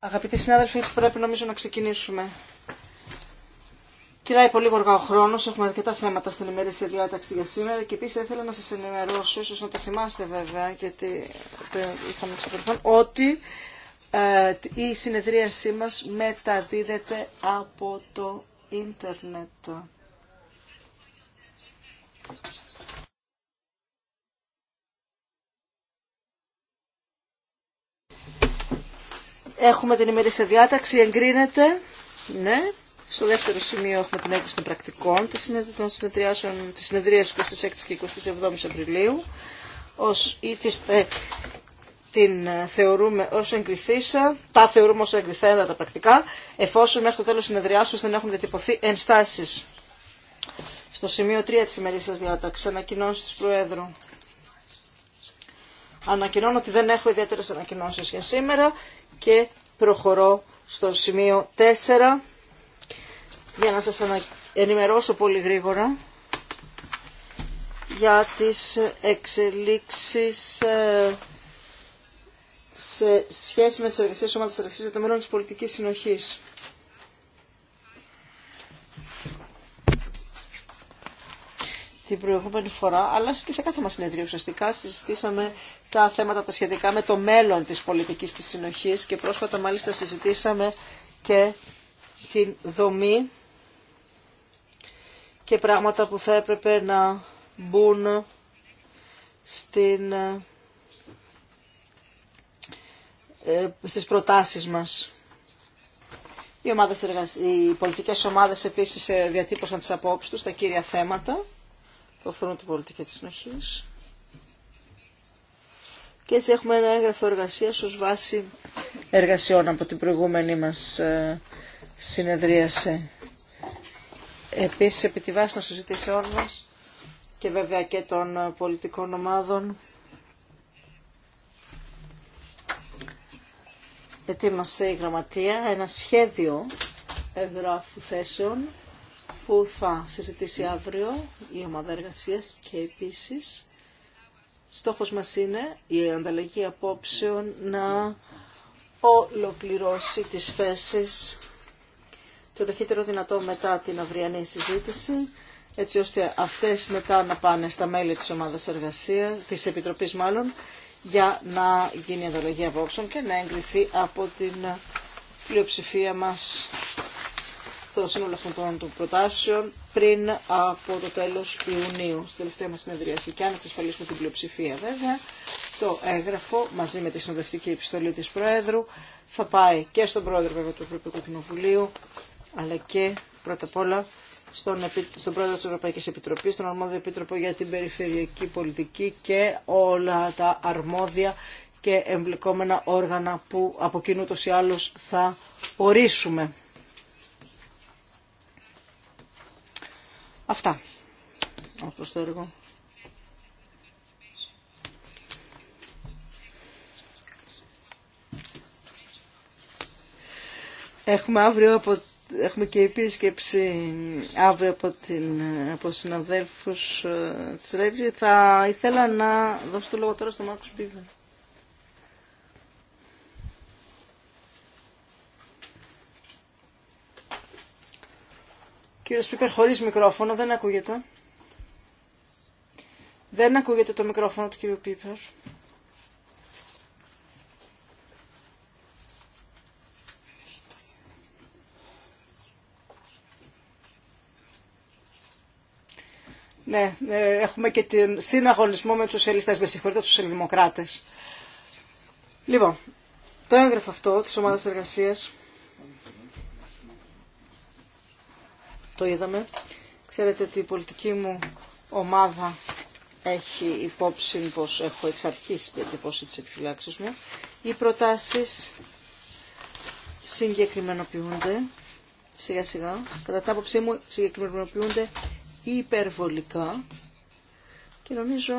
Αγαπητοί συνάδελφοι, πρέπει νομίζω να ξεκινήσουμε. Κυράει πολύ γοργά ο χρόνο, έχουμε αρκετά θέματα στην ημερήσια διάταξη για σήμερα και επίση ήθελα να σα ενημερώσω, ίσω να το θυμάστε βέβαια, γιατί το είχαμε στο ότι ε, η συνεδρίασή μα μεταδίδεται από το ίντερνετ. Έχουμε την ημερήσια διάταξη, εγκρίνεται. Ναι. Στο δεύτερο σημείο έχουμε την έκδοση των πρακτικών τη συνεδριάσεων της συνεδρίας 26 και 27 Απριλίου. Ως ήθιστε την ε, θεωρούμε ως εγκριθήσα, τα θεωρούμε ως εγκριθέντα τα πρακτικά, εφόσον μέχρι το τέλος συνεδριάσεως δεν έχουν διατυπωθεί ενστάσεις. Στο σημείο 3 της ημερήσιας διάταξης, ανακοινώσει τη Προέδρου. Ανακοινώνω ότι δεν έχω ιδιαίτερες ανακοινώσει για σήμερα και προχωρώ στο σημείο 4 για να σας ενημερώσω πολύ γρήγορα για τις εξελίξεις ε, σε σχέση με τις εργασίες ομάδας εργασίας για το μέλλον της πολιτικής συνοχής. την προηγούμενη φορά, αλλά και σε κάθε μας συνεδρίο ουσιαστικά συζητήσαμε τα θέματα τα σχετικά με το μέλλον της πολιτικής της συνοχής και πρόσφατα μάλιστα συζητήσαμε και την δομή και πράγματα που θα έπρεπε να μπουν στην, ε, στις προτάσεις μας. Οι, ομάδες, οι πολιτικές ομάδες επίσης ε, διατύπωσαν τις απόψεις τους, τα κύρια θέματα που αφορούν την πολιτική της συνοχής. Και έτσι έχουμε ένα έγγραφο εργασίας ως βάση εργασιών από την προηγούμενη μας ε, συνεδρίαση. Επίσης, επί τη βάση των συζητήσεών μας και βέβαια και των ε, πολιτικών ομάδων, ετοίμασε η Γραμματεία ένα σχέδιο εγγράφου θέσεων που θα συζητήσει αύριο η ομάδα εργασία και επίσης στόχος μας είναι η ανταλλαγή απόψεων να ολοκληρώσει τις θέσεις το ταχύτερο δυνατό μετά την αυριανή συζήτηση έτσι ώστε αυτές μετά να πάνε στα μέλη της ομάδας εργασίας, της Επιτροπής μάλλον, για να γίνει η ανταλλαγή απόψεων και να εγκριθεί από την πλειοψηφία μας το σύνολο αυτών των προτάσεων πριν από το τέλος Ιουνίου, στη τελευταία μας συνεδρίαση. Και αν εξασφαλίσουμε την πλειοψηφία βέβαια, το έγγραφο μαζί με τη συνοδευτική επιστολή της Προέδρου θα πάει και στον Πρόεδρο βέβαια του Ευρωπαϊκού Κοινοβουλίου, αλλά και πρώτα απ' όλα στον, στον πρόεδρο της Ευρωπαϊκής Επιτροπής, στον αρμόδιο επίτροπο για την περιφερειακή πολιτική και όλα τα αρμόδια και εμπλεκόμενα όργανα που από κοινού ή άλλως θα ορίσουμε. Αυτά το Έχουμε αύριο από Έχουμε και επίσκεψη αύριο από, την, από συναδέλφους ε, της Ρέτζη. Θα ήθελα να δώσω το λόγο τώρα στον Μάρκος Πίβερ. Κύριε Πίπερ, χωρίς μικρόφωνο, δεν ακούγεται. Δεν ακούγεται το μικρόφωνο του κύριου Πίπερ. Ναι, ε, έχουμε και την συναγωνισμό με τους σοσιαλιστές, με συγχωρείτε τους σοσιαλδημοκράτες. Λοιπόν, το έγγραφο αυτό της ομάδας εργασίας το είδαμε. Ξέρετε ότι η πολιτική μου ομάδα έχει υπόψη πως έχω εξαρχίσει την εντυπώση της επιφυλάξης μου. Οι προτάσεις συγκεκριμενοποιούνται σιγά σιγά, κατά την άποψή μου συγκεκριμενοποιούνται υπερβολικά και νομίζω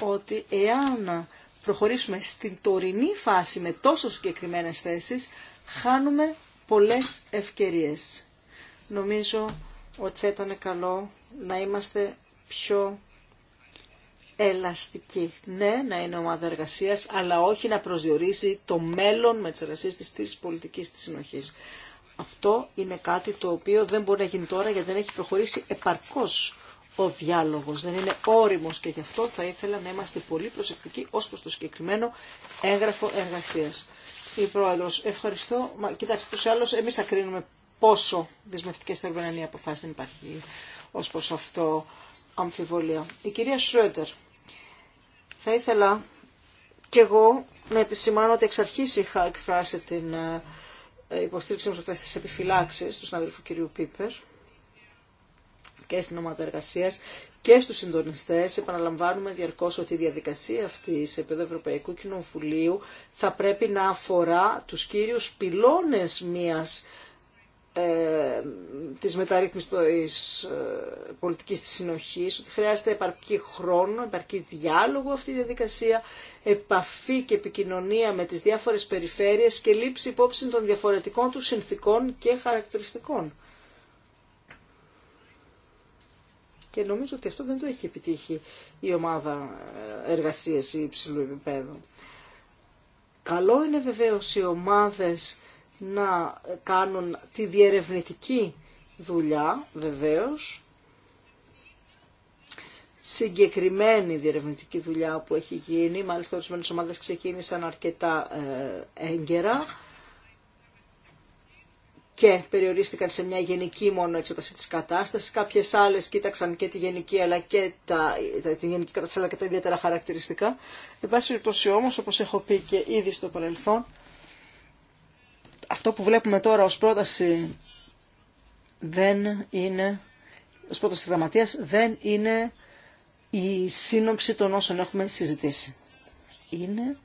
ότι εάν προχωρήσουμε στην τωρινή φάση με τόσο συγκεκριμένες θέσεις, χάνουμε πολλές ευκαιρίες. Νομίζω ότι θα ήταν καλό να είμαστε πιο ελαστικοί. Ναι, να είναι ομάδα εργασία, αλλά όχι να προσδιορίσει το μέλλον με τι εργασίε τη της πολιτική τη συνοχή. Αυτό είναι κάτι το οποίο δεν μπορεί να γίνει τώρα γιατί δεν έχει προχωρήσει επαρκώ ο διάλογο. Δεν είναι όριμο και γι' αυτό θα ήθελα να είμαστε πολύ προσεκτικοί ω προ το συγκεκριμένο έγγραφο εργασία. Η πρόεδρο, ευχαριστώ. κοιτάξτε, του άλλου. Εμεί θα κρίνουμε πόσο δεσμευτικέ θα να είναι οι αποφάσει, δεν υπάρχει ω προ αυτό αμφιβολία. Η κυρία Σρότερ, θα ήθελα και εγώ να επισημάνω ότι εξ αρχή είχα εκφράσει την ε, υποστήριξη μου σε αυτέ τι επιφυλάξει του συναδέλφου κυρίου Πίπερ και στην ομάδα εργασία και στου συντονιστέ. Επαναλαμβάνουμε διαρκώ ότι η διαδικασία αυτή σε επίπεδο Ευρωπαϊκού Κοινοβουλίου θα πρέπει να αφορά του κύριου πυλώνε μια ε, της μεταρρύθμισης ε, πολιτικής της συνοχής, ότι χρειάζεται επαρκή χρόνο, επαρκή διάλογο αυτή η διαδικασία, επαφή και επικοινωνία με τις διάφορες περιφέρειες και λήψη υπόψη των διαφορετικών του συνθήκων και χαρακτηριστικών. Και νομίζω ότι αυτό δεν το έχει επιτύχει η ομάδα ε, εργασίας υψηλού επίπεδου. Καλό είναι βεβαίως οι ομάδες να κάνουν τη διερευνητική δουλειά βεβαίως, συγκεκριμένη διερευνητική δουλειά που έχει γίνει, μάλιστα ορισμένε ομάδε ξεκίνησαν αρκετά ε, έγκαιρα και περιορίστηκαν σε μια γενική μόνο εξέταση της κατάστασης. Κάποιες άλλες κοίταξαν και τη γενική, αλλά και τα, τη γενική κατάσταση, αλλά και τα ιδιαίτερα χαρακτηριστικά. Εν πάση περιπτώσει όμως, όπως έχω πει και ήδη στο παρελθόν, αυτό που βλέπουμε τώρα ως πρόταση δεν είναι, ως πρόταση γραμματείας, δεν είναι η σύνοψη των όσων έχουμε συζητήσει. Είναι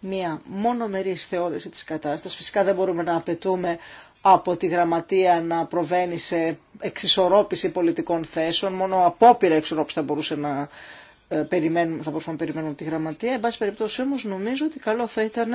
μία μονομερή θεώρηση της κατάστασης. Φυσικά δεν μπορούμε να απαιτούμε από τη γραμματεία να προβαίνει σε εξισορρόπηση πολιτικών θέσεων. Μόνο απόπειρα εξισορρόπηση θα μπορούσε να ε, περιμένουμε, μπορούσαμε να περιμένουμε από τη γραμματεία. Εν πάση περιπτώσει όμως νομίζω ότι καλό θα ήταν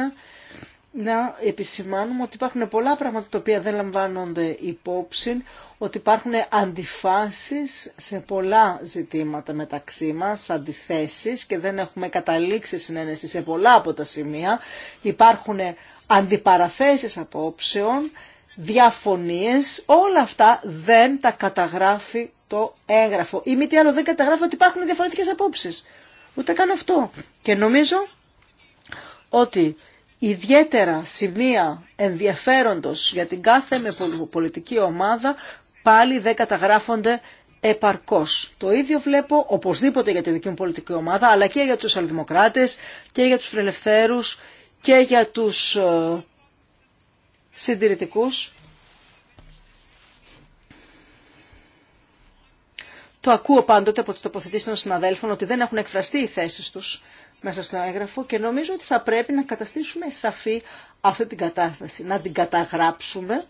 να επισημάνουμε ότι υπάρχουν πολλά πράγματα τα οποία δεν λαμβάνονται υπόψη, ότι υπάρχουν αντιφάσεις σε πολλά ζητήματα μεταξύ μας, αντιθέσεις και δεν έχουμε καταλήξει συνένεση σε πολλά από τα σημεία. Υπάρχουν αντιπαραθέσεις απόψεων, διαφωνίες, όλα αυτά δεν τα καταγράφει το έγγραφο. Ή μη τι άλλο δεν καταγράφει ότι υπάρχουν διαφορετικές απόψεις. Ούτε καν αυτό. Και νομίζω ότι ιδιαίτερα σημεία ενδιαφέροντος για την κάθε πολιτική ομάδα πάλι δεν καταγράφονται επαρκώς. Το ίδιο βλέπω οπωσδήποτε για την δική μου πολιτική ομάδα αλλά και για τους αλληδημοκράτες και για τους φιλελευθέρους και για τους ε, συντηρητικούς. Το ακούω πάντοτε από τις τοποθετήσεις των συναδέλφων ότι δεν έχουν εκφραστεί οι θέσεις τους μέσα στο έγγραφο και νομίζω ότι θα πρέπει να καταστήσουμε σαφή αυτή την κατάσταση, να την καταγράψουμε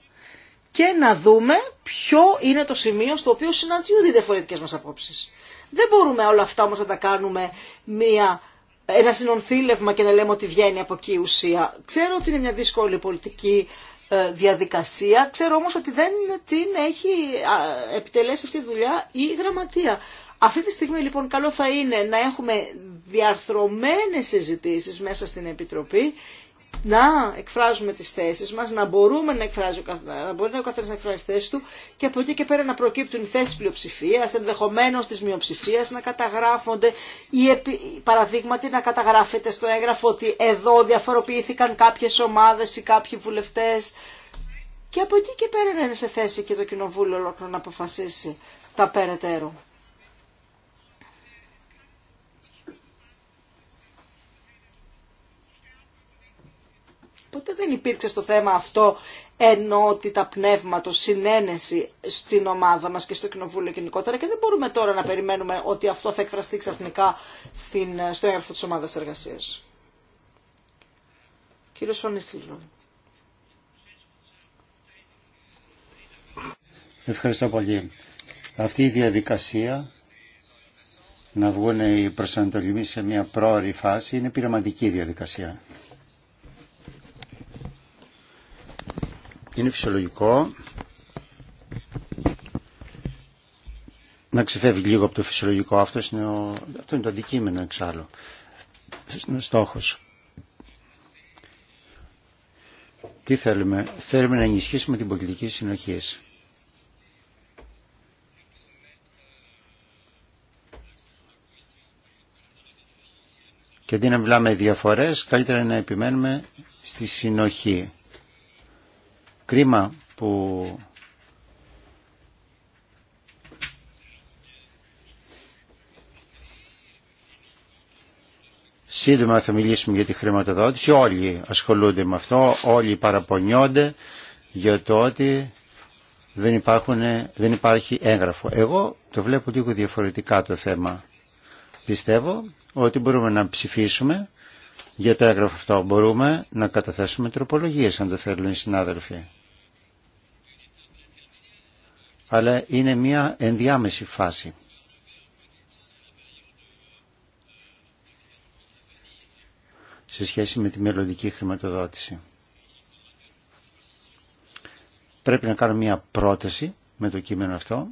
και να δούμε ποιο είναι το σημείο στο οποίο συναντιούνται οι διαφορετικές μας απόψεις. Δεν μπορούμε όλα αυτά όμως να τα κάνουμε μία ένα συνονθήλευμα και να λέμε ότι βγαίνει από εκεί η ουσία. Ξέρω ότι είναι μια δύσκολη πολιτική ε, διαδικασία, ξέρω όμως ότι δεν την έχει επιτελέσει αυτή η δουλειά η γραμματεία. Αυτή τη στιγμή λοιπόν καλό θα είναι να έχουμε διαρθρωμένες συζητήσεις μέσα στην Επιτροπή να εκφράζουμε τις θέσεις μας, να μπορούμε να, εκφράζει, να μπορεί να ο καθένας να εκφράζει τις θέσεις του και από εκεί και πέρα να προκύπτουν οι θέσεις πλειοψηφίας, ενδεχομένως της μειοψηφίας να καταγράφονται ή παραδείγματι να καταγράφεται στο έγγραφο ότι εδώ διαφοροποιήθηκαν κάποιες ομάδες ή κάποιοι βουλευτές και από εκεί και πέρα να είναι σε θέση και το Κοινοβούλιο ολόκληρο να αποφασίσει τα περαιτέρω. Οπότε δεν υπήρξε στο θέμα αυτό ενότητα πνεύματος, συνένεση στην ομάδα μας και στο Κοινοβούλιο γενικότερα και δεν μπορούμε τώρα να περιμένουμε ότι αυτό θα εκφραστεί ξαφνικά στην, στο έγγραφο της ομάδας εργασίας. Κύριος Φωνίστηλ. Λοιπόν. Ευχαριστώ πολύ. Αυτή η διαδικασία να βγουν οι προσανατολισμοί σε μια πρόορη φάση είναι πειραματική διαδικασία. είναι φυσιολογικό να ξεφεύγει λίγο από το φυσιολογικό. Αυτό είναι, ο... Αυτό είναι το αντικείμενο εξάλλου. Αυτό είναι ο στόχος. Τι θέλουμε. Θέλουμε να ενισχύσουμε την πολιτική συνοχή. Και αντί να μιλάμε διαφορές, καλύτερα να επιμένουμε στη συνοχή. Κρίμα που Σύντομα θα μιλήσουμε για τη χρηματοδότηση. Όλοι ασχολούνται με αυτό, όλοι παραπονιόνται για το ότι δεν, υπάρχουν, δεν υπάρχει έγγραφο. Εγώ το βλέπω λίγο διαφορετικά το θέμα. Πιστεύω ότι μπορούμε να ψηφίσουμε για το έγγραφο αυτό. Μπορούμε να καταθέσουμε τροπολογίες αν το θέλουν οι συνάδελφοι αλλά είναι μια ενδιάμεση φάση. σε σχέση με τη μελλοντική χρηματοδότηση. Πρέπει να κάνω μια πρόταση με το κείμενο αυτό.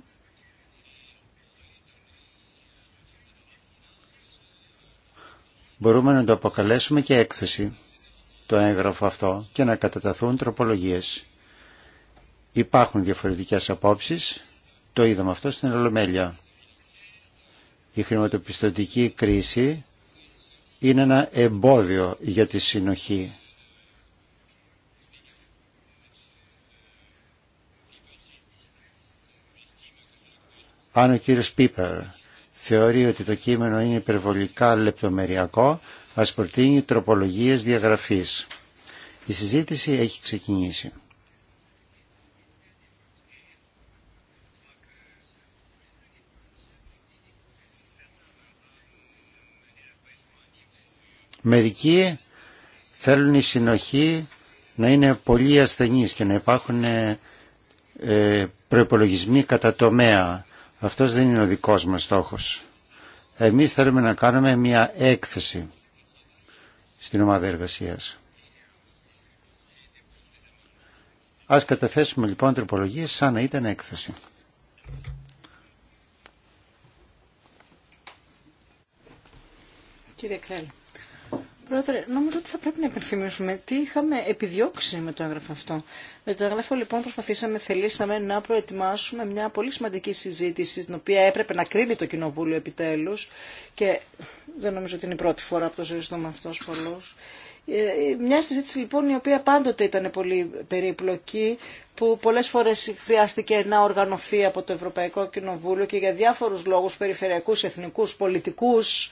Μπορούμε να το αποκαλέσουμε και έκθεση το έγγραφο αυτό και να καταταθούν τροπολογίες. Υπάρχουν διαφορετικές απόψεις, το είδαμε αυτό στην Ολομέλεια. Η χρηματοπιστωτική κρίση είναι ένα εμπόδιο για τη συνοχή. Αν ο κύριος Πίπερ θεωρεί ότι το κείμενο είναι υπερβολικά λεπτομεριακό, ας προτείνει τροπολογίες διαγραφής. Η συζήτηση έχει ξεκινήσει. Μερικοί θέλουν η συνοχή να είναι πολύ ασθενής και να υπάρχουν ε, προϋπολογισμοί κατά τομέα. Αυτός δεν είναι ο δικός μας στόχος. Εμείς θέλουμε να κάνουμε μια έκθεση στην ομάδα εργασίας. Ας καταθέσουμε λοιπόν τροπολογίες σαν να ήταν έκθεση. Κύριε Πρόεδρε, νομίζω ότι θα πρέπει να υπενθυμίσουμε τι είχαμε επιδιώξει με το έγγραφο αυτό. Με το έγγραφο λοιπόν προσπαθήσαμε, θελήσαμε να προετοιμάσουμε μια πολύ σημαντική συζήτηση, την οποία έπρεπε να κρίνει το Κοινοβούλιο επιτέλους και δεν νομίζω ότι είναι η πρώτη φορά που το με αυτό πολλούς. Ε, μια συζήτηση λοιπόν η οποία πάντοτε ήταν πολύ περίπλοκη, που πολλές φορές χρειάστηκε να οργανωθεί από το Ευρωπαϊκό Κοινοβούλιο και για διάφορους λόγους περιφερειακούς, εθνικούς, πολιτικούς,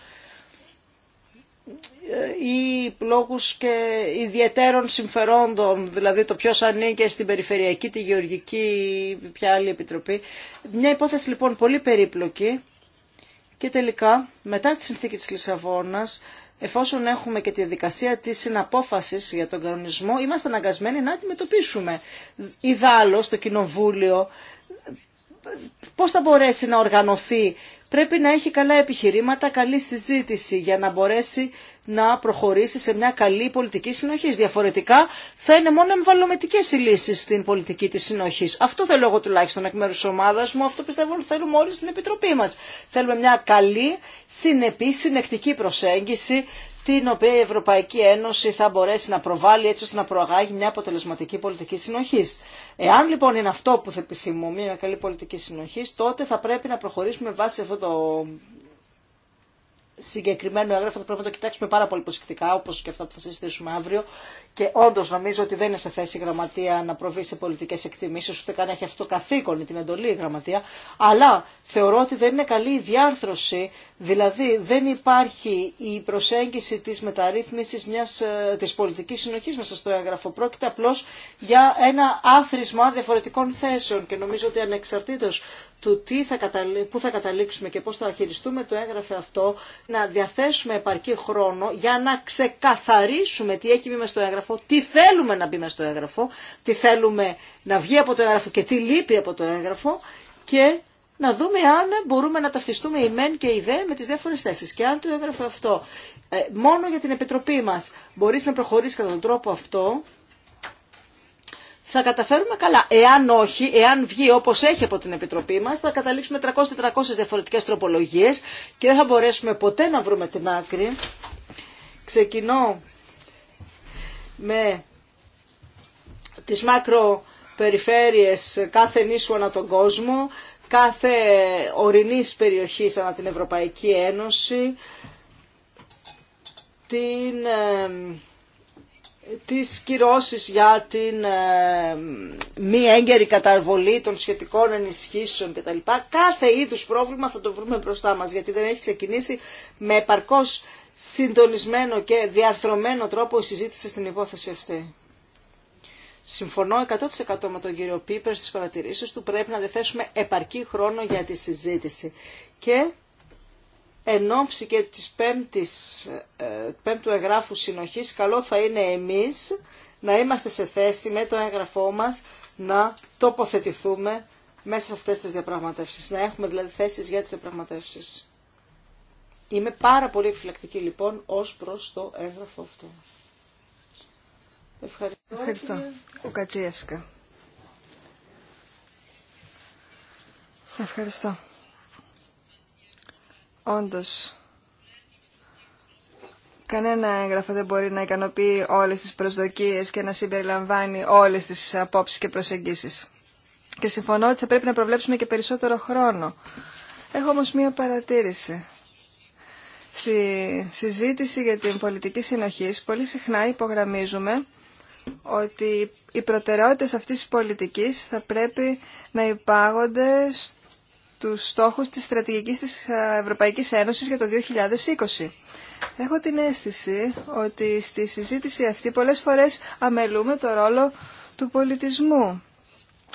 ή λόγους και ιδιαίτερων συμφερόντων, δηλαδή το ποιος ανήκει στην περιφερειακή, τη γεωργική ή ποια άλλη επιτροπή. Μια υπόθεση λοιπόν πολύ περίπλοκη και τελικά μετά τη συνθήκη της Λισαβόνας εφόσον έχουμε και τη δικασία της συναπόφασης για τον κανονισμό, είμαστε αναγκασμένοι να αντιμετωπίσουμε. Ιδάλλως το Κοινοβούλιο πώς θα μπορέσει να οργανωθεί πρέπει να έχει καλά επιχειρήματα, καλή συζήτηση για να μπορέσει να προχωρήσει σε μια καλή πολιτική συνοχή. Διαφορετικά θα είναι μόνο εμβαλωμετικέ οι λύσει στην πολιτική τη συνοχή. Αυτό θέλω εγώ τουλάχιστον εκ μέρου τη ομάδα μου. Αυτό πιστεύω ότι θέλουμε όλοι στην Επιτροπή μα. Θέλουμε μια καλή, συνεπή, συνεκτική προσέγγιση την οποία η Ευρωπαϊκή Ένωση θα μπορέσει να προβάλλει έτσι ώστε να προαγάγει μια αποτελεσματική πολιτική συνοχή. Εάν λοιπόν είναι αυτό που θα επιθυμούμε, μια καλή πολιτική συνοχή, τότε θα πρέπει να προχωρήσουμε βάσει αυτό το συγκεκριμένο έγγραφο θα πρέπει να το κοιτάξουμε πάρα πολύ προσεκτικά, όπως και αυτά που θα συζητήσουμε αύριο, και όντω νομίζω ότι δεν είναι σε θέση η Γραμματεία να προβεί σε πολιτικέ εκτιμήσει, ούτε καν έχει αυτό το καθήκον, την εντολή η Γραμματεία. Αλλά θεωρώ ότι δεν είναι καλή η διάρθρωση, δηλαδή δεν υπάρχει η προσέγγιση τη μεταρρύθμιση ε, τη πολιτική συνοχή μέσα στο έγγραφο. Πρόκειται απλώ για ένα άθροισμα διαφορετικών θέσεων και νομίζω ότι ανεξαρτήτω του τι θα που θα καταλήξουμε και πώς θα χειριστούμε το έγγραφο αυτό, να διαθέσουμε επαρκή χρόνο για να ξεκαθαρίσουμε τι έχει μείνει στο έγγραφο έγγραφο, τι θέλουμε να μπει μέσα στο έγγραφο, τι θέλουμε να βγει από το έγγραφο και τι λείπει από το έγγραφο και να δούμε αν μπορούμε να ταυτιστούμε η μεν και η δε με τις διάφορες θέσεις. Και αν το έγγραφο αυτό ε, μόνο για την Επιτροπή μας μπορεί να προχωρήσει κατά τον τρόπο αυτό, θα καταφέρουμε καλά. Εάν όχι, εάν βγει όπως έχει από την Επιτροπή μας, θα καταλήξουμε 300-400 διαφορετικές τροπολογίες και δεν θα μπορέσουμε ποτέ να βρούμε την άκρη. Ξεκινώ με τις μακροπεριφέρειες κάθε νήσου ανά τον κόσμο, κάθε ορεινής περιοχής ανά την Ευρωπαϊκή Ένωση, την ε, τις κυρώσεις για την ε, μη έγκαιρη καταρβολή των σχετικών ενισχύσεων κτλ. Κάθε είδους πρόβλημα θα το βρούμε μπροστά μας γιατί δεν έχει ξεκινήσει με επαρκώς συντονισμένο και διαρθρωμένο τρόπο η συζήτηση στην υπόθεση αυτή. Συμφωνώ 100% με τον κύριο Πίπερ στις παρατηρήσεις του, πρέπει να δεθέσουμε επαρκή χρόνο για τη συζήτηση. Και εν ώψη και της πέμπτης, ε, πέμπτου εγγράφου συνοχής, καλό θα είναι εμείς να είμαστε σε θέση με το έγγραφό μας να τοποθετηθούμε μέσα σε αυτές τις διαπραγματεύσεις, να έχουμε δηλαδή θέσεις για τις διαπραγματεύσεις. Είμαι πάρα πολύ επιφυλακτική λοιπόν ως προς το έγγραφο αυτό. Ευχαριστώ. Ο Ευχαριστώ. Όντως, κανένα έγγραφο δεν μπορεί να ικανοποιεί όλες τις προσδοκίες και να συμπεριλαμβάνει όλες τις απόψεις και προσεγγίσεις. Και συμφωνώ ότι θα πρέπει να προβλέψουμε και περισσότερο χρόνο. Έχω όμως μία παρατήρηση. Στη συζήτηση για την πολιτική συνοχή, πολύ συχνά υπογραμμίζουμε ότι οι προτεραιότητες αυτής της πολιτικής θα πρέπει να υπάγονται τους στόχους της στρατηγικής της ε, Ευρωπαϊκής Ένωσης για το 2020. Έχω την αίσθηση ότι στη συζήτηση αυτή πολλές φορές αμελούμε το ρόλο του πολιτισμού.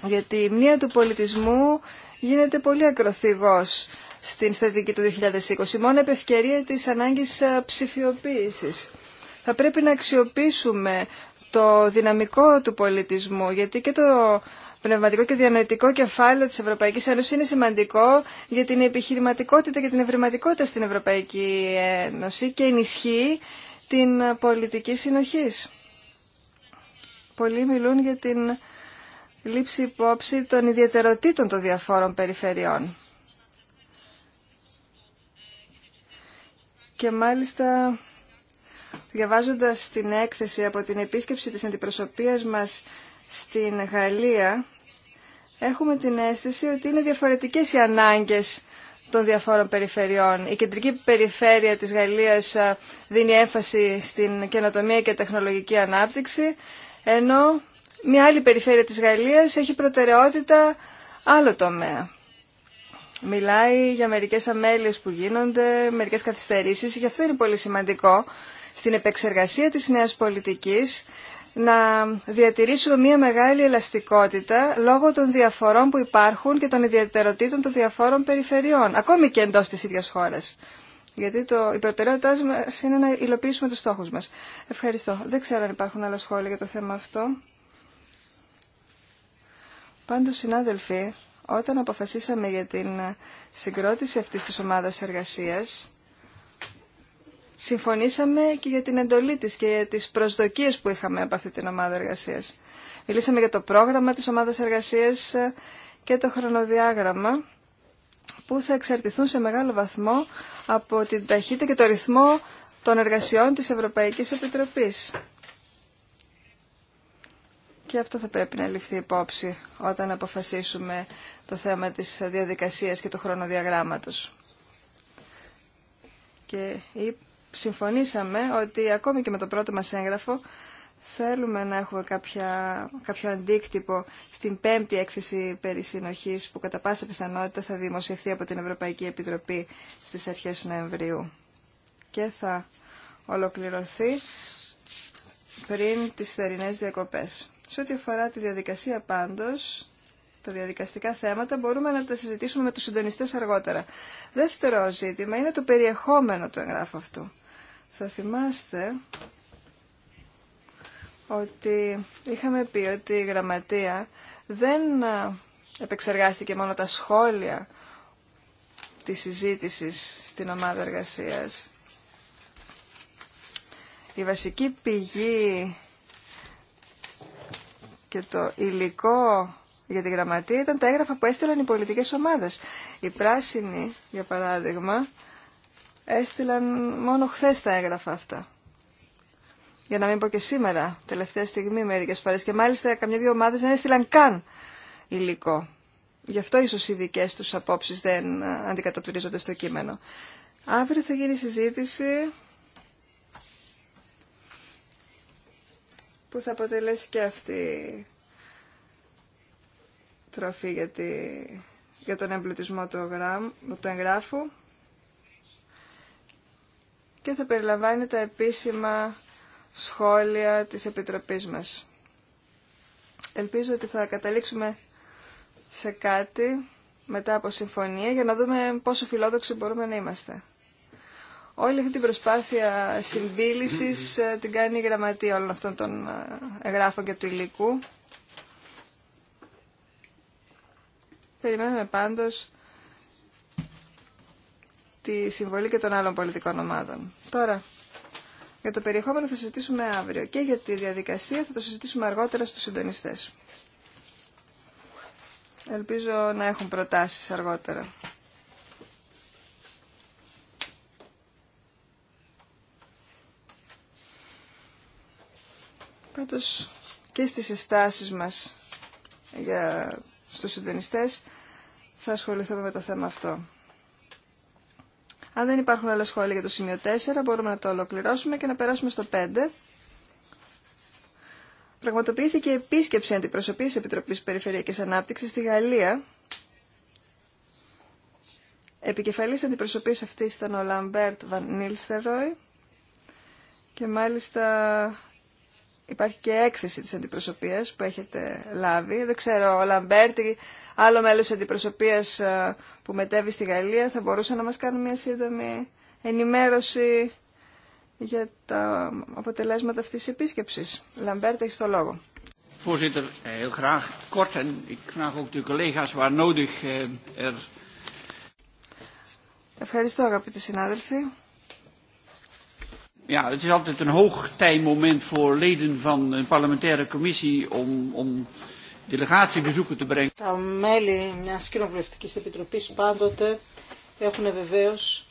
Γιατί η μνήμα του πολιτισμού γίνεται πολύ ακροθυγός στην στρατηγική του 2020, μόνο επ' ευκαιρία της ανάγκης ε, ψηφιοποίησης. Θα πρέπει να αξιοποιήσουμε το δυναμικό του πολιτισμού, γιατί και το πνευματικό και διανοητικό κεφάλαιο της Ευρωπαϊκής Ένωσης είναι σημαντικό για την επιχειρηματικότητα και την ευρηματικότητα στην Ευρωπαϊκή Ένωση και ενισχύει την πολιτική συνοχή. Πολλοί μιλούν για την λήψη υπόψη των ιδιαιτεροτήτων των διαφόρων περιφερειών. Και μάλιστα, διαβάζοντας την έκθεση από την επίσκεψη της αντιπροσωπείας μας στην Γαλλία έχουμε την αίσθηση ότι είναι διαφορετικές οι ανάγκες των διαφόρων περιφερειών. Η κεντρική περιφέρεια της Γαλλίας δίνει έμφαση στην καινοτομία και τεχνολογική ανάπτυξη, ενώ μια άλλη περιφέρεια της Γαλλίας έχει προτεραιότητα άλλο τομέα. Μιλάει για μερικές αμέλειες που γίνονται, μερικές καθυστερήσεις, γι' αυτό είναι πολύ σημαντικό στην επεξεργασία της νέας πολιτικής να διατηρήσουμε μια μεγάλη ελαστικότητα λόγω των διαφορών που υπάρχουν και των ιδιαιτεροτήτων των διαφόρων περιφερειών, ακόμη και εντός της ίδιας χώρας. Γιατί το, η προτεραιότητά μα είναι να υλοποιήσουμε τους στόχους μας. Ευχαριστώ. Δεν ξέρω αν υπάρχουν άλλα σχόλια για το θέμα αυτό. Πάντως, συνάδελφοι, όταν αποφασίσαμε για την συγκρότηση αυτής της ομάδας εργασίας, συμφωνήσαμε και για την εντολή της και για τις προσδοκίες που είχαμε από αυτή την ομάδα εργασίας. Μιλήσαμε για το πρόγραμμα της ομάδας εργασίας και το χρονοδιάγραμμα που θα εξαρτηθούν σε μεγάλο βαθμό από την ταχύτητα και το ρυθμό των εργασιών της Ευρωπαϊκής Επιτροπής. Και αυτό θα πρέπει να ληφθεί υπόψη όταν αποφασίσουμε το θέμα της διαδικασίας και του χρονοδιαγράμματος. Και συμφωνήσαμε ότι ακόμη και με το πρώτο μας έγγραφο θέλουμε να έχουμε κάποια, κάποιο αντίκτυπο στην πέμπτη έκθεση περί συνοχής που κατά πάσα πιθανότητα θα δημοσιευθεί από την Ευρωπαϊκή Επιτροπή στις αρχές Νοεμβρίου και θα ολοκληρωθεί πριν τις θερινές διακοπές. Σε ό,τι αφορά τη διαδικασία πάντως, τα διαδικαστικά θέματα μπορούμε να τα συζητήσουμε με τους συντονιστές αργότερα. Δεύτερο ζήτημα είναι το περιεχόμενο του εγγράφου αυτού. Θα θυμάστε ότι είχαμε πει ότι η γραμματεία δεν ε, επεξεργάστηκε μόνο τα σχόλια της συζήτησης στην ομάδα εργασίας. Η βασική πηγή και το υλικό για τη γραμματεία ήταν τα έγγραφα που έστειλαν οι πολιτικές ομάδες. Η Πράσινη, για παράδειγμα, έστειλαν μόνο χθε τα έγγραφα αυτά. Για να μην πω και σήμερα, τελευταία στιγμή μερικέ φορέ. Και μάλιστα καμιά-δύο ομάδε δεν έστειλαν καν υλικό. Γι' αυτό ίσω οι δικέ του απόψει δεν ε, αντικατοπτρίζονται στο κείμενο. Αύριο θα γίνει συζήτηση που θα αποτελέσει και αυτή τροφή για, για τον εμπλουτισμό του, γραμ... του εγγράφου και θα περιλαμβάνει τα επίσημα σχόλια της Επιτροπής μας. Ελπίζω ότι θα καταλήξουμε σε κάτι μετά από συμφωνία για να δούμε πόσο φιλόδοξοι μπορούμε να είμαστε. Όλη αυτή την προσπάθεια συμβίλησης ε, την κάνει η γραμματεία όλων αυτών των ε, εγγράφων και του υλικού. Περιμένουμε πάντως τη συμβολή και των άλλων πολιτικών ομάδων. Τώρα, για το περιεχόμενο θα συζητήσουμε αύριο και για τη διαδικασία θα το συζητήσουμε αργότερα στους συντονιστές. Ελπίζω να έχουν προτάσεις αργότερα. Πάντως και στις συστάσεις μας για στους συντονιστές θα ασχοληθούμε με το θέμα αυτό. Αν δεν υπάρχουν άλλα σχόλια για το σημείο 4, μπορούμε να το ολοκληρώσουμε και να περάσουμε στο 5. Πραγματοποιήθηκε επίσκεψη αντιπροσωπής Επιτροπής Περιφερειακής Ανάπτυξης στη Γαλλία. Επικεφαλής αντιπροσωπής αυτής ήταν ο Λαμπέρτ Βαν και μάλιστα Υπάρχει και έκθεση της αντιπροσωπείας που έχετε λάβει. Δεν ξέρω, ο Λαμπέρτη, άλλο μέλος της αντιπροσωπείας ε, που μετέβει στη Γαλλία, θα μπορούσε να μας κάνει μια σύντομη ενημέρωση για τα αποτελέσματα αυτής της επίσκεψης. Λαμπέρτη, έχεις το λόγο. Voorzitter, eh, heel graag kort en ik vraag ook de collega's waar nodig eh, er... Ευχαριστώ αγαπητοί συνάδελφοι. Ja, het is altijd een hoog tijmoment voor leden van een parlementaire commissie om, om delegatiebezoeken te brengen. Τα μέλη μιας κοινοβουλευτικής επιτροπής πάντοτε έχουν βεβαίως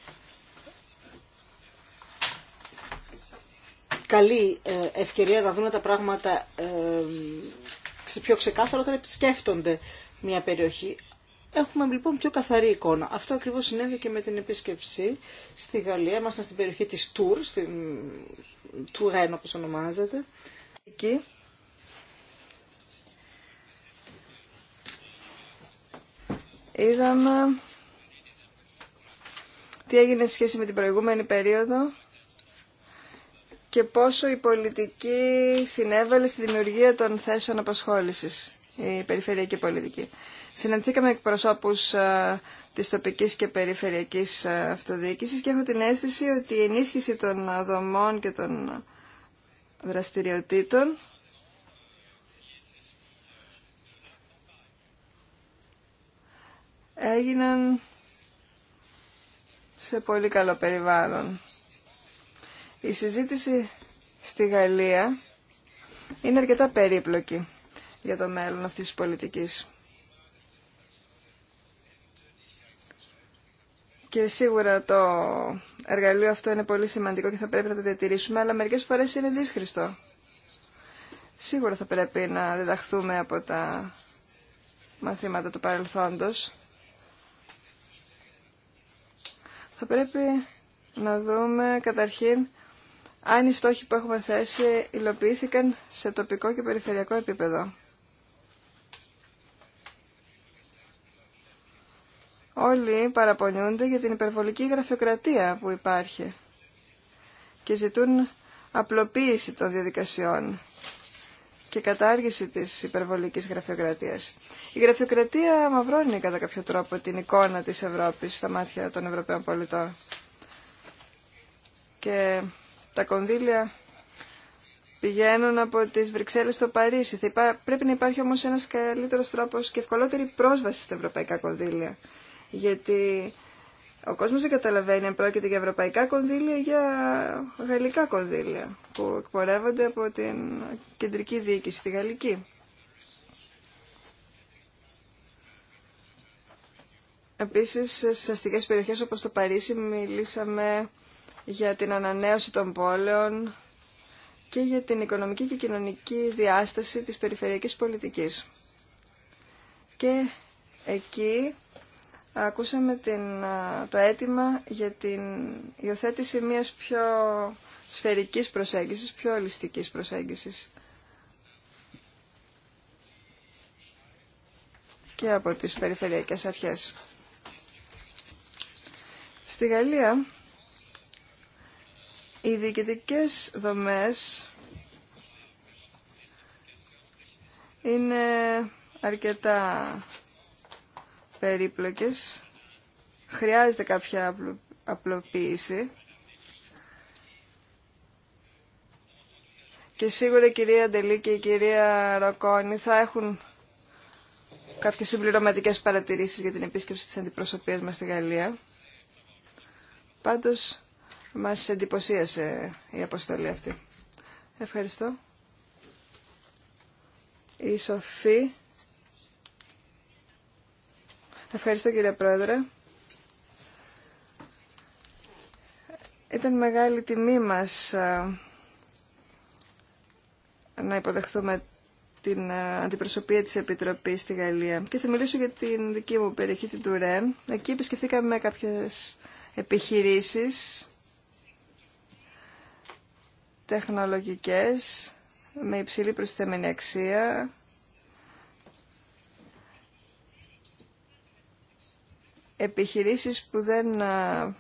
καλή ε, ευκαιρία να δουν τα πράγματα ε, πιο ξεκάθαρα όταν επισκέφτονται μια περιοχή. Έχουμε λοιπόν πιο καθαρή εικόνα. Αυτό ακριβώς συνέβη και με την επίσκεψη στη Γαλλία. Ήμασταν στην περιοχή της Τουρ, στην Τουρέν όπως ονομάζεται. Εκεί είδαμε τι έγινε σε σχέση με την προηγούμενη περίοδο και πόσο η πολιτική συνέβαλε στη δημιουργία των θέσεων απασχόλησης, η περιφερειακή πολιτική. Συναντήκαμε εκπροσώπους ε, τη τοπική και περιφερειακή ε, αυτοδιοίκηση και έχω την αίσθηση ότι η ενίσχυση των δομών και των δραστηριοτήτων έγιναν σε πολύ καλό περιβάλλον. Η συζήτηση στη Γαλλία είναι αρκετά περίπλοκη για το μέλλον αυτής της πολιτικής. Και σίγουρα το εργαλείο αυτό είναι πολύ σημαντικό και θα πρέπει να το διατηρήσουμε, αλλά μερικές φορές είναι δύσχριστο. Σίγουρα θα πρέπει να διδαχθούμε από τα μαθήματα του παρελθόντος. Θα πρέπει να δούμε καταρχήν αν οι στόχοι που έχουμε θέσει υλοποιήθηκαν σε τοπικό και περιφερειακό επίπεδο. Όλοι παραπονιούνται για την υπερβολική γραφειοκρατία που υπάρχει και ζητούν απλοποίηση των διαδικασιών και κατάργηση της υπερβολικής γραφειοκρατίας. Η γραφειοκρατία μαυρώνει κατά κάποιο τρόπο την εικόνα της Ευρώπης στα μάτια των Ευρωπαίων πολιτών. Και τα κονδύλια πηγαίνουν από τις Βρυξέλλες στο Παρίσι. Πρέπει να υπάρχει όμως ένας καλύτερος τρόπος και ευκολότερη πρόσβαση στα ευρωπαϊκά κονδύλια γιατί ο κόσμος δεν καταλαβαίνει αν πρόκειται για ευρωπαϊκά κονδύλια ή για γαλλικά κονδύλια που εκπορεύονται από την κεντρική διοίκηση, τη γαλλική. Επίσης, στις αστικές περιοχές όπως το Παρίσι μιλήσαμε για την ανανέωση των πόλεων και για την οικονομική και κοινωνική διάσταση της περιφερειακής πολιτικής. Και εκεί ακούσαμε την, το αίτημα για την υιοθέτηση μιας πιο σφαιρικής προσέγγισης, πιο ολιστικής προσέγγισης. και από τις περιφερειακές αρχές. Στη Γαλλία, οι διοικητικές δομές είναι αρκετά περίπλοκες. Χρειάζεται κάποια απλοποίηση. Και σίγουρα η κυρία Ντελή και η κυρία Ροκόνη θα έχουν κάποιες συμπληρωματικές παρατηρήσεις για την επίσκεψη της αντιπροσωπείας μας στη Γαλλία. Πάντως, μας εντυπωσίασε η αποστολή αυτή. Ευχαριστώ. Η Σοφή Ευχαριστώ κύριε Πρόεδρε. Ήταν μεγάλη τιμή μας να υποδεχθούμε την αντιπροσωπεία της Επιτροπής στη Γαλλία. Και θα μιλήσω για την δική μου περιοχή, την Τουρέν. Εκεί επισκεφθήκαμε με κάποιες επιχειρήσεις τεχνολογικές με υψηλή προσθέμενη αξία επιχειρήσεις που δεν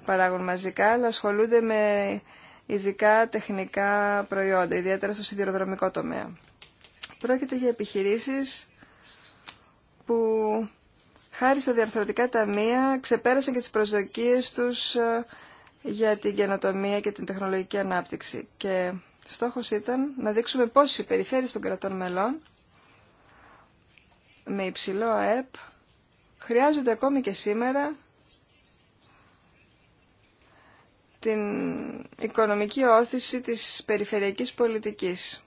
παράγουν μαζικά, αλλά ασχολούνται με ειδικά τεχνικά προϊόντα, ιδιαίτερα στο σιδηροδρομικό τομέα. Πρόκειται για επιχειρήσεις που χάρη στα διαρθρωτικά ταμεία ξεπέρασαν και τις προσδοκίες τους για την καινοτομία και την τεχνολογική ανάπτυξη. Και στόχος ήταν να δείξουμε πώς οι περιφέρειες των κρατών μελών με υψηλό ΑΕΠ χρειάζονται ακόμη και σήμερα την οικονομική όθηση της περιφερειακής πολιτικής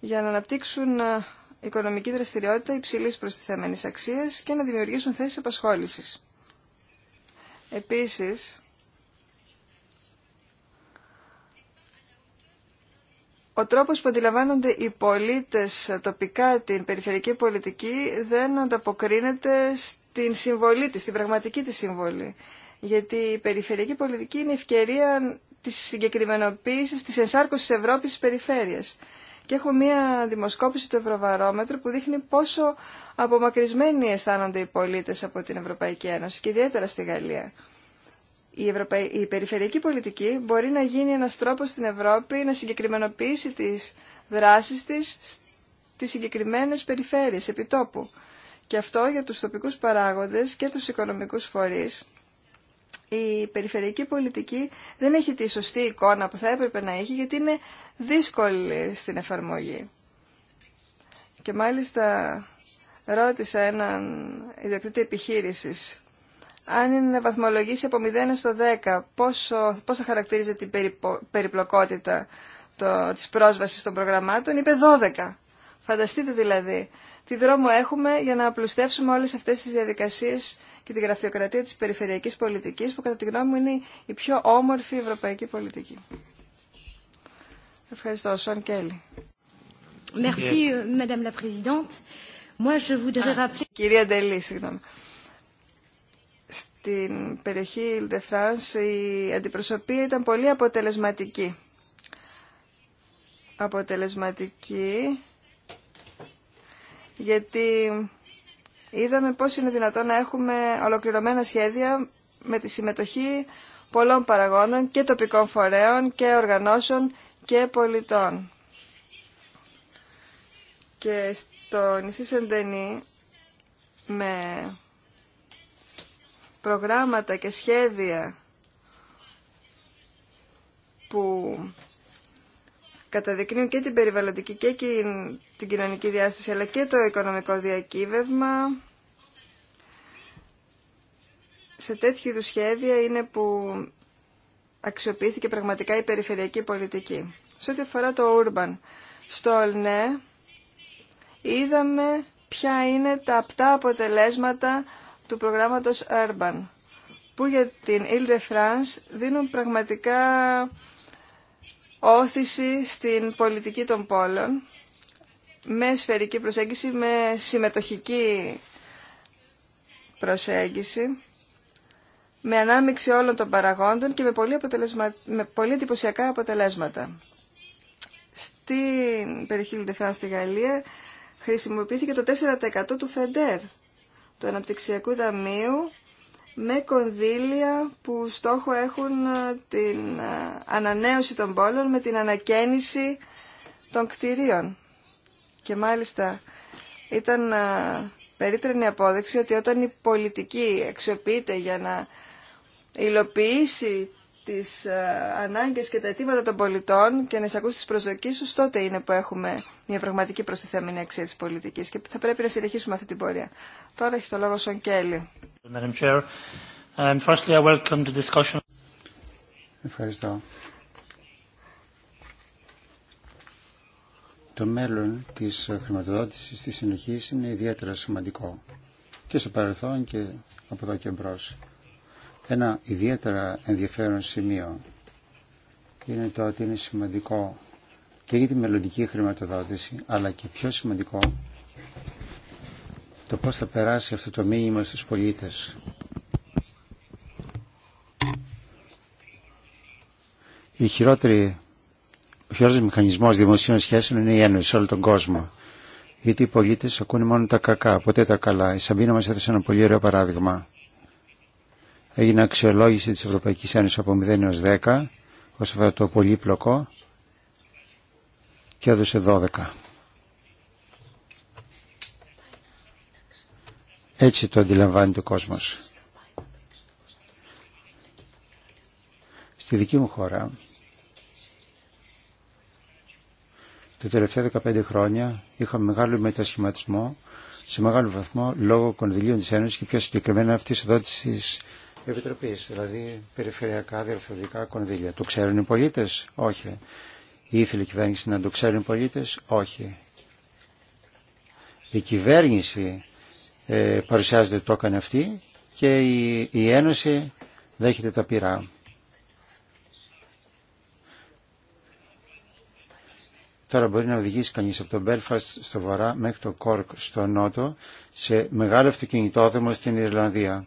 για να αναπτύξουν ε, οικονομική δραστηριότητα υψηλής προστιθέμενης αξίας και να δημιουργήσουν θέσεις απασχόλησης. Επίσης, ο τρόπος που αντιλαμβάνονται οι πολίτες τοπικά την περιφερειακή πολιτική δεν ανταποκρίνεται στην συμβολή της, στην πραγματική της συμβολή. Γιατί η περιφερειακή πολιτική είναι ευκαιρία της συγκεκριμενοποίησης, της ενσάρκωσης Ευρώπης στις περιφέρειες. Και έχουμε μία δημοσκόπηση του Ευρωβαρόμετρου που δείχνει πόσο απομακρυσμένοι αισθάνονται οι πολίτες από την Ευρωπαϊκή Ένωση και ιδιαίτερα στη Γαλλία η, περιφερειακή πολιτική μπορεί να γίνει ένας τρόπος στην Ευρώπη να συγκεκριμενοποιήσει τις δράσεις της στις συγκεκριμένες περιφέρειες επιτόπου. Και αυτό για τους τοπικούς παράγοντες και τους οικονομικούς φορείς. Η περιφερειακή πολιτική δεν έχει τη σωστή εικόνα που θα έπρεπε να έχει γιατί είναι δύσκολη στην εφαρμογή. Και μάλιστα ρώτησα έναν ιδιοκτήτη επιχείρησης αν είναι βαθμολογήσει από 0 στο 10, πόσο, πώς θα την περιπλοκότητα το, της πρόσβασης των προγραμμάτων, είπε 12. Φανταστείτε δηλαδή τι δρόμο έχουμε για να απλουστεύσουμε όλες αυτές τις διαδικασίες και τη γραφειοκρατία της περιφερειακής πολιτικής που κατά τη γνώμη μου είναι η πιο όμορφη ευρωπαϊκή πολιτική. Ευχαριστώ. Σον Κέλλη. Merci, euh, Madame la Κυρία Ντελή, συγγνώμη στην περιοχή Ile de France η αντιπροσωπεία ήταν πολύ αποτελεσματική. Αποτελεσματική γιατί είδαμε πώς είναι δυνατόν να έχουμε ολοκληρωμένα σχέδια με τη συμμετοχή πολλών παραγόντων και τοπικών φορέων και οργανώσεων και πολιτών. Και στο νησί Σεντενή με προγράμματα και σχέδια που καταδεικνύουν και την περιβαλλοντική και την κοινωνική διάσταση αλλά και το οικονομικό διακύβευμα. Σε τέτοιου είδου σχέδια είναι που αξιοποιήθηκε πραγματικά η περιφερειακή πολιτική. Σε ό,τι αφορά το urban, στο ΟΛΝΕ ναι, είδαμε ποια είναι τα απτά αποτελέσματα του προγράμματος Urban, που για την Ile de France δίνουν πραγματικά όθηση στην πολιτική των πόλων, με σφαιρική προσέγγιση, με συμμετοχική προσέγγιση, με ανάμειξη όλων των παραγόντων και με πολύ, αποτελεσμα... πολύ εντυπωσιακά αποτελέσματα. Στην περιοχή Λιντεφράν στη Γαλλία χρησιμοποιήθηκε το 4% του ΦΕΝΤΕΡ του Αναπτυξιακού Ταμείου με κονδύλια που στόχο έχουν ε, την ε, ανανέωση των πόλων με την ανακαίνιση των κτηρίων. Και μάλιστα ήταν ε, περίτρινη απόδειξη ότι όταν η πολιτική αξιοποιείται για να υλοποιήσει τις ε, ανάγκες και τα αιτήματα των πολιτών και να εισακούσει τις προσδοκίες του, τότε είναι που έχουμε μια πραγματική προστιθέμενη αξία της πολιτικής και θα πρέπει να συνεχίσουμε αυτή την πορεία. Τώρα έχει το λόγο ο Σον Κέλλη. Ευχαριστώ. Το μέλλον της χρηματοδότησης της συνοχής είναι ιδιαίτερα σημαντικό και στο παρελθόν και από εδώ και μπρος. Ένα ιδιαίτερα ενδιαφέρον σημείο είναι το ότι είναι σημαντικό και για τη μελλοντική χρηματοδότηση, αλλά και πιο σημαντικό το πώς θα περάσει αυτό το μήνυμα στους πολίτες. Η χειρότερη, ο χειρότερος μηχανισμός δημοσίων σχέσεων είναι η Ένωση σε όλο τον κόσμο. Γιατί οι πολίτες ακούνε μόνο τα κακά, ποτέ τα καλά. Η Σαμπίνα μας έδωσε ένα πολύ ωραίο παράδειγμα. Έγινε αξιολόγηση της Ευρωπαϊκής Ένωσης από 0 έως 10, ως το πολύπλοκο, και έδωσε 12. Έτσι το αντιλαμβάνει ο κόσμος. Στη δική μου χώρα, τα τελευταία 15 χρόνια είχαμε μεγάλο μετασχηματισμό σε μεγάλο βαθμό λόγω κονδυλίων της Ένωσης και πιο συγκεκριμένα αυτής εδώ της Επιτροπή, δηλαδή περιφερειακά διορθωτικά κονδύλια. Το ξέρουν οι πολίτε, Όχι. Ήθελε ήθελη κυβέρνηση να το ξέρουν οι πολίτε, Όχι. Η κυβέρνηση ε, παρουσιάζεται το έκανε αυτή και η, η Ένωση δέχεται τα πειρά. Τώρα μπορεί να οδηγήσει κανείς από τον Μπέλφαστ στο βορρά μέχρι το Κόρκ στο νότο σε μεγάλο αυτοκινητόδρομο στην Ιρλανδία.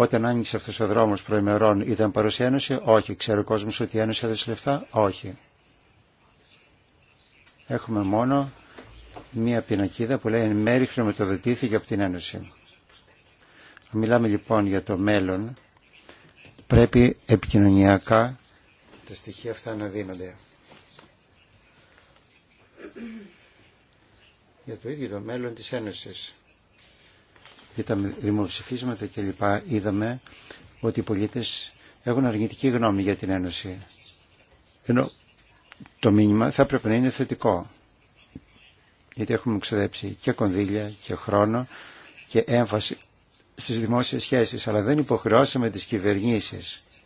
Όταν άνοιξε αυτό ο δρόμο προημερών, ήταν παρουσία Ένωση. Όχι. Ξέρει ο κόσμο ότι η Ένωση έδωσε λεφτά. Όχι. Έχουμε μόνο μία πινακίδα που λέει εν μέρη χρηματοδοτήθηκε από την Ένωση. Μιλάμε λοιπόν για το μέλλον. Πρέπει επικοινωνιακά τα στοιχεία αυτά να δίνονται. Για το ίδιο το μέλλον της Ένωσης και τα δημοψηφίσματα κλπ. είδαμε ότι οι πολίτες έχουν αρνητική γνώμη για την Ένωση. Ενώ το μήνυμα θα έπρεπε να είναι θετικό. Γιατί έχουμε ξεδέψει και κονδύλια και χρόνο και έμφαση στις δημόσιες σχέσεις, αλλά δεν υποχρεώσαμε τι κυβερνήσει.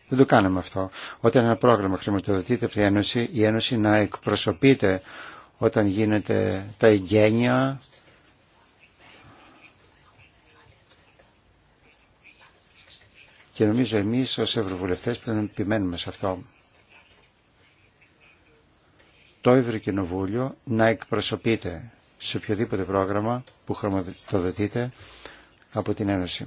Δεν το κάναμε αυτό. Όταν ένα πρόγραμμα χρηματοδοτείται από την Ένωση, η Ένωση να εκπροσωπείται όταν γίνεται τα εγγένεια, Και νομίζω εμείς ως Ευρωβουλευτές πρέπει να επιμένουμε σε αυτό. Το Ευρωκοινοβούλιο να εκπροσωπείτε σε οποιοδήποτε πρόγραμμα που χρηματοδοτείτε από την Ένωση.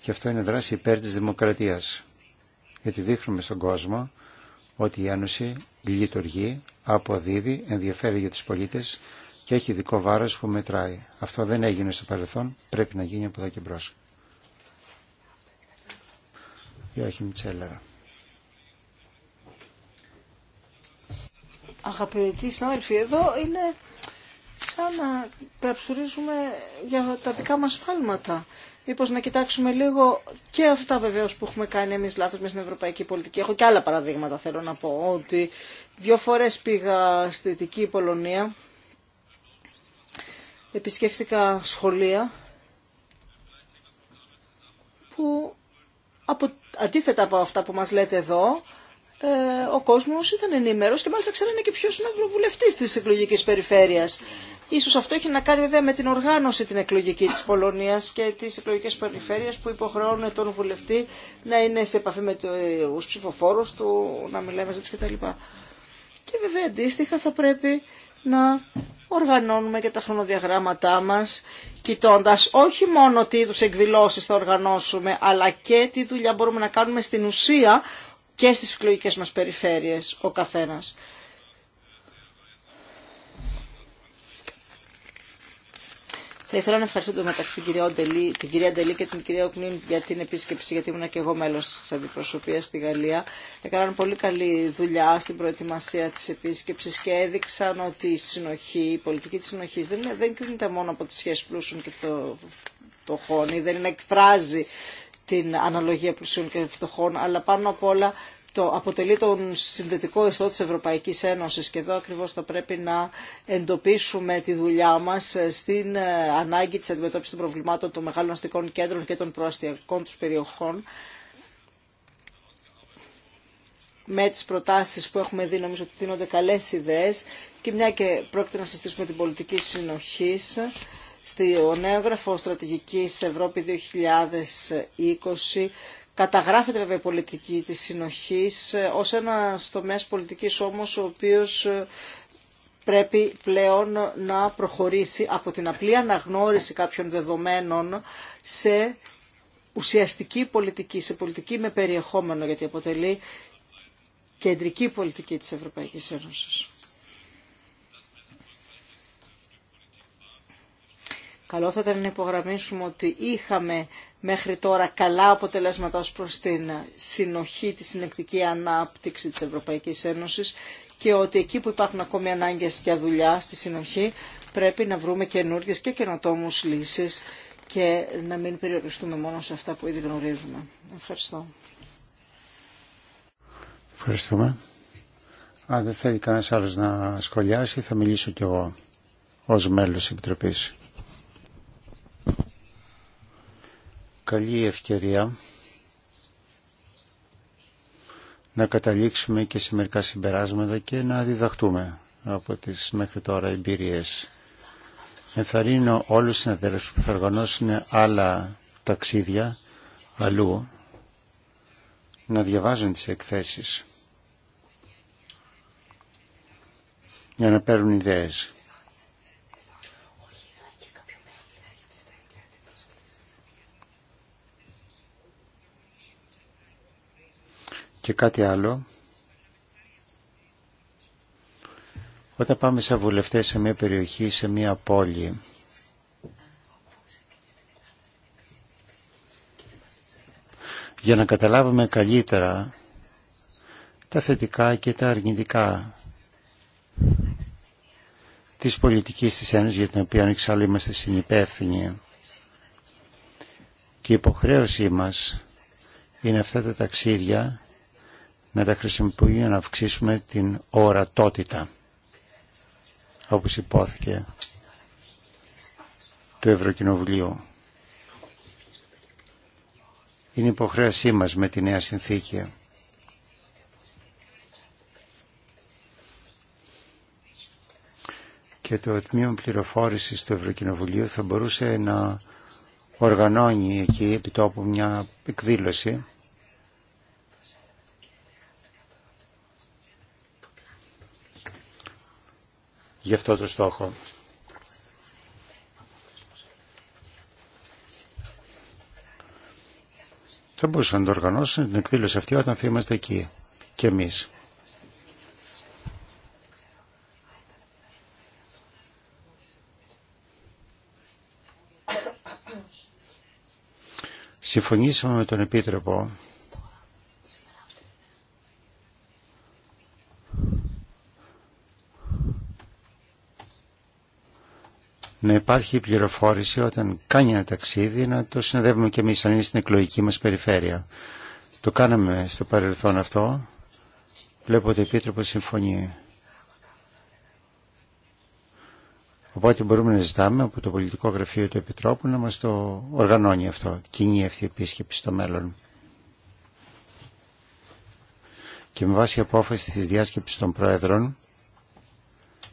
Και αυτό είναι δράση υπέρ της δημοκρατίας. Γιατί δείχνουμε στον κόσμο ότι η Ένωση λειτουργεί, αποδίδει, ενδιαφέρει για τους πολίτες και έχει ειδικό βάρος που μετράει. Αυτό δεν έγινε στο παρελθόν, πρέπει να γίνει από εδώ και μπρο. Ιωάχιμ Τσέλερα. Αγαπητοί συνάδελφοι, εδώ είναι σαν να καψουρίζουμε για τα δικά μας φάλματα. Μήπως να κοιτάξουμε λίγο και αυτά βεβαίως που έχουμε κάνει εμείς λάθος με στην ευρωπαϊκή πολιτική. Έχω και άλλα παραδείγματα θέλω να πω ότι δύο φορές πήγα στη Δυτική Πολωνία επισκέφθηκα σχολεία που από, αντίθετα από αυτά που μας λέτε εδώ, ε, ο κόσμος ήταν ενήμερος και μάλιστα ξέρανε και ποιος είναι ο βουλευτής της εκλογικής περιφέρειας. Ίσως αυτό έχει να κάνει βέβαια με την οργάνωση την εκλογική της Πολωνίας και τις εκλογικής περιφέρειες που υποχρεώνουν τον βουλευτή να είναι σε επαφή με τους ψηφοφόρους του, να μιλάει μαζί τους κτλ. Και βέβαια αντίστοιχα θα πρέπει να οργανώνουμε και τα χρονοδιαγράμματά μας, κοιτώντας όχι μόνο τι είδους εκδηλώσεις θα οργανώσουμε, αλλά και τι δουλειά μπορούμε να κάνουμε στην ουσία και στις εκλογικέ μας περιφέρειες ο καθένας. Θα ήθελα να ευχαριστήσω μεταξύ την κυρία, Ντελή, την κυρία και την κυρία Οκνίν για την επίσκεψη, γιατί ήμουν και εγώ μέλο τη αντιπροσωπεία στη Γαλλία. Έκαναν πολύ καλή δουλειά στην προετοιμασία τη επίσκεψη και έδειξαν ότι η συνοχή, η πολιτική τη συνοχή δεν, είναι, δεν κρίνεται μόνο από τι σχέσει πλούσιων και το ή δεν εκφράζει την αναλογία πλουσίων και φτωχών, αλλά πάνω απ' όλα το αποτελεί τον συνδετικό ιστό της Ευρωπαϊκής Ένωσης και εδώ ακριβώς θα πρέπει να εντοπίσουμε τη δουλειά μας ε, στην ε, ανάγκη της αντιμετώπισης των προβλημάτων των μεγάλων αστικών κέντρων και των προαστιακών τους περιοχών με τις προτάσεις που έχουμε δει νομίζω ότι δίνονται καλές ιδέες και μια και πρόκειται να συστήσουμε την πολιτική συνοχής στο νέο γραφό στρατηγικής Ευρώπη 2020 Καταγράφεται βέβαια η πολιτική της συνοχής ε, ως ένα τομέα πολιτικής όμως ο οποίος ε, πρέπει πλέον να προχωρήσει από την απλή αναγνώριση κάποιων δεδομένων σε ουσιαστική πολιτική, σε πολιτική με περιεχόμενο γιατί αποτελεί κεντρική πολιτική της Ευρωπαϊκής Ένωσης. Καλό θα ήταν να υπογραμμίσουμε ότι είχαμε μέχρι τώρα καλά αποτελέσματα ως προς την συνοχή, τη συνεκτική ανάπτυξη της Ευρωπαϊκής Ένωσης και ότι εκεί που υπάρχουν ακόμη ανάγκες για δουλειά στη συνοχή πρέπει να βρούμε καινούργιες και καινοτόμους λύσεις και να μην περιοριστούμε μόνο σε αυτά που ήδη γνωρίζουμε. Ευχαριστώ. Ευχαριστούμε. Αν δεν θέλει κανένας άλλος να σχολιάσει θα μιλήσω κι εγώ ως μέλος της Επιτροπής. καλή ευκαιρία να καταλήξουμε και σε μερικά συμπεράσματα και να διδαχτούμε από τις μέχρι τώρα εμπειρίες. Ενθαρρύνω όλους τους συναδέλφους που θα οργανώσουν άλλα ταξίδια αλλού να διαβάζουν τις εκθέσεις για να παίρνουν ιδέες. Και κάτι άλλο. Όταν πάμε σαν βουλευτές σε μια περιοχή, σε μια πόλη, για να καταλάβουμε καλύτερα τα θετικά και τα αρνητικά της πολιτικής της Ένωσης για την οποία εξάλλου είμαστε συνυπεύθυνοι. Και η υποχρέωσή μας είναι αυτά τα ταξίδια να τα χρησιμοποιούμε για να αυξήσουμε την ορατότητα όπως υπόθηκε του Ευρωκοινοβουλίου. Είναι υποχρέασή μας με τη νέα συνθήκη. Και το Τμήμα Πληροφόρησης του Ευρωκοινοβουλίου θα μπορούσε να οργανώνει εκεί επί τόπου μια εκδήλωση για αυτό το στόχο. Θα μπορούσαν να το οργανώσουν την εκδήλωση αυτή όταν θα είμαστε εκεί και εμείς. Συμφωνήσαμε με τον Επίτροπο να υπάρχει πληροφόρηση όταν κάνει ένα ταξίδι να το συνδεύουμε και εμείς αν είναι στην εκλογική μας περιφέρεια. Το κάναμε στο παρελθόν αυτό. Βλέπω ότι ο Επίτροπος συμφωνεί. Οπότε μπορούμε να ζητάμε από το πολιτικό γραφείο του Επιτρόπου να μας το οργανώνει αυτό, κοινή αυτή η επίσκεψη στο μέλλον. Και με βάση απόφαση της διάσκεψης των Πρόεδρων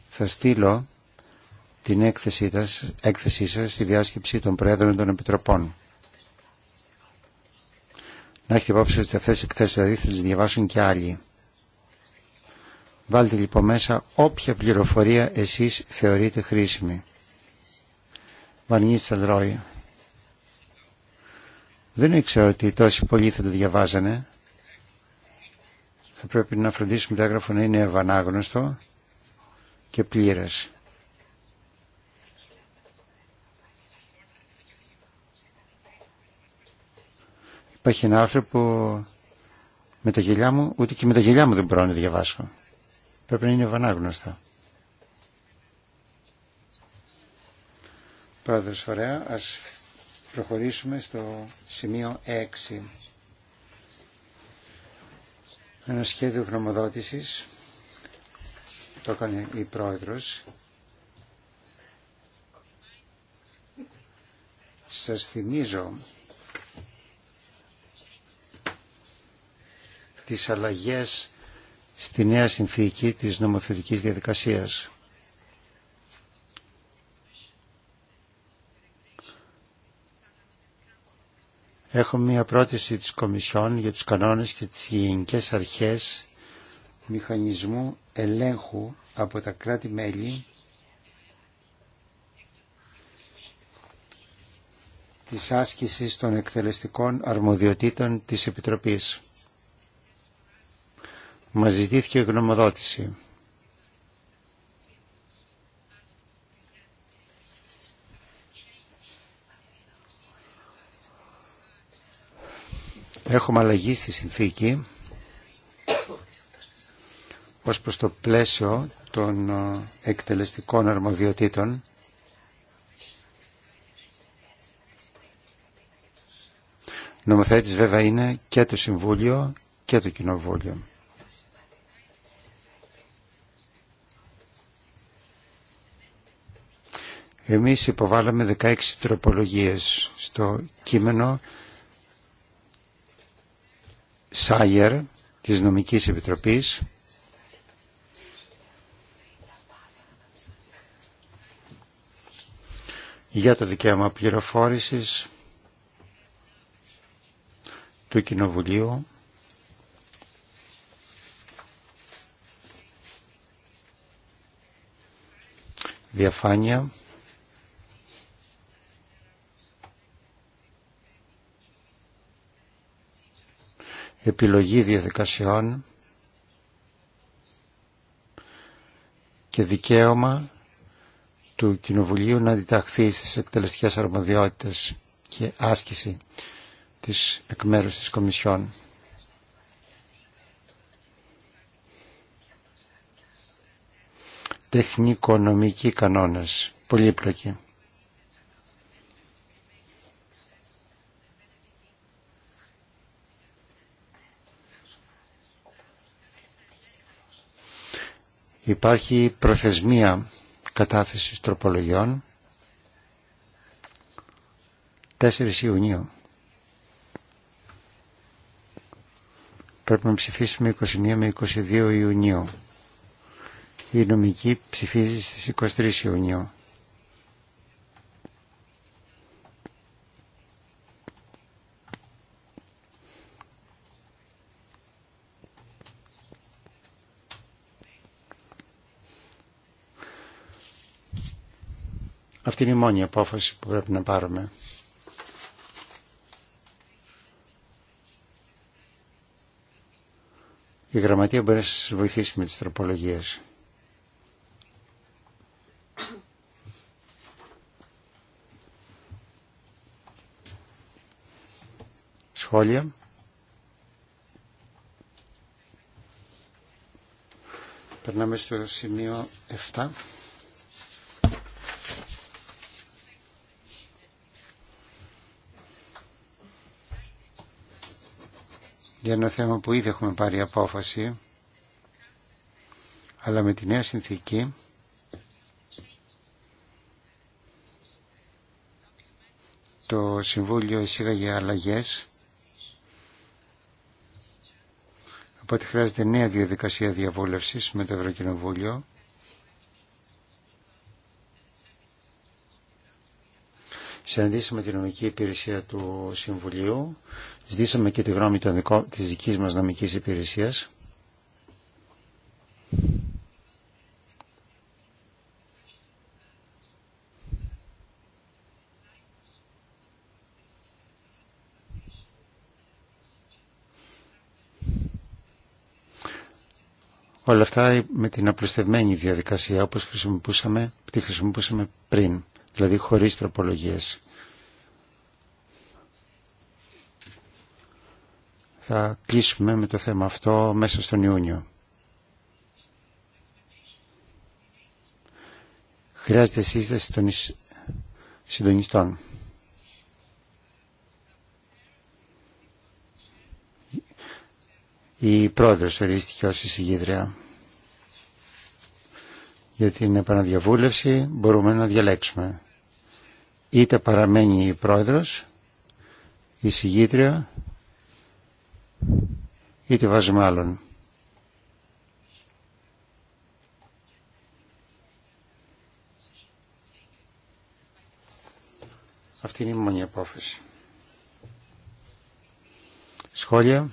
θα στείλω την έκθεσή σας, έκθεσή σας στη διάσκεψη των Προέδρων των Επιτροπών. Να έχετε υπόψη ότι αυτές οι εκθέσεις δηλαδή θα τις διαβάσουν και άλλοι. Βάλτε λοιπόν μέσα όποια πληροφορία εσείς θεωρείτε χρήσιμη. Βανγίσταλ Ρόι. Δεν ήξερα ότι τόσοι πολλοί θα το διαβάζανε. Θα πρέπει να φροντίσουμε το έγγραφο να είναι ευανάγνωστο και πλήρες. Υπάρχει ένα άρθρο που με τα γελιά μου, ούτε και με τα γελιά μου δεν μπορώ να διαβάσω. Πρέπει να είναι βανάγνωστα. Πρόεδρος, ωραία. Ας προχωρήσουμε στο σημείο 6. Ένα σχέδιο γνωμοδότησης. Το έκανε η πρόεδρος. Σας θυμίζω τις αλλαγές στη νέα συνθήκη της νομοθετικής διαδικασίας. Έχω μια πρόταση της Κομισιόν για τους κανόνες και τις γενικές αρχές μηχανισμού ελέγχου από τα κράτη-μέλη της άσκησης των εκτελεστικών αρμοδιοτήτων της Επιτροπής. Μας ζητήθηκε γνωμοδότηση. Έχουμε αλλαγή στη συνθήκη ως προς το πλαίσιο των ε, εκτελεστικών αρμοδιοτήτων Νομοθέτης βέβαια είναι και το Συμβούλιο και το Κοινοβούλιο. Εμείς υποβάλαμε 16 τροπολογίες στο κείμενο Σάιερ της Νομικής Επιτροπής για το δικαίωμα πληροφόρησης του Κοινοβουλίου διαφάνεια επιλογή διαδικασιών και δικαίωμα του Κοινοβουλίου να αντιταχθεί στις εκτελεστικές αρμοδιότητες και άσκηση της εκ μέρους της Κομισιόν. Τεχνικονομικοί κανόνες, πολύπλοκοι. Υπάρχει προθεσμία κατάθεσης τροπολογιών 4 Ιουνίου. Πρέπει να ψηφίσουμε 21 με 22 Ιουνίου. Η νομική ψηφίζει στις 23 Ιουνίου. Αυτή είναι η μόνη απόφαση που πρέπει να πάρουμε. Η γραμματεία μπορεί να σα βοηθήσει με τι τροπολογίες. Σχόλια. Περνάμε στο σημείο 7. για ένα θέμα που ήδη έχουμε πάρει απόφαση, αλλά με τη νέα συνθήκη το Συμβούλιο εισήγαγε αλλαγέ. οπότε χρειάζεται νέα διαδικασία διαβούλευσης με το Ευρωκοινοβούλιο Συναντήσαμε την νομική υπηρεσία του Συμβουλίου Ζητήσαμε και τη γνώμη δικό, της δικής μας νομικής υπηρεσίας. Όλα αυτά με την απλουστευμένη διαδικασία όπως χρησιμοποιούσαμε, τη χρησιμοποιούσαμε πριν, δηλαδή χωρίς τροπολογίες. θα κλείσουμε με το θέμα αυτό μέσα στον Ιούνιο. Χρειάζεται σύσταση των συντονιστών. Η πρόεδρος ορίστηκε ως εισηγήτρια. Για την επαναδιαβούλευση μπορούμε να διαλέξουμε. Είτε παραμένει η πρόεδρος, η εισηγήτρια ή τη βάζουμε άλλον. Αυτή είναι η μόνη απόφαση. Σχόλια.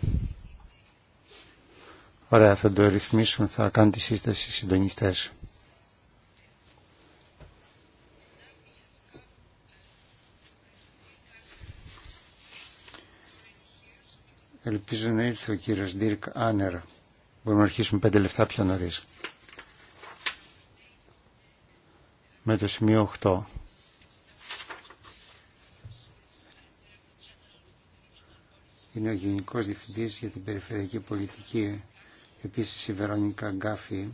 Ωραία, θα το ρυθμίσουν, θα κάνουν τη σύσταση συντονιστές. Ελπίζω να ήρθε ο κύριος Ντίρκ Άνερ. Μπορούμε να αρχίσουμε πέντε λεφτά πιο νωρίς. Με το σημείο 8. Είναι ο Γενικός Διευθυντής για την Περιφερειακή Πολιτική. Επίσης η Βερόνικα Γκάφη.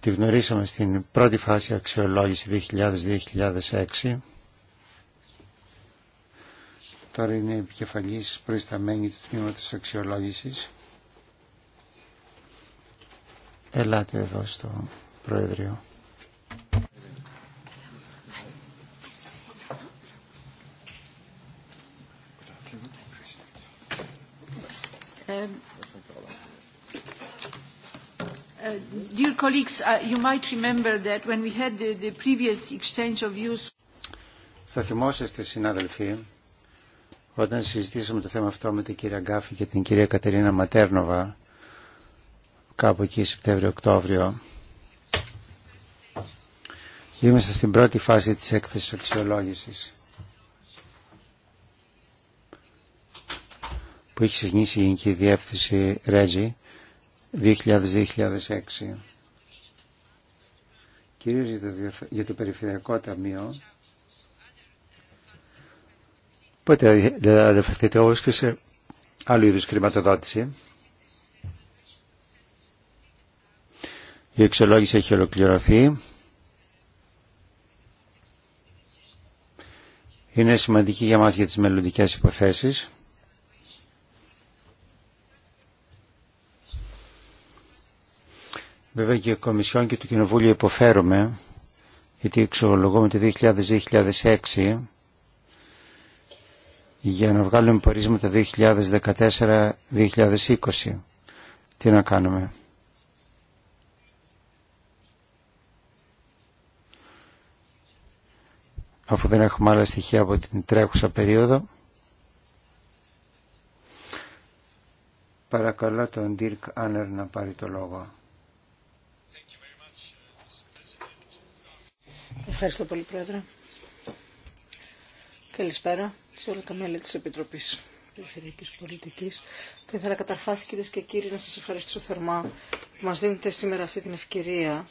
Τη γνωρίσαμε στην πρώτη φάση αξιολόγηση 2000-2006. Τώρα είναι επικεφαλής προϊσταμένη του τμήματος αξιολόγησης. Ελάτε εδώ στο Προεδρείο. Um, uh, dear colleagues, uh, you might remember that when we had the, the previous exchange of views. Θα θυμόσαστε συνάδελφοι όταν συζητήσαμε το θέμα αυτό με την κυρία Γκάφη και την κυρία Κατερίνα Ματέρνοβα, κάπου εκεί Σεπτέμβριο-Οκτώβριο, είμαστε στην πρώτη φάση της έκθεσης αξιολόγησης. που έχει ξεκινήσει η Γενική Διεύθυνση Ρέτζι 2000-2006. Κυρίως για το, για το Περιφερειακό Ταμείο Οπότε ε, αναφερθείτε όλες και σε άλλου είδου χρηματοδότηση. Η εξολόγηση έχει ολοκληρωθεί. Είναι σημαντική για μας για τις μελλοντικέ υποθέσεις. Βέβαια και η Κομισιόν και το Κοινοβούλιο υποφέρουμε, γιατί εξολογούμε το 2006 για να βγάλουμε πορίσματα 2014-2020. Τι να κάνουμε. Αφού δεν έχουμε άλλα στοιχεία από την τρέχουσα περίοδο. Παρακαλώ τον Dirk Άνερ να πάρει το λόγο. Ευχαριστώ πολύ, Πρόεδρε. Καλησπέρα σε όλα τα μέλη της Επιτροπής Περιφερειακής Πολιτικής. Θα ήθελα καταρχάς κυρίες και κύριοι να σας ευχαριστήσω θερμά που μας δίνετε σήμερα αυτή την ευκαιρία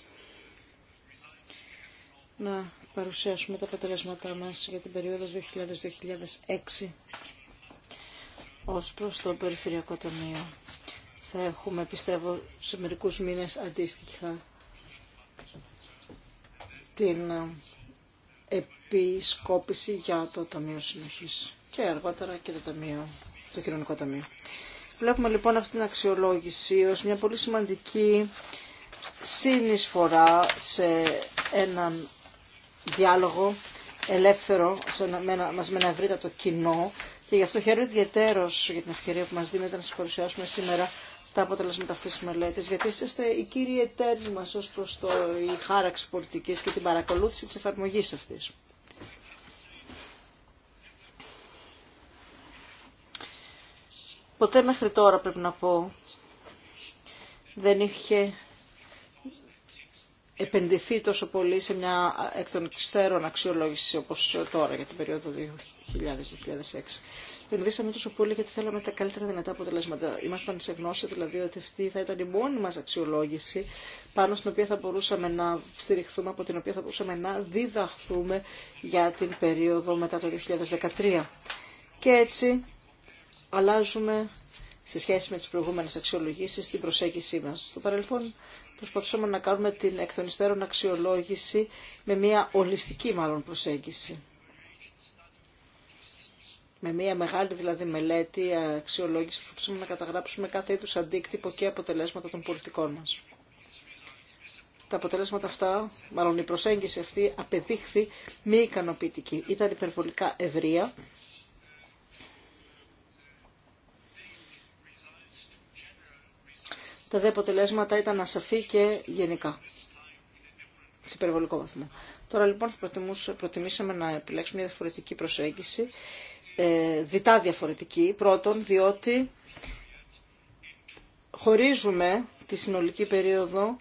να παρουσιάσουμε τα αποτελέσματά μας για την περίοδο 2000-2006 ως προς το Περιφερειακό Ταμείο. Θα έχουμε, πιστεύω, σε μερικούς μήνες αντίστοιχα την επισκόπηση για το Ταμείο Συνοχής και αργότερα και το, ταμείο, το Κοινωνικό Ταμείο. Βλέπουμε λοιπόν αυτή την αξιολόγηση ως μια πολύ σημαντική συνεισφορά σε έναν διάλογο ελεύθερο σε ένα, με ένα, μαζί με ένα ευρύτατο κοινό και γι' αυτό χαίρομαι ιδιαίτερος για την ευκαιρία που μας δίνεται να σας παρουσιάσουμε σήμερα τα αποτελέσματα αυτής της μελέτης, γιατί είστε οι κύριοι εταίροι μας ως προς το, η χάραξη πολιτικής και την παρακολούθηση της εφαρμογής αυτής. Ποτέ μέχρι τώρα πρέπει να πω δεν είχε επενδυθεί τόσο πολύ σε μια εκ των εξτέρων αξιολόγηση όπως τώρα για την περίοδο 2000-2006 επενδύσαμε τόσο πολύ γιατί θέλαμε τα καλύτερα δυνατά αποτελέσματα. Ήμασταν σε γνώση δηλαδή ότι αυτή θα ήταν η μόνη μα αξιολόγηση πάνω στην οποία θα μπορούσαμε να στηριχθούμε, από την οποία θα μπορούσαμε να διδαχθούμε για την περίοδο μετά το 2013. Και έτσι αλλάζουμε σε σχέση με τις προηγούμενες αξιολογήσεις την προσέγγιση μας. Στο παρελθόν προσπαθούσαμε να κάνουμε την εκ των αξιολόγηση με μια ολιστική μάλλον προσέγγιση με μια μεγάλη δηλαδή μελέτη ε, αξιολόγηση προσπαθούμε να καταγράψουμε κάθε είδους αντίκτυπο και αποτελέσματα των πολιτικών μας. Τα αποτελέσματα αυτά, μάλλον η προσέγγιση αυτή, απεδείχθη μη ικανοποιητική. Ήταν υπερβολικά ευρεία. Τα δε αποτελέσματα ήταν ασαφή και γενικά. Σε υπερβολικό βαθμό. Τώρα λοιπόν προτιμήσαμε να επιλέξουμε μια διαφορετική προσέγγιση ε, διτά διαφορετική. Πρώτον, διότι χωρίζουμε τη συνολική περίοδο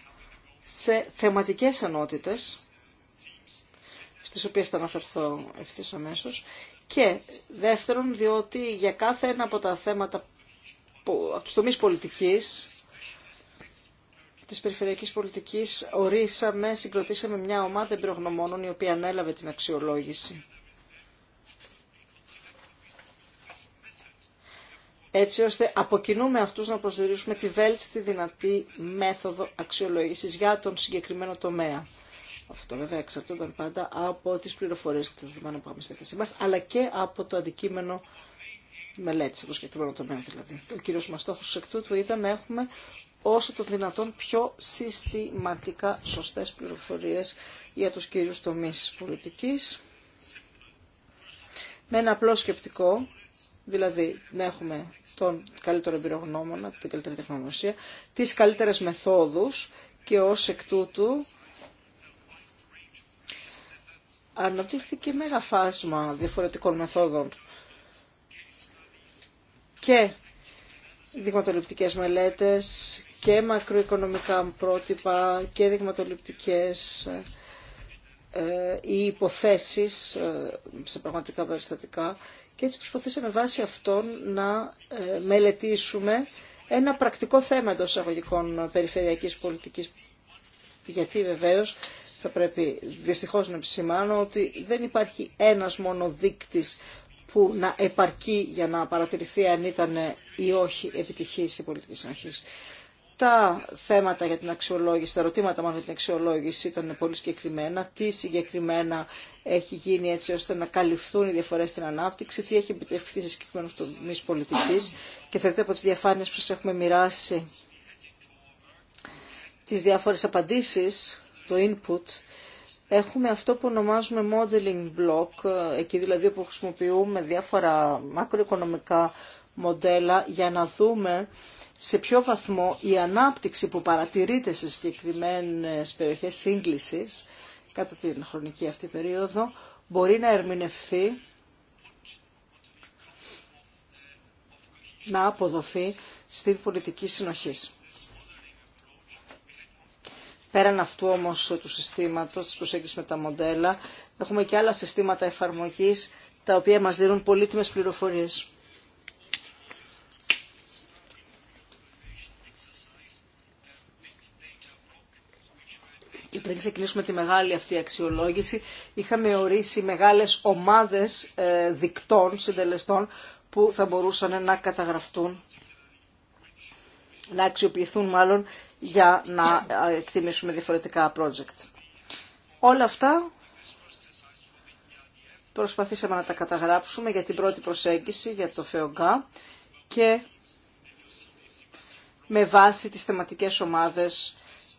σε θεματικές ενότητες, στις οποίες θα αναφερθώ ευθύς αμέσως, και δεύτερον, διότι για κάθε ένα από τα θέματα, από τους τομείς πολιτικής, της περιφερειακής πολιτικής, ορίσαμε, συγκροτήσαμε μια ομάδα εμπειρογνωμόνων, η οποία ανέλαβε την αξιολόγηση έτσι ώστε από κοινού με αυτούς να προσδιορίσουμε τη βέλτιστη δυνατή μέθοδο αξιολόγησης για τον συγκεκριμένο τομέα. Αυτό βέβαια εξαρτώνταν πάντα από τις πληροφορίες και τα δεδομένα που είχαμε στη θέση μας, αλλά και από το αντικείμενο μελέτης, το συγκεκριμένο τομέα δηλαδή. Ο κύριος μας στόχος εκ τούτου ήταν να έχουμε όσο το δυνατόν πιο συστηματικά σωστές πληροφορίες για τους κύριους τομείς πολιτικής. Με ένα απλό σκεπτικό, δηλαδή να έχουμε τον καλύτερο εμπειρογνώμονα, την καλύτερη τεχνογνωσία, τις καλύτερες μεθόδους και ως εκ τούτου αναπτύχθηκε μέγα φάσμα διαφορετικών μεθόδων και δειγματοληπτικές μελέτες και μακροοικονομικά πρότυπα και δειγματοληπτικές ε, ε, ή υποθέσεις ε, σε πραγματικά περιστατικά και έτσι προσπαθήσαμε βάσει αυτών να ε, μελετήσουμε ένα πρακτικό θέμα εντό εισαγωγικών περιφερειακής πολιτικής. Γιατί βεβαίως θα πρέπει δυστυχώς να επισημάνω ότι δεν υπάρχει ένας μόνο δείκτης που να επαρκεί για να παρατηρηθεί αν ήταν ή όχι επιτυχής η πολιτική συνοχής τα θέματα για την αξιολόγηση, τα ερωτήματα μάλλον για την αξιολόγηση ήταν πολύ συγκεκριμένα. Τι συγκεκριμένα έχει γίνει έτσι ώστε να καλυφθούν οι διαφορέ στην ανάπτυξη, τι έχει επιτευχθεί σε συγκεκριμένου τομεί πολιτική και θα δείτε από τι διαφάνειε που σα έχουμε μοιράσει τι διάφορε απαντήσει, το input. Έχουμε αυτό που ονομάζουμε modeling block, εκεί δηλαδή που χρησιμοποιούμε διάφορα μακροοικονομικά μοντέλα για να δούμε σε ποιο βαθμό η ανάπτυξη που παρατηρείται σε συγκεκριμένες περιοχές σύγκλησης κατά την χρονική αυτή περίοδο μπορεί να ερμηνευθεί, να αποδοθεί στην πολιτική συνοχής. Πέραν αυτού όμως του συστήματος, της προσέγγισης με τα μοντέλα, έχουμε και άλλα συστήματα εφαρμογής τα οποία μας δίνουν πολύτιμες πληροφορίες. πριν ξεκινήσουμε τη μεγάλη αυτή αξιολόγηση, είχαμε ορίσει μεγάλες ομάδες ε, δικτών, συντελεστών, που θα μπορούσαν να καταγραφτούν, να αξιοποιηθούν μάλλον, για να ε, εκτιμήσουμε διαφορετικά project. Όλα αυτά προσπαθήσαμε να τα καταγράψουμε για την πρώτη προσέγγιση, για το ΦΕΟΓΑ και με βάση τις θεματικές ομάδες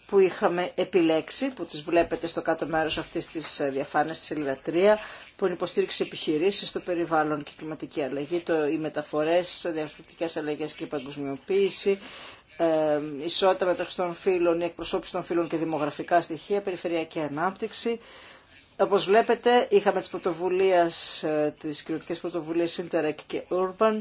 που είχαμε επιλέξει, που τις βλέπετε στο κάτω μέρος αυτής της ε, διαφάνειας, της σελίδα που είναι υποστήριξη επιχειρήσει στο περιβάλλον και κλιματική αλλαγή, το, οι μεταφορές, διαφορετικέ αλλαγές και η παγκοσμιοποίηση, ε, ισότητα μεταξύ των φύλων, η εκπροσώπηση των φύλων και δημογραφικά στοιχεία, περιφερειακή ανάπτυξη. Όπως βλέπετε, είχαμε τις πρωτοβουλίες, ε, τις κοινωτικές πρωτοβουλίες Interreg και Urban,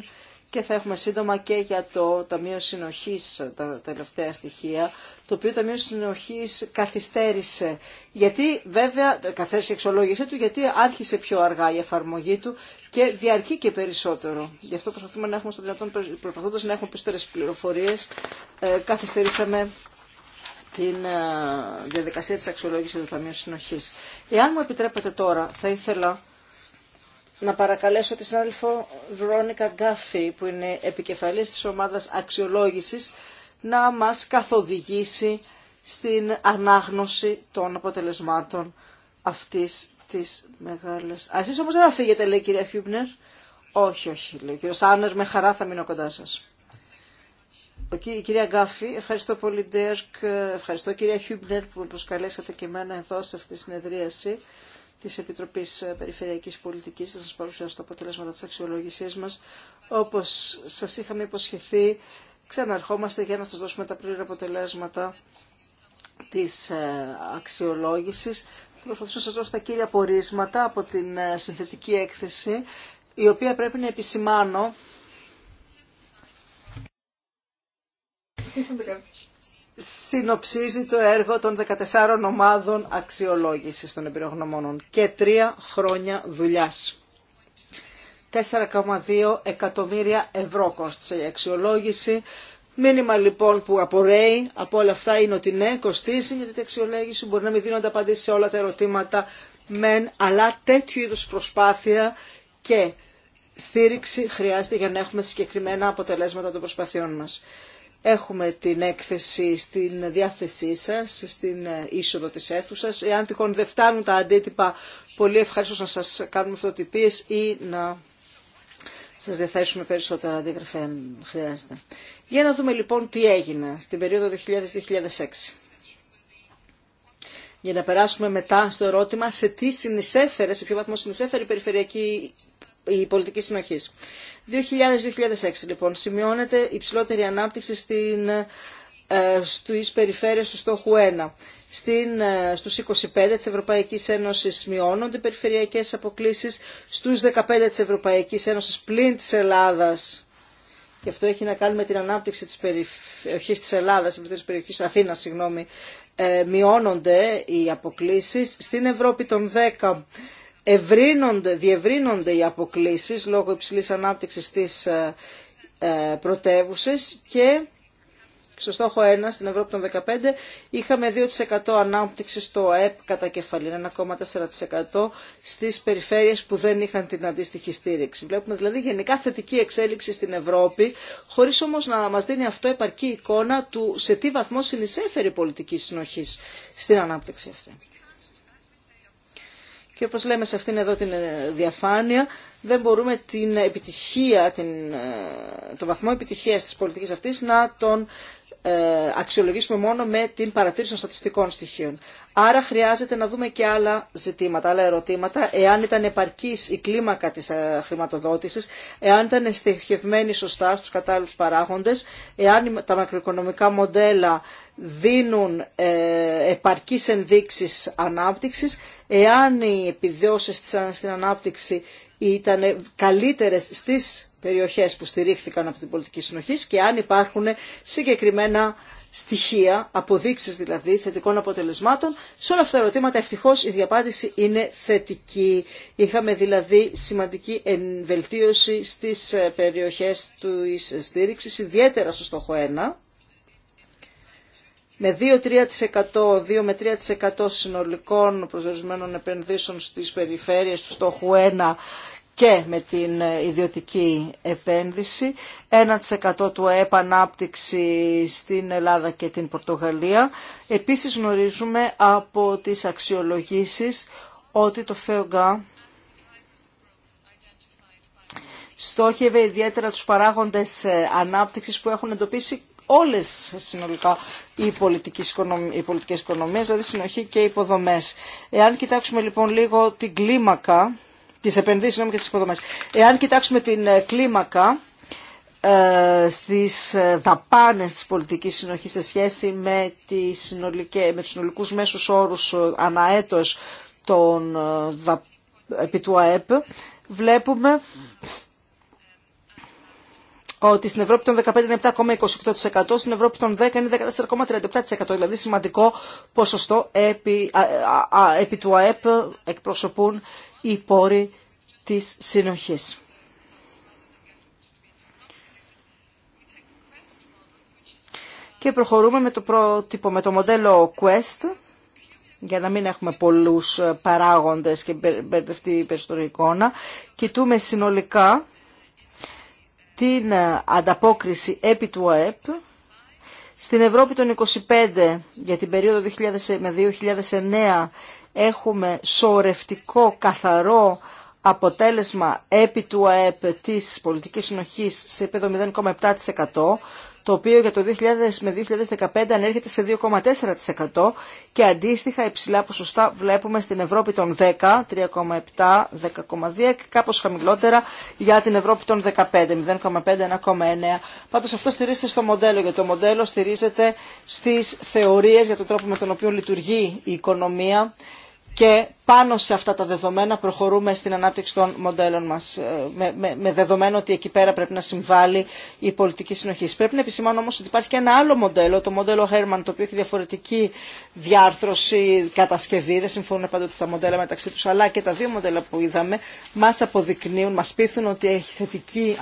και θα έχουμε σύντομα και για το Ταμείο Συνοχής τα τελευταία στοιχεία, το οποίο το Ταμείο Συνοχής καθυστέρησε. Γιατί βέβαια, καθέσει η εξολόγησή του, γιατί άρχισε πιο αργά η εφαρμογή του και διαρκεί και περισσότερο. Γι' αυτό προσπαθούμε να έχουμε στο δυνατόν, προσπαθώντας να έχουμε περισσότερες πληροφορίες, ε, καθυστερήσαμε την ε, διαδικασία της αξιολόγησης του Ταμείου Συνοχής. Εάν μου επιτρέπετε τώρα, θα ήθελα να παρακαλέσω τη συνάδελφο Βρόνικα Γκάφη, που είναι επικεφαλής της ομάδας αξιολόγησης, να μας καθοδηγήσει στην ανάγνωση των αποτελεσμάτων αυτής της μεγάλης... Α, εσείς όμως δεν θα φύγετε, λέει η κυρία Χιούμπνερ. Όχι, όχι, λέει ο κύριος Άνερ, με χαρά θα μείνω κοντά σας. Η κυρία Γκάφη, ευχαριστώ πολύ Ντέρκ, ευχαριστώ κυρία Χιούμπνερ που με προσκαλέσατε και εμένα εδώ σε αυτή τη συνεδρίαση της Επιτροπής Περιφερειακής Πολιτικής να σας παρουσιάσω τα αποτελέσματα της αξιολόγησής μας. Όπως σας είχαμε υποσχεθεί, ξαναρχόμαστε για να σας δώσουμε τα πλήρη αποτελέσματα της ε, αξιολόγησης. Θα προσπαθήσω να σας δώσω τα κύρια πορίσματα από την ε, συνθετική έκθεση, η οποία πρέπει να επισημάνω συνοψίζει το έργο των 14 ομάδων αξιολόγησης των εμπειρογνωμόνων και τρία χρόνια δουλειάς. 4,2 εκατομμύρια ευρώ κόστησε η αξιολόγηση. Μήνυμα λοιπόν που απορρέει από όλα αυτά είναι ότι ναι, κοστίζει γιατί την αξιολόγηση μπορεί να μην δίνονται απαντήσει σε όλα τα ερωτήματα μεν, αλλά τέτοιου είδους προσπάθεια και στήριξη χρειάζεται για να έχουμε συγκεκριμένα αποτελέσματα των προσπαθειών μας. Έχουμε την έκθεση στην διάθεσή σας, στην ε, είσοδο της αίθουσας. Εάν τυχόν δεν φτάνουν τα αντίτυπα, πολύ ευχαριστώ να σας κάνουμε φωτοτυπίες ή να σας διαθέσουμε περισσότερα αντίγραφα αν χρειάζεται. Για να δούμε λοιπόν τι έγινε στην περίοδο 2000-2006. Για να περάσουμε μετά στο ερώτημα σε τι συνεισέφερε, σε ποιο βαθμό συνεισέφερε η περιφερειακή η πολιτική συνοχή. 2000-2006 λοιπόν σημειώνεται υψηλότερη ανάπτυξη στην, ε, στις περιφέρειες του στόχου 1. Στην, ε, στους 25 της Ευρωπαϊκής Ένωσης μειώνονται περιφερειακές αποκλήσεις, στους 15 της Ευρωπαϊκής Ένωσης πλην της Ελλάδας και αυτό έχει να κάνει με την ανάπτυξη της περιοχής της Ελλάδας, της περιοχής Αθήνας, συγγνώμη, ε, μειώνονται οι αποκλήσεις. Στην Ευρώπη των 10 ευρύνονται, διευρύνονται οι αποκλήσεις λόγω υψηλής ανάπτυξης της ε, ε, πρωτεύουσα και στο στόχο 1 στην Ευρώπη των 15 είχαμε 2% ανάπτυξη στο ΑΕΠ κατά κεφαλή, 1,4% στις περιφέρειες που δεν είχαν την αντίστοιχη στήριξη. Βλέπουμε δηλαδή γενικά θετική εξέλιξη στην Ευρώπη, χωρίς όμως να μας δίνει αυτό επαρκή εικόνα του σε τι βαθμό συνεισέφερε η πολιτική συνοχή στην ανάπτυξη αυτή. Και όπως λέμε σε αυτήν εδώ την ε, διαφάνεια, δεν μπορούμε την επιτυχία, την, ε, τον βαθμό επιτυχίας της πολιτικής αυτής να τον ε, αξιολογήσουμε μόνο με την παρατήρηση των στατιστικών στοιχείων. Άρα χρειάζεται να δούμε και άλλα ζητήματα, άλλα ερωτήματα, εάν ήταν επαρκής η κλίμακα της χρηματοδότησης, εάν ήταν στοιχευμένη σωστά στους κατάλληλους παράγοντες, εάν τα μακροοικονομικά μοντέλα δίνουν ε, επαρκείς ενδείξεις ανάπτυξης. Εάν οι επιδιώσεις στην ανάπτυξη ήταν καλύτερες στις περιοχές που στηρίχθηκαν από την πολιτική συνοχή και αν υπάρχουν συγκεκριμένα στοιχεία, αποδείξεις δηλαδή θετικών αποτελεσμάτων. Σε όλα αυτά τα ερωτήματα ευτυχώς η διαπάντηση είναι θετική. Είχαμε δηλαδή σημαντική βελτίωση στις ε, περιοχές του στήριξης, ιδιαίτερα στο στόχο 1 με 2-3%, 2 με 3% συνολικών προσδορισμένων επενδύσεων στις περιφέρειες του στόχου 1 και με την ε, ιδιωτική επένδυση, 1% του επανάπτυξη στην Ελλάδα και την Πορτογαλία. Επίσης γνωρίζουμε από τις αξιολογήσεις ότι το ΦΕΟΓΑ στόχευε ιδιαίτερα τους παράγοντες ε, ανάπτυξης που έχουν εντοπίσει όλες συνολικά οι πολιτικές, οι πολιτικές οικονομίες, δηλαδή συνοχή και υποδομές. Εάν κοιτάξουμε λοιπόν λίγο την κλίμακα, τις επενδύσεις και τις υποδομές, εάν κοιτάξουμε την ε, κλίμακα, ε, στις ε, δαπάνες της πολιτικής συνοχής σε σχέση με, τη συνολική, με τους συνολικούς μέσους όρους αναέτος των, επί του ΑΕΠ, βλέπουμε ότι στην Ευρώπη των 15 είναι 7,28%, στην Ευρώπη των 10 είναι 14,37%, δηλαδή σημαντικό ποσοστό επί, του ΑΕΠ εκπροσωπούν οι πόροι της συνοχής. Και προχωρούμε με το πρότυπο, με μοντέλο Quest, για να μην έχουμε πολλούς παράγοντες και μπερδευτεί η περισσότερη εικόνα. Κοιτούμε συνολικά την ε, ανταπόκριση επί του ΑΕΠ. Στην Ευρώπη των 25 για την περίοδο 2000 με 2009 έχουμε σορευτικό καθαρό αποτέλεσμα επί του ΑΕΠ της πολιτικής συνοχής σε επίπεδο 0,7% το οποίο για το 2000 με 2015 ανέρχεται σε 2,4% και αντίστοιχα υψηλά ποσοστά βλέπουμε στην Ευρώπη των 10, 3,7, 10,2 και κάπως χαμηλότερα για την Ευρώπη των 15, 0,5, 1,9. Πάντως αυτό στηρίζεται στο μοντέλο, γιατί το μοντέλο στηρίζεται στις θεωρίες για τον τρόπο με τον οποίο λειτουργεί η οικονομία και πάνω σε αυτά τα δεδομένα προχωρούμε στην ανάπτυξη των μοντέλων μας, ε, με, με, δεδομένο ότι εκεί πέρα πρέπει να συμβάλλει η πολιτική συνοχή. Πρέπει να επισημάνω όμως ότι υπάρχει και ένα άλλο μοντέλο, το μοντέλο Herman, το οποίο έχει διαφορετική διάρθρωση, κατασκευή, δεν συμφωνούν πάντοτε τα μοντέλα μεταξύ τους, αλλά και τα δύο μοντέλα που είδαμε μας αποδεικνύουν, μας πείθουν ότι έχει θετική,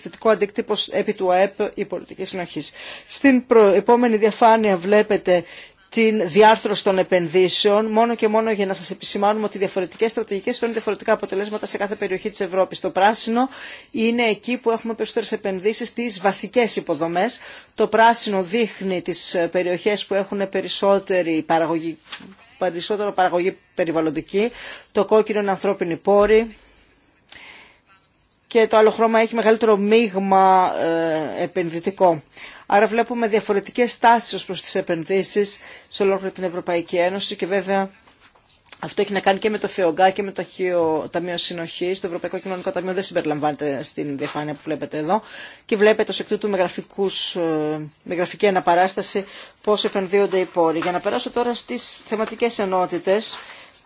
θετικό αντίκτυπο επί του ΑΕΠ η πολιτική συνοχή. Στην προ, επόμενη διαφάνεια βλέπετε την διάρθρωση των επενδύσεων, μόνο και μόνο για να σας επισημάνουμε ότι διαφορετικές στρατηγικές φέρνουν διαφορετικά αποτελέσματα σε κάθε περιοχή της Ευρώπης. Το πράσινο είναι εκεί που έχουμε περισσότερες επενδύσεις στις βασικές υποδομές. Το πράσινο δείχνει τις περιοχές που έχουν περισσότερη παραγωγή, περισσότερο παραγωγή περιβαλλοντική. Το κόκκινο είναι ανθρώπινη πόροι και το άλλο χρώμα έχει μεγαλύτερο μείγμα ε, επενδυτικό. Άρα βλέπουμε διαφορετικές στάσεις ως προς τις επενδύσεις σε ολόκληρη την Ευρωπαϊκή Ένωση και βέβαια αυτό έχει να κάνει και με το ΦΕΟΓΚΑ και με το Ταμείο Συνοχή. Το Ευρωπαϊκό Κοινωνικό Ταμείο δεν συμπεριλαμβάνεται στην διαφάνεια που βλέπετε εδώ. Και βλέπετε ω εκ τούτου με, ε, με γραφική αναπαράσταση πώ επενδύονται οι πόροι. Για να περάσω τώρα στι θεματικέ ενότητε,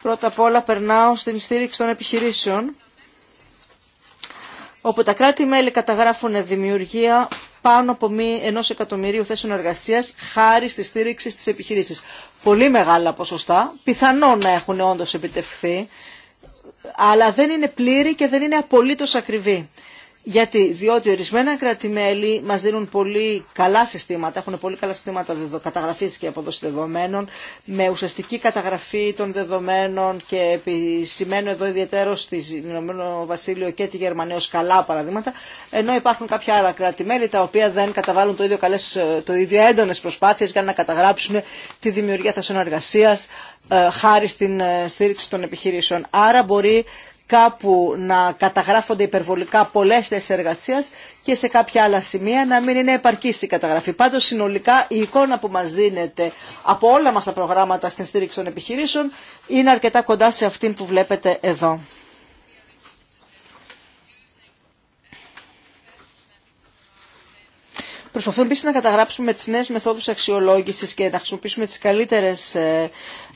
πρώτα απ' όλα περνάω στην στήριξη των επιχειρήσεων όπου τα κράτη-μέλη καταγράφουν δημιουργία πάνω από ενό εκατομμυρίου θέσεων εργασία χάρη στη στήριξη τη επιχειρήση. Πολύ μεγάλα ποσοστά, πιθανόν να έχουν όντω επιτευχθεί, αλλά δεν είναι πλήρη και δεν είναι απολύτω ακριβή. Γιατί, διότι ορισμένα κράτη-μέλη μας δίνουν πολύ καλά συστήματα, έχουν πολύ καλά συστήματα καταγραφής και αποδόση δεδομένων, με ουσιαστική καταγραφή των δεδομένων και επισημαίνω εδώ ιδιαίτερο στη Ηνωμένο Βασίλειο και τη Γερμανία ως καλά παραδείγματα, ενώ υπάρχουν κάποια άλλα τα οποία δεν καταβάλουν το ίδιο, καλές, ε, το ίδιο έντονες προσπάθειες για να καταγράψουν τη δημιουργία θεσμών εργασία ε, χάρη στην ε, στήριξη των επιχειρήσεων. Άρα μπορεί κάπου να καταγράφονται υπερβολικά πολλέ θέσει εργασία και σε κάποια άλλα σημεία να μην είναι επαρκή η καταγραφή. Πάντω, συνολικά η εικόνα που μα δίνεται από όλα μα τα προγράμματα στην στήριξη των επιχειρήσεων είναι αρκετά κοντά σε αυτήν που βλέπετε εδώ. Προσπαθούμε επίση να καταγράψουμε τι νέε μεθόδου αξιολόγηση και να χρησιμοποιήσουμε τι καλύτερε ε,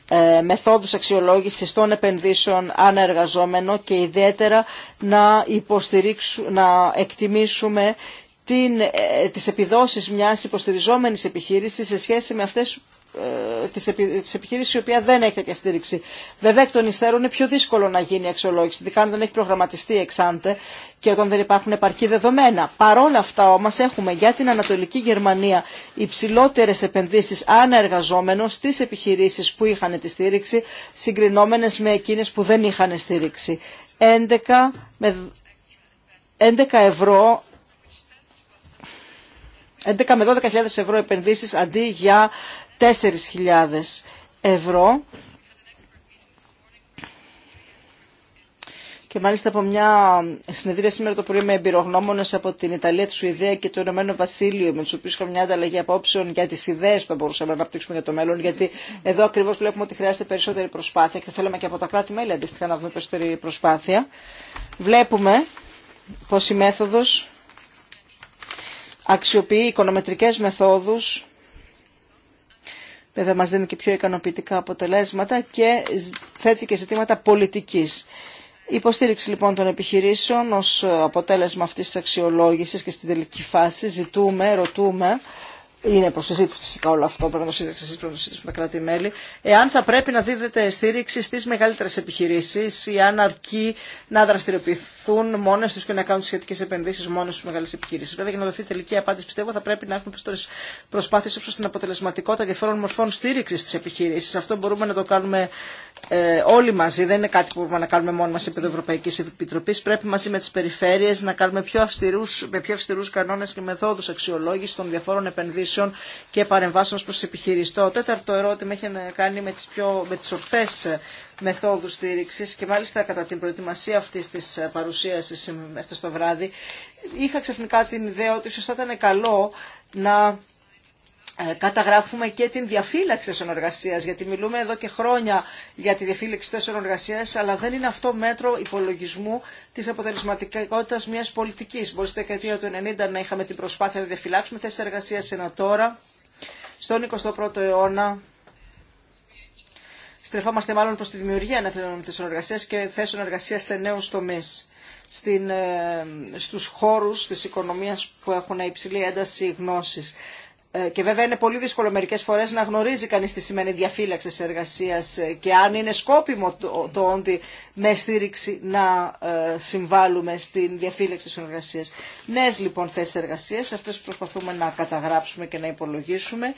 ε, μεθόδου αξιολόγηση των επενδύσεων ανεργαζόμενο και ιδιαίτερα να, να εκτιμήσουμε την, ε, τις επιδόσεις μιας υποστηριζόμενης επιχείρησης σε σχέση με αυτές ε, τις επιχείρηση, η οποία δεν έχει τέτοια στήριξη. Βέβαια εκ των υστέρων είναι πιο δύσκολο να γίνει η αξιολόγηση, ειδικά αν δεν έχει προγραμματιστεί εξάντε και όταν δεν υπάρχουν επαρκή δεδομένα. Παρόλα αυτά όμως έχουμε για την Ανατολική Γερμανία υψηλότερε επενδύσεις ανεργαζόμενων στις επιχειρήσεις που είχαν τη στήριξη συγκρινόμενες με εκείνες που δεν είχαν στήριξη. 11, με 11 ευρώ 11 με 12.000 ευρώ επενδύσεις αντί για 4.000 ευρώ. Και μάλιστα από μια συνεδρία σήμερα το πρωί με εμπειρογνώμονε από την Ιταλία, τη Σουηδία και το Ηνωμένο Βασίλειο, με του οποίου είχαμε μια ανταλλαγή απόψεων για τι ιδέε που θα μπορούσαμε να αναπτύξουμε για το μέλλον, γιατί εδώ ακριβώ βλέπουμε ότι χρειάζεται περισσότερη προσπάθεια και θα θέλαμε και από τα κράτη-μέλη αντίστοιχα να δούμε περισσότερη προσπάθεια. Βλέπουμε πω η μέθοδο αξιοποιεί οικονομετρικέ μεθόδου βέβαια μας δίνει και πιο ικανοποιητικά αποτελέσματα και θέτει και ζητήματα πολιτικής. Η υποστήριξη λοιπόν των επιχειρήσεων ως αποτέλεσμα αυτής της αξιολόγησης και στην τελική φάση ζητούμε, ρωτούμε είναι προ συζήτηση φυσικά όλο αυτό, πρέπει να συζητήσουμε, πρέπει να συζητήσουμε τα κράτη-μέλη. Εάν θα πρέπει να δίδεται στήριξη στι μεγαλύτερε επιχειρήσει ή αν αρκεί να δραστηριοποιηθούν μόνε του και να κάνουν σχετικέ επενδύσει μόνε στι μεγάλε επιχειρήσει. Βέβαια, για να δοθεί τελική απάντηση, πιστεύω, θα πρέπει να έχουμε περισσότερε προσπάθειε ώστε την αποτελεσματικότητα διαφόρων μορφών στήριξη στι επιχειρήσει. Αυτό μπορούμε να το κάνουμε ε, όλοι μαζί, δεν είναι κάτι που μπορούμε να κάνουμε μόνο μας επί Ευρωπαϊκής Επιτροπής, πρέπει μαζί με τις περιφέρειες να κάνουμε πιο αυστηρούς, με πιο αυστηρούς κανόνες και μεθόδους αξιολόγηση των διαφόρων επενδύσεων και παρεμβάσεων προ επιχειρήσεις. Το τέταρτο ερώτημα έχει να κάνει με τις, πιο, με τις ορθές μεθόδους στήριξη και μάλιστα κατά την προετοιμασία αυτή τη παρουσίαση μέχρι το βράδυ, είχα ξαφνικά την ιδέα ότι σωστά ήταν καλό να ε, καταγράφουμε και την διαφύλαξη θέσεων εργασία, γιατί μιλούμε εδώ και χρόνια για τη διαφύλαξη θέσεων εργασία, αλλά δεν είναι αυτό μέτρο υπολογισμού τη αποτελεσματικότητα μια πολιτική. Μπορεί στη δεκαετία του 90 να είχαμε την προσπάθεια να διαφυλάξουμε θέσει εργασία, ενώ τώρα, στον 21ο αιώνα, στρεφόμαστε μάλλον προ τη δημιουργία νέων θέσεων εργασία και θέσεων εργασία σε νέου τομεί στην, ε, στους χώρους της οικονομίας που έχουν υψηλή ένταση γνώσης. Ε, και βέβαια είναι πολύ δύσκολο μερικέ φορέ να γνωρίζει κανεί τι σημαίνει διαφύλαξη εργασία ε, και αν είναι σκόπιμο το, ότι όντι με στήριξη να ε, συμβάλλουμε στην διαφύλαξη τη εργασία. Νέε λοιπόν θέσει εργασία, αυτέ που προσπαθούμε να καταγράψουμε και να υπολογίσουμε.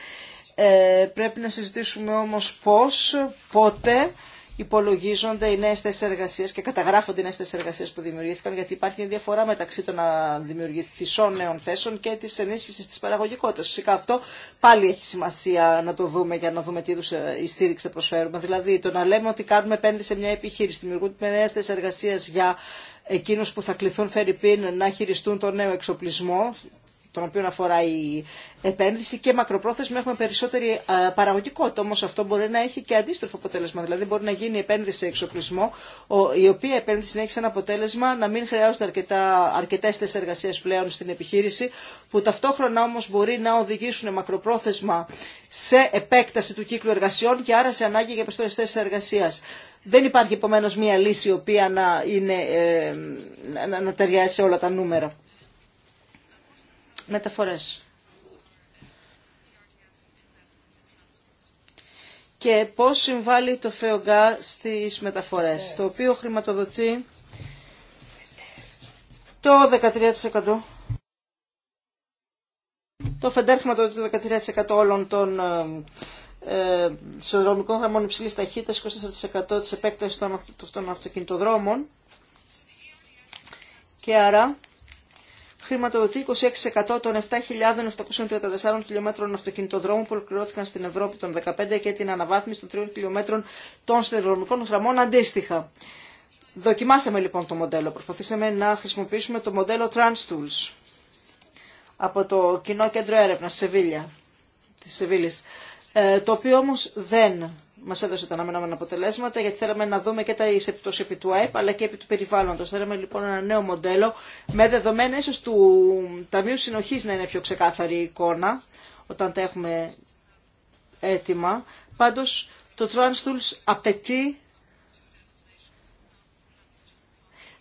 Ε, πρέπει να συζητήσουμε όμως πώς, πότε, υπολογίζονται οι νέε θέσει εργασία και καταγράφονται οι νέε θέσει εργασία που δημιουργήθηκαν, γιατί υπάρχει μια διαφορά μεταξύ των δημιουργηθισών νέων θέσεων και τη ενίσχυση τη παραγωγικότητα. Φυσικά αυτό πάλι έχει σημασία να το δούμε για να δούμε τι είδου ε, στήριξη προσφέρουμε. Δηλαδή, το να λέμε ότι κάνουμε επένδυση σε μια επιχείρηση, δημιουργούνται νέε θέσει εργασία για εκείνου που θα κληθούν φερρυπίν να χειριστούν τον νέο εξοπλισμό τον οποίο αφορά η επένδυση και μακροπρόθεσμα έχουμε περισσότερη ε, παραγωγικότητα. Όμω αυτό μπορεί να έχει και αντίστροφο αποτέλεσμα. Δηλαδή μπορεί να γίνει επένδυση σε εξοπλισμό, η οποία επένδυση να έχει σαν αποτέλεσμα να μην χρειάζονται αρκετέ θέσει εργασία πλέον στην επιχείρηση, που ταυτόχρονα όμω μπορεί να οδηγήσουν μακροπρόθεσμα σε επέκταση του κύκλου εργασιών και άρα σε ανάγκη για περισσότερε θέσει εργασία. Δεν υπάρχει επομένω μία λύση η οποία να, είναι, ε, να, να ταιριάζει σε όλα τα νούμερα μεταφορές. Και πώς συμβάλλει το ΦΕΟΓΑ στις μεταφορές, το οποίο χρηματοδοτεί το 13%. Το ΦΕΝΤΕΡ το 13% όλων των ε, ε γραμμών υψηλή ταχύτητα, 24% τη επέκταση των αυτοκινητοδρόμων. Και άρα χρηματοδοτεί 26% των 7.734 χιλιόμετρων αυτοκινητοδρόμων που ολοκληρώθηκαν στην Ευρώπη των 15 και την αναβάθμιση των 3 χιλιόμετρων των σιδηροδρομικών γραμμών αντίστοιχα. Δοκιμάσαμε λοιπόν το μοντέλο. Προσπαθήσαμε να χρησιμοποιήσουμε το μοντέλο TransTools από το Κοινό Κέντρο έρευνα τη Σεβίλη, Σεβίλης, ε, το οποίο όμω δεν μας έδωσε τα αναμενόμενα αποτελέσματα, γιατί θέλαμε να δούμε και τα επιπτώσει επί του ΑΕΠ, αλλά και επί του περιβάλλοντος. Θέλαμε λοιπόν ένα νέο μοντέλο, με δεδομένα ίσως του Ταμείου Συνοχής να είναι πιο ξεκάθαρη η εικόνα, όταν τα έχουμε έτοιμα. Πάντως, το Transtools απαιτεί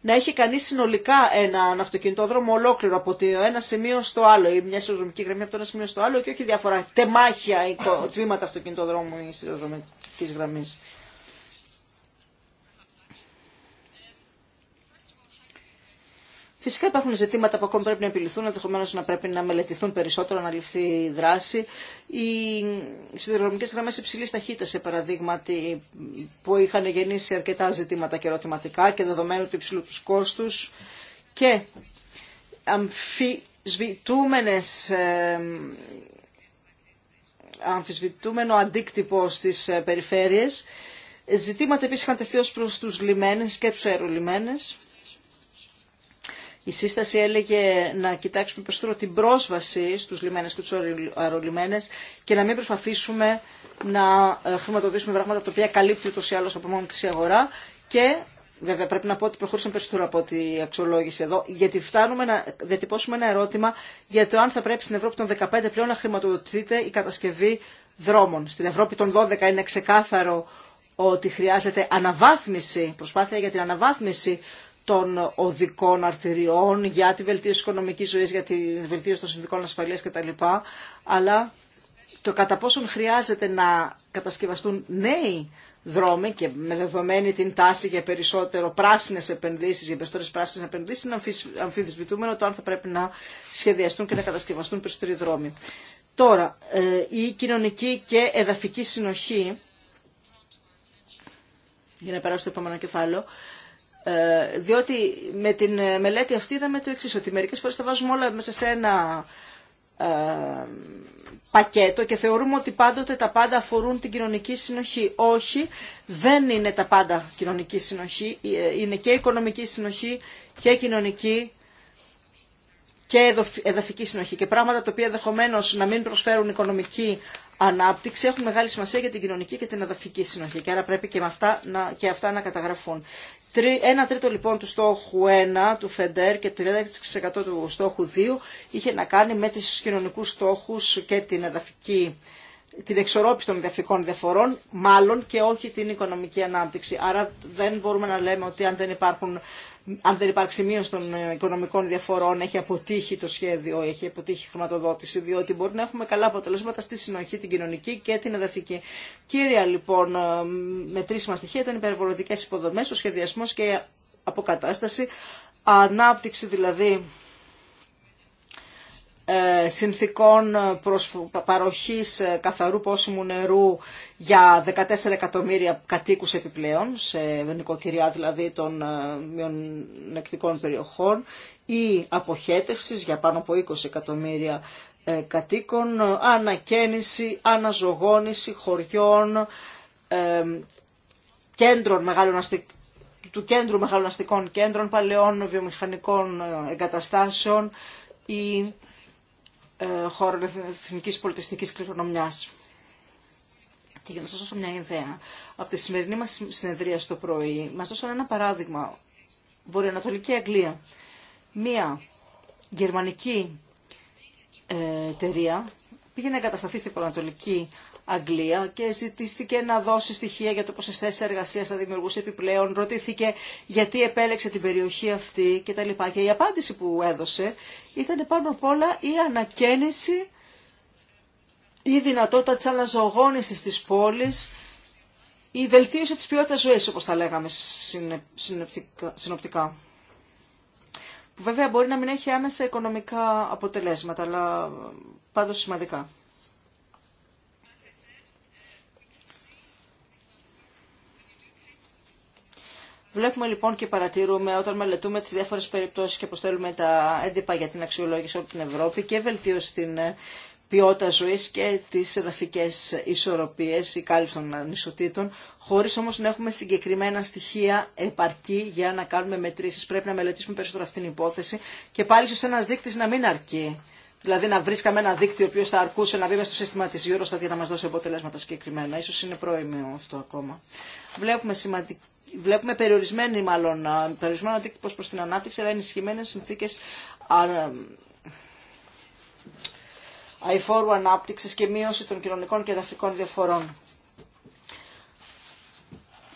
να έχει κανεί συνολικά έναν αυτοκινητόδρομο ολόκληρο από το ένα σημείο στο άλλο ή μια σιδηροδρομική γραμμή από το ένα σημείο στο άλλο και όχι διάφορα τεμάχια τμήματα αυτοκινητόδρομου ή σιδηροδρομικού. Φυσικά υπάρχουν ζητήματα που ακόμη πρέπει να επιληθούν, ενδεχομένω να πρέπει να μελετηθούν περισσότερο, να ληφθεί η δράση. Οι σιδηροδρομικέ γραμμέ υψηλή ταχύτητα, σε παραδείγματι, που είχαν γεννήσει αρκετά ζητήματα και ερωτηματικά και δεδομένου του υψηλού του κόστου και αμφισβητούμενε ε, αμφισβητούμενο αντίκτυπο στις ε, περιφέρειες. Ε, ζητήματα επίσης είχαν τεθεί ως προς τους λιμένες και τους αερολιμένες. Η σύσταση έλεγε να κοιτάξουμε περισσότερο την πρόσβαση στους λιμένες και τους αερολιμένες και να μην προσπαθήσουμε να ε, χρηματοδοτήσουμε πράγματα τα οποία καλύπτει ούτως ή άλλως από μόνη της η αγορά και Βέβαια πρέπει να πω ότι προχώρησαμε περισσότερο από τη αξιολόγηση εδώ, γιατί φτάνουμε να διατυπώσουμε ένα ερώτημα για το αν θα πρέπει στην Ευρώπη των 15 πλέον να χρηματοδοτείται η κατασκευή δρόμων. Στην Ευρώπη των 12 είναι ξεκάθαρο ότι χρειάζεται αναβάθμιση, προσπάθεια για την αναβάθμιση των οδικών αρτηριών, για τη βελτίωση οικονομική ζωή, για τη βελτίωση των συνδικών ασφαλεία κτλ. Αλλά το κατά πόσον χρειάζεται να κατασκευαστούν νέοι δρόμοι και με δεδομένη την τάση για περισσότερο πράσινες επενδύσεις, για περισσότερες πράσινες επενδύσεις, είναι αμφιδισβητούμενο το αν θα πρέπει να σχεδιαστούν και να κατασκευαστούν περισσότεροι δρόμοι. Τώρα, ε, η κοινωνική και εδαφική συνοχή, για να περάσω στο επόμενο κεφάλαιο, ε, διότι με την μελέτη αυτή είδαμε το εξή ότι μερικές φορές τα βάζουμε όλα μέσα σε ένα ε, πακέτο και θεωρούμε ότι πάντοτε τα πάντα αφορούν την κοινωνική συνοχή. Όχι, δεν είναι τα πάντα κοινωνική συνοχή, ε, είναι και οικονομική συνοχή και κοινωνική και εδαφική συνοχή. Και πράγματα τα οποία ενδεχομένω να μην προσφέρουν οικονομική ανάπτυξη έχουν μεγάλη σημασία για την κοινωνική και την εδαφική συνοχή. Και άρα πρέπει και αυτά να καταγραφούν. Ένα τρίτο λοιπόν του στόχου 1 του ΦΕΝΤΕΡ και 36% του στόχου 2 είχε να κάνει με τις κοινωνικούς στόχους και την εδαφική την εξορρόπηση των εδαφικών διαφορών, μάλλον και όχι την οικονομική ανάπτυξη. Άρα δεν μπορούμε να λέμε ότι αν δεν, υπάρχουν, αν δεν υπάρξει μείωση των ε, οικονομικών διαφορών έχει αποτύχει το σχέδιο, έχει αποτύχει η χρηματοδότηση, διότι μπορεί να έχουμε καλά αποτελέσματα στη συνοχή, την κοινωνική και την εδαφική. Κύρια λοιπόν ε, μετρήσιμα στοιχεία ήταν οι υποδομές, ο σχεδιασμός και η αποκατάσταση, ανάπτυξη δηλαδή ε, συνθήκων παροχής ε, καθαρού πόσιμου νερού για 14 εκατομμύρια κατοίκους επιπλέον, σε νοικοκυριά δηλαδή των ε, μειονεκτικών περιοχών, ή αποχέτευσης για πάνω από 20 εκατομμύρια κατοίκων, ανακαίνιση, αναζωγόνηση χωριών, κέντρων μεγάλων του κέντρου μεγαλοναστικών κέντρων, παλαιών βιομηχανικών εγκαταστάσεων ή ε, χώρων εθνικής πολιτιστικής κληρονομιάς. Και για να σας δώσω μια ιδέα, από τη σημερινή μας συνεδρία στο πρωί, μας δώσαν ένα παράδειγμα. Βορειοανατολική Αγγλία. Μία γερμανική ε, εταιρεία πήγε να εγκατασταθεί στην Ανατολική Αγγλία και ζητήθηκε να δώσει στοιχεία για το πόσε θέσει εργασία θα δημιουργούσε επιπλέον. Ρωτήθηκε γιατί επέλεξε την περιοχή αυτή κτλ. Και η απάντηση που έδωσε ήταν πάνω απ' όλα η ανακαίνιση η δυνατότητα της αναζωογόνησης της πόλης, η βελτίωση της ποιότητας ζωής, όπως τα λέγαμε συνοπτικά. Που βέβαια μπορεί να μην έχει άμεσα οικονομικά αποτελέσματα, αλλά πάντως σημαντικά. Βλέπουμε λοιπόν και παρατηρούμε όταν μελετούμε τις διάφορες περιπτώσεις και αποστέλουμε τα έντυπα για την αξιολόγηση όλη την Ευρώπη και βελτίωση στην ε, ποιότητα ζωή και τι εδαφικέ ισορροπίε ή κάλυψη των ανισοτήτων, χωρίς όμως να έχουμε συγκεκριμένα στοιχεία επαρκή για να κάνουμε μετρήσει. Πρέπει να μελετήσουμε περισσότερο αυτή την υπόθεση και πάλι ίσω ένα δείκτης να μην αρκεί. Δηλαδή να βρίσκαμε ένα δίκτυο ο οποίο θα αρκούσε να μπει στο σύστημα τη Eurostat για να μα δώσει αποτελέσματα συγκεκριμένα. Ίσως είναι αυτό ακόμα. Βλέπουμε σημαντική βλέπουμε περιορισμένη μάλλον, περιορισμένο αντίκτυπο προς την ανάπτυξη, αλλά ενισχυμένες συνθήκες αηφόρου ανάπτυξης και μείωση των κοινωνικών και εδαφικών διαφορών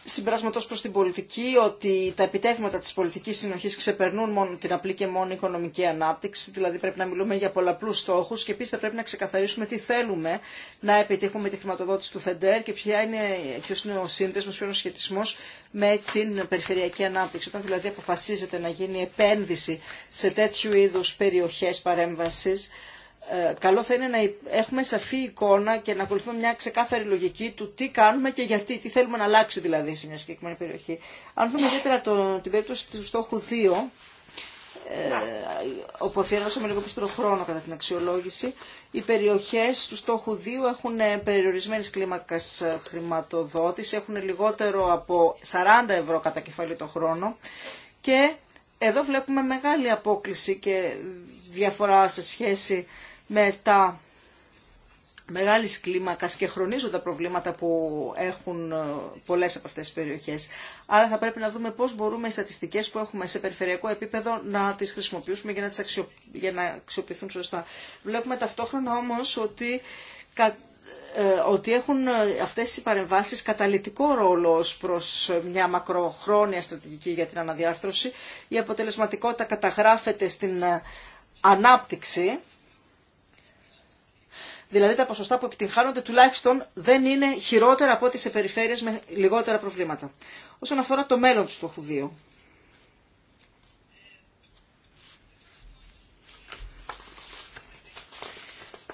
συμπεράσματο προ την πολιτική ότι τα επιτεύγματα τη πολιτική συνοχή ξεπερνούν μόνο την απλή και μόνο οικονομική ανάπτυξη, δηλαδή πρέπει να μιλούμε για πολλαπλού στόχου και επίση θα πρέπει να ξεκαθαρίσουμε τι θέλουμε να επιτύχουμε τη χρηματοδότηση του ΦΕΝΤΕΡ και ποιο είναι, ποιος είναι ο σύνδεσμο, ποιο είναι ο σχετισμό με την περιφερειακή ανάπτυξη. Όταν δηλαδή αποφασίζεται να γίνει επένδυση σε τέτοιου είδου περιοχέ παρέμβαση. Ε, καλό θα είναι να έχουμε σαφή εικόνα και να ακολουθούμε μια ξεκάθαρη λογική του τι κάνουμε και γιατί, τι θέλουμε να αλλάξει δηλαδή σε μια συγκεκριμένη περιοχή. Αν δούμε ιδιαίτερα το, την περίπτωση του στόχου 2, ε, όπου αφιερώσαμε λίγο περισσότερο χρόνο κατά την αξιολόγηση, οι περιοχές του στόχου 2 έχουν περιορισμένη κλίμακας ε, χρηματοδότηση, έχουν λιγότερο από 40 ευρώ κατά κεφαλή το χρόνο και εδώ βλέπουμε μεγάλη απόκληση και διαφορά σε σχέση με τα μεγάλης κλίμακας και χρονίζονται τα προβλήματα που έχουν ε, πολλές από αυτές τις περιοχές. Άρα θα πρέπει να δούμε πώς μπορούμε οι στατιστικές που έχουμε σε περιφερειακό επίπεδο να τις χρησιμοποιήσουμε για να, τις αξιο... για να αξιοποιηθούν σωστά. Βλέπουμε ταυτόχρονα όμως ότι ε, ότι έχουν ε, αυτές οι παρεμβάσεις καταλητικό ρόλο ως προς μια μακροχρόνια στρατηγική για την αναδιάρθρωση. Η αποτελεσματικότητα καταγράφεται στην ανάπτυξη Δηλαδή τα ποσοστά που επιτυγχάνονται τουλάχιστον δεν είναι χειρότερα από ό,τι σε περιφέρειες με λιγότερα προβλήματα. Όσον αφορά το μέλλον του στόχου 2.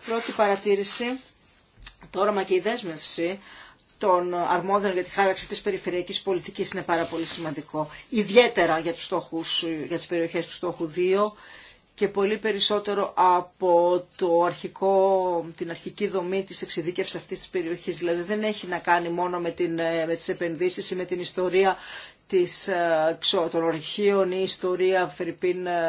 Πρώτη παρατήρηση, το όραμα και η δέσμευση των αρμόδιων για τη χάραξη της περιφερειακής πολιτικής είναι πάρα πολύ σημαντικό. Ιδιαίτερα για, τους στόχους, για τις περιοχές του στόχου 2 και πολύ περισσότερο από το αρχικό, την αρχική δομή της εξειδίκευσης αυτής της περιοχής. Δηλαδή δεν έχει να κάνει μόνο με, την, ε, με τις επενδύσεις ή με την ιστορία της, ε, των ορχείων η ιστορία φερρυπίν ε,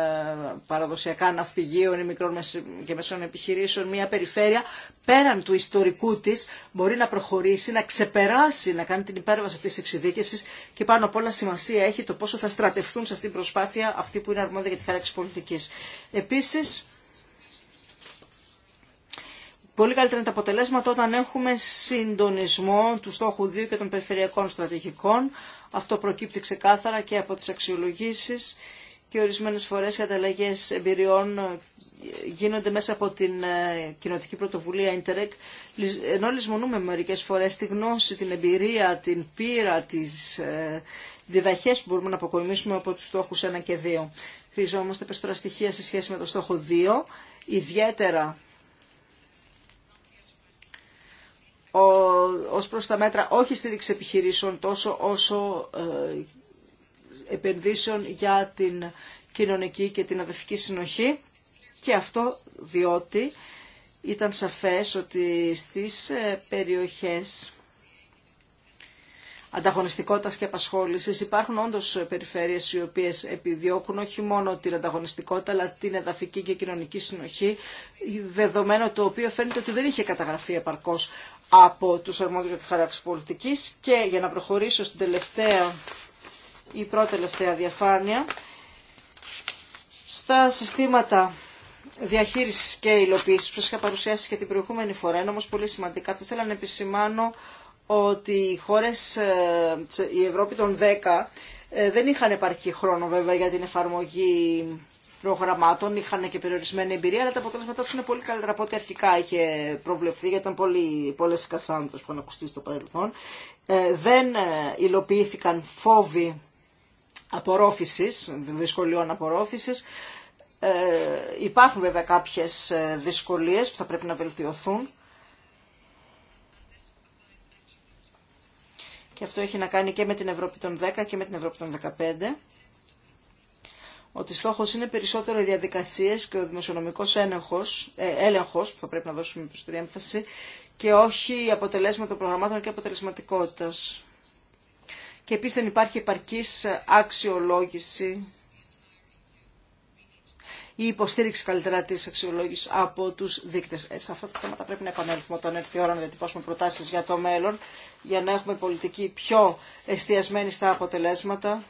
παραδοσιακά ναυπηγείων ή μικρών και μεσών επιχειρήσεων, μια περιφέρεια πέραν του ιστορικού της μπορεί να προχωρήσει, να ξεπεράσει, να κάνει την υπέρβαση αυτής της εξειδίκευσης και πάνω απ' όλα σημασία έχει το πόσο θα στρατευτούν σε αυτή την προσπάθεια αυτοί που είναι αρμόδια για τη χάραξη πολιτικής. Επίσης, Πολύ καλύτερα είναι τα αποτελέσματα όταν έχουμε συντονισμό του στόχου 2 και των περιφερειακών στρατηγικών. Αυτό προκύπτει ξεκάθαρα και από τις αξιολογήσεις και ορισμένες φορές οι ανταλλαγές εμπειριών ε, γίνονται μέσα από την ε, κοινοτική πρωτοβουλία Ιντερεκ. ενώ λησμονούμε μερικές φορές τη γνώση, την εμπειρία, την πείρα, τις ε, διδαχές που μπορούμε να αποκομίσουμε από τους στόχους 1 και 2. Χρειαζόμαστε περισσότερα στοιχεία σε σχέση με το στόχο 2, ιδιαίτερα ως προς τα μέτρα όχι στήριξη επιχειρήσεων τόσο όσο ε, επενδύσεων για την κοινωνική και την αδερφική συνοχή και αυτό διότι ήταν σαφές ότι στις ε, περιοχές Ανταγωνιστικότητα και απασχόληση. Υπάρχουν όντω περιφέρειες οι οποίε επιδιώκουν όχι μόνο την ανταγωνιστικότητα αλλά την εδαφική και κοινωνική συνοχή, δεδομένο το οποίο φαίνεται ότι δεν είχε καταγραφεί επαρκώ από του αρμόδιους για τη χαράξη πολιτική Και για να προχωρήσω στην τελευταία ή πρώτη τελευταία διαφάνεια, στα συστήματα διαχείριση και υλοποίηση που σα είχα παρουσιάσει και την προηγούμενη φορά, είναι όμω πολύ σημαντικά. να επισημάνω ότι οι χώρες, ε, η Ευρώπη των 10 ε, δεν είχαν επαρκή χρόνο βέβαια για την εφαρμογή προγραμμάτων, είχαν και περιορισμένη εμπειρία, αλλά τα αποτελέσματά του είναι πολύ καλύτερα από ό,τι αρχικά είχε προβλεφθεί, γιατί ήταν πολλέ πολλές που είχαν ακουστεί στο παρελθόν. Ε, δεν υλοποιήθηκαν φόβοι απορρόφησης, δυσκολιών απορρόφησης. Ε, υπάρχουν βέβαια κάποιες δυσκολίε που θα πρέπει να βελτιωθούν. και αυτό έχει να κάνει και με την Ευρώπη των 10 και με την Ευρώπη των 15, ότι στόχος είναι περισσότερο οι διαδικασίες και ο δημοσιονομικός έλεγχος, ε, έλεγχος που θα πρέπει να δώσουμε περισσότερη έμφαση και όχι αποτελέσματα των προγραμμάτων και αποτελεσματικότητας. Και επίσης δεν υπάρχει επαρκής αξιολόγηση ή υποστήριξη καλύτερα τη αξιολόγηση από του δείκτε. Ε, σε αυτά τα θέματα πρέπει να επανέλθουμε όταν έρθει η ώρα να διατυπώσουμε προτάσει για το μέλλον για να έχουμε πολιτική πιο εστιασμένη στα αποτελέσματα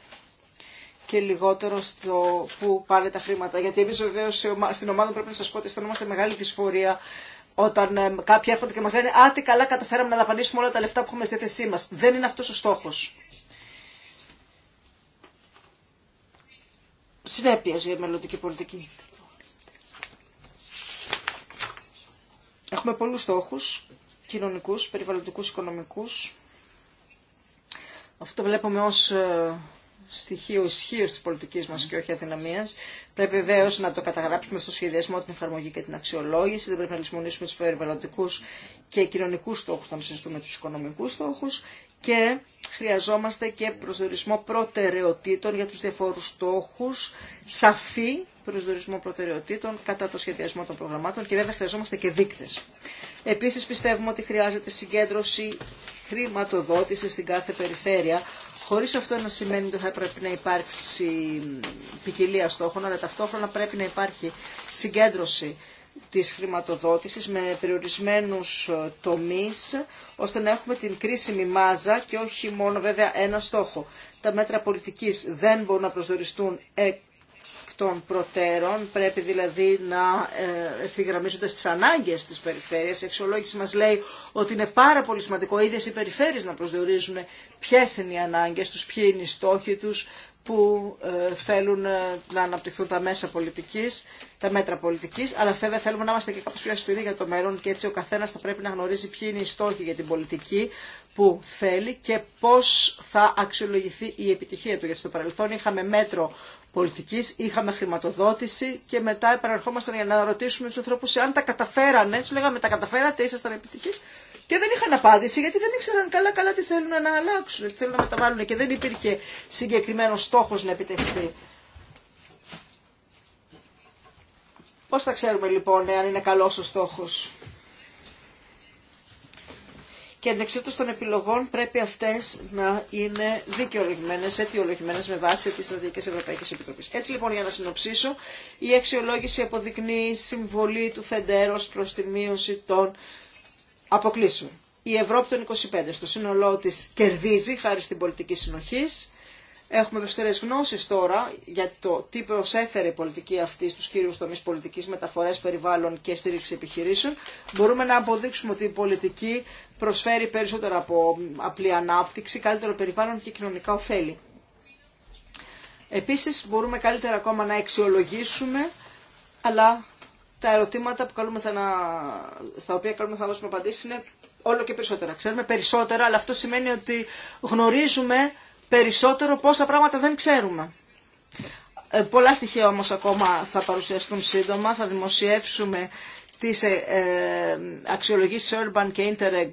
και λιγότερο στο πού πάνε τα χρήματα. Γιατί εμεί βεβαίω στην ομάδα πρέπει να σα πω ότι αισθανόμαστε μεγάλη δυσφορία όταν ε, κάποιοι έρχονται και μα λένε Α, τι καλά, καταφέραμε να δαπανίσουμε όλα τα λεφτά που έχουμε στη διάθεσή μα. Δεν είναι αυτό ο στόχο. Συνέπεια για μελλοντική πολιτική. Έχουμε πολλούς στόχους κοινωνικούς, περιβαλλοντικούς, οικονομικούς. Αυτό βλέπουμε ως ε, στοιχείο ισχύω της πολιτικής μας και όχι αδυναμίας. Πρέπει βεβαίω να το καταγράψουμε στο σχεδιασμό, την εφαρμογή και την αξιολόγηση. Δεν πρέπει να λησμονήσουμε τους περιβαλλοντικούς και κοινωνικούς στόχους να συζητούμε του οικονομικού στόχου. Και χρειαζόμαστε και προσδορισμό προτεραιοτήτων για τους διαφορούς στόχους σαφή προσδιορισμό προτεραιοτήτων, κατά το σχεδιασμό των προγραμμάτων και βέβαια χρειαζόμαστε και δείκτε. Επίση πιστεύουμε ότι χρειάζεται συγκέντρωση χρηματοδότηση στην κάθε περιφέρεια, χωρί αυτό να σημαίνει ότι θα πρέπει να υπάρξει ποικιλία στόχων, αλλά ταυτόχρονα πρέπει να υπάρχει συγκέντρωση της χρηματοδότησης με περιορισμένους ε, τομείς, ώστε να έχουμε την κρίσιμη μάζα και όχι μόνο βέβαια ένα στόχο. Τα μέτρα πολιτική δεν μπορούν να προσδοριστούν εκ των προτέρων. Πρέπει δηλαδή να ε, ευθυγραμμίζονται στις ανάγκες της περιφέρειας. Η αξιολόγηση μας λέει ότι είναι πάρα πολύ σημαντικό οι ίδιες οι περιφέρειες να προσδιορίζουν ποιε είναι οι ανάγκες τους, ποιοι είναι οι στόχοι τους, που ε, θέλουν ε, να αναπτυχθούν τα μέσα πολιτικής, τα μέτρα πολιτικής, αλλά φέβαια θέλουμε να είμαστε και κάπως πιο για το μέλλον και έτσι ο καθένας θα πρέπει να γνωρίζει ποιοι είναι οι στόχοι για την πολιτική που θέλει και πώς θα αξιολογηθεί η επιτυχία του. Γιατί στο παρελθόν είχαμε μέτρο Πολιτική είχαμε χρηματοδότηση και μετά επαναρχόμασταν για να ρωτήσουμε τους ανθρώπους αν τα καταφέρανε, Του λέγαμε τα καταφέρατε, ήσασταν επιτυχεί και δεν είχαν απάντηση γιατί δεν ήξεραν καλά καλά τι θέλουν να αλλάξουν, τι θέλουν να μεταβάλουν και δεν υπήρχε συγκεκριμένο στόχος να επιτευχθεί. Πώς θα ξέρουμε λοιπόν αν είναι καλός ο στόχος και ανεξαρτήτως των επιλογών πρέπει αυτές να είναι δικαιολογημένες, αιτιολογημένες με βάση τις στρατηγικές Ευρωπαϊκής Επιτροπής. Έτσι λοιπόν για να συνοψίσω, η αξιολόγηση αποδεικνύει συμβολή του Φεντέρος προς τη μείωση των αποκλήσεων. Η Ευρώπη των 25 στο σύνολό της κερδίζει χάρη στην πολιτική συνοχής Έχουμε περισσότερες γνώσει τώρα για το τι προσέφερε η πολιτική αυτή στους κύριου τομείς πολιτική μεταφορέ περιβάλλον και στήριξη επιχειρήσεων. Μπορούμε να αποδείξουμε ότι η πολιτική προσφέρει περισσότερο από απλή ανάπτυξη, καλύτερο περιβάλλον και κοινωνικά ωφέλη. Επίση, μπορούμε καλύτερα ακόμα να αξιολογήσουμε, αλλά τα ερωτήματα που καλούμε στα οποία καλούμε να δώσουμε απαντήσει είναι όλο και περισσότερα. Ξέρουμε περισσότερα, αλλά αυτό σημαίνει ότι γνωρίζουμε περισσότερο πόσα πράγματα δεν ξέρουμε. Ε, πολλά στοιχεία όμως ακόμα θα παρουσιαστούν σύντομα. Θα δημοσιεύσουμε τις ε, ε, αξιολογήσεις Urban και Interreg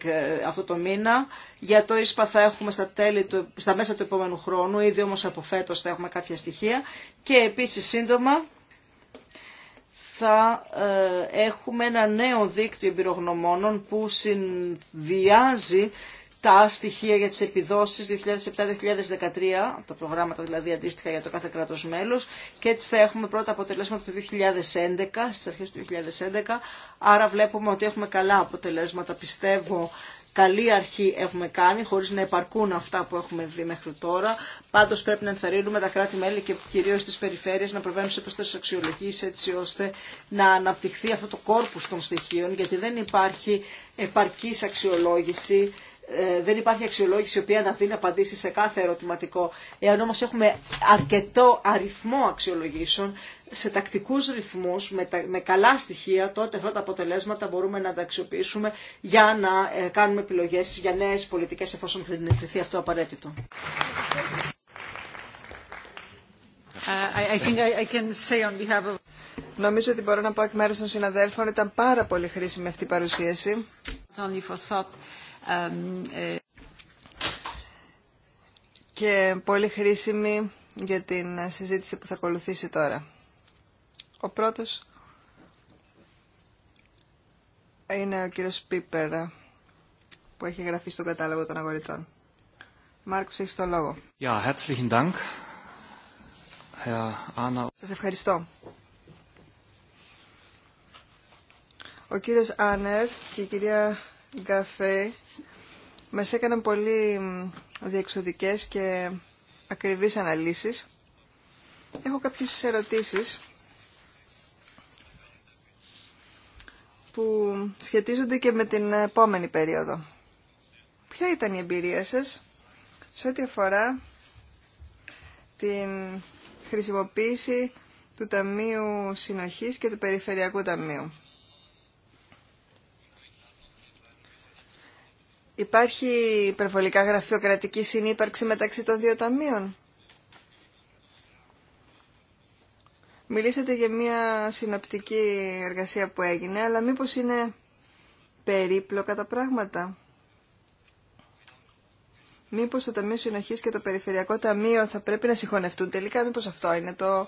αυτό το μήνα. Για το ΙΣΠΑ θα έχουμε στα, τέλη του, στα μέσα του επόμενου χρόνου, ήδη όμως από φέτος θα έχουμε κάποια στοιχεία. Και επίσης σύντομα θα έχουμε ένα νέο δίκτυο εμπειρογνωμόνων που συνδυάζει τα στοιχεία για τις επιδόσεις 2007-2013, από τα προγράμματα δηλαδή αντίστοιχα για το κάθε κράτος μέλος και έτσι θα έχουμε πρώτα αποτελέσματα του 2011, στις αρχές του 2011, άρα βλέπουμε ότι έχουμε καλά αποτελέσματα, πιστεύω καλή αρχή έχουμε κάνει, χωρίς να επαρκούν αυτά που έχουμε δει μέχρι τώρα. Πάντως πρέπει να ενθαρρύνουμε τα κράτη-μέλη και κυρίως τις περιφέρειες να προβαίνουν σε προσθέσεις αξιολογήσεις έτσι ώστε να αναπτυχθεί αυτό το κόρπους των στοιχείων, γιατί δεν υπάρχει επαρκής αξιολόγηση ε, δεν υπάρχει αξιολόγηση η οποία να δίνει απαντήσει σε κάθε ερωτηματικό. Εάν όμως έχουμε αρκετό αριθμό αξιολογήσεων, σε τακτικούς ρυθμούς, με, με καλά στοιχεία, τότε αυτά τα αποτελέσματα μπορούμε να τα αξιοποιήσουμε για να ε, κάνουμε επιλογές για νέες πολιτικές εφόσον κρυθεί αυτό απαραίτητο. Ε, I think I can say on Νομίζω ότι μπορώ να πω εκ μέρους των συναδέλφων. Ήταν πάρα πολύ χρήσιμη αυτή η παρουσίαση. Ε, και πολύ χρήσιμη για την συζήτηση που θα ακολουθήσει τώρα. Ο πρώτος είναι ο κύριος Πίπερ που έχει γραφεί στο κατάλογο των αγορητών. Μάρκος, έχεις το λόγο. Σας ευχαριστώ. Ο κύριος Άνερ και η κυρία Γκαφέ μας έκαναν πολύ διεξοδικές και ακριβείς αναλύσεις. Έχω κάποιες ερωτήσεις που σχετίζονται και με την επόμενη περίοδο. Ποια ήταν η εμπειρία σας σε ό,τι αφορά την χρησιμοποίηση του Ταμείου Συνοχής και του Περιφερειακού Ταμείου. Υπάρχει υπερβολικά γραφειοκρατική συνύπαρξη μεταξύ των δύο ταμείων. Μιλήσατε για μια συνοπτική εργασία που έγινε, αλλά μήπως είναι περίπλοκα τα πράγματα. Μήπως το Ταμείο συνοχή και το Περιφερειακό Ταμείο θα πρέπει να συγχωνευτούν τελικά, μήπως αυτό είναι το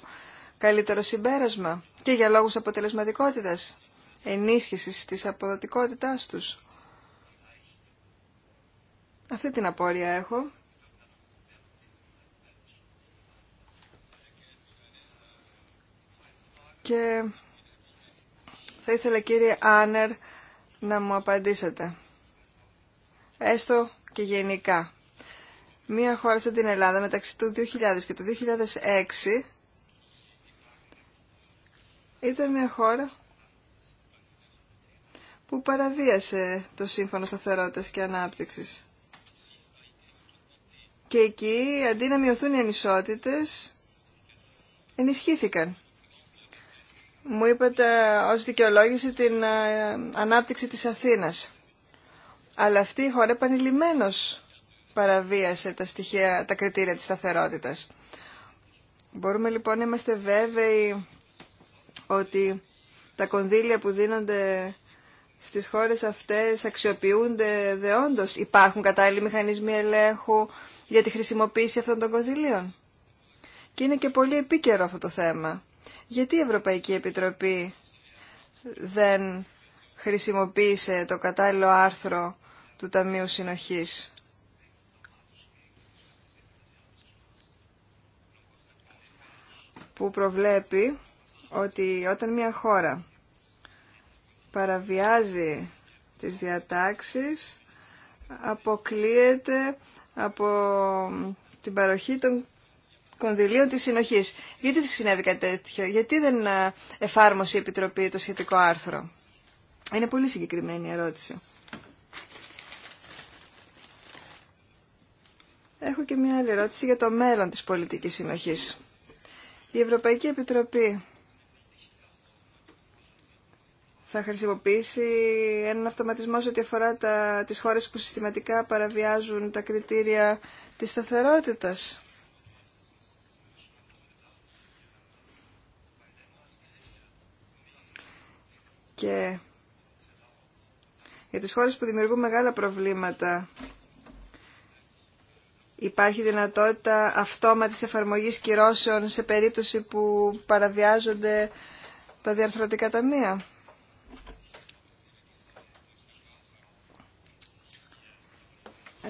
καλύτερο συμπέρασμα και για λόγους αποτελεσματικότητας, ενίσχυσης της αποδοτικότητάς τους. Αυτή την απόρρεια έχω. Και θα ήθελα κύριε Άνερ να μου απαντήσετε. Έστω και γενικά. Μία χώρα σαν την Ελλάδα μεταξύ του 2000 και του 2006 ήταν μια χώρα που παραβίασε το Σύμφωνο Σταθερότητας και Ανάπτυξης. Και εκεί, αντί να μειωθούν οι ανισότητες, ενισχύθηκαν. Μου είπατε ως δικαιολόγηση την ε, ανάπτυξη της Αθήνας. Αλλά αυτή η χώρα επανειλημμένως παραβίασε τα, στοιχεία, τα κριτήρια της σταθερότητας. Μπορούμε λοιπόν να είμαστε βέβαιοι ότι τα κονδύλια που δίνονται στις χώρες αυτές αξιοποιούνται δεόντως. Υπάρχουν κατάλληλοι μηχανισμοί ελέγχου, για τη χρησιμοποίηση αυτών των κονδυλίων. Και είναι και πολύ επίκαιρο αυτό το θέμα. Γιατί η Ευρωπαϊκή Επιτροπή δεν χρησιμοποίησε το κατάλληλο άρθρο του Ταμείου Συνοχής. που προβλέπει ότι όταν μια χώρα παραβιάζει τις διατάξεις αποκλείεται από την παροχή των κονδυλίων της συνοχής. Γιατί δεν συνέβη κάτι τέτοιο, γιατί δεν ε, εφάρμοσε η Επιτροπή το σχετικό άρθρο. Είναι πολύ συγκεκριμένη η ερώτηση. Έχω και μια άλλη ερώτηση για το μέλλον της πολιτικής συνοχής. Η Ευρωπαϊκή Επιτροπή θα χρησιμοποιήσει έναν αυτοματισμό σε ό,τι αφορά τα, τις χώρες που συστηματικά παραβιάζουν τα κριτήρια της σταθερότητας. Και για τις χώρες που δημιουργούν μεγάλα προβλήματα υπάρχει δυνατότητα αυτόματης εφαρμογής κυρώσεων σε περίπτωση που παραβιάζονται τα διαρθρωτικά ταμεία.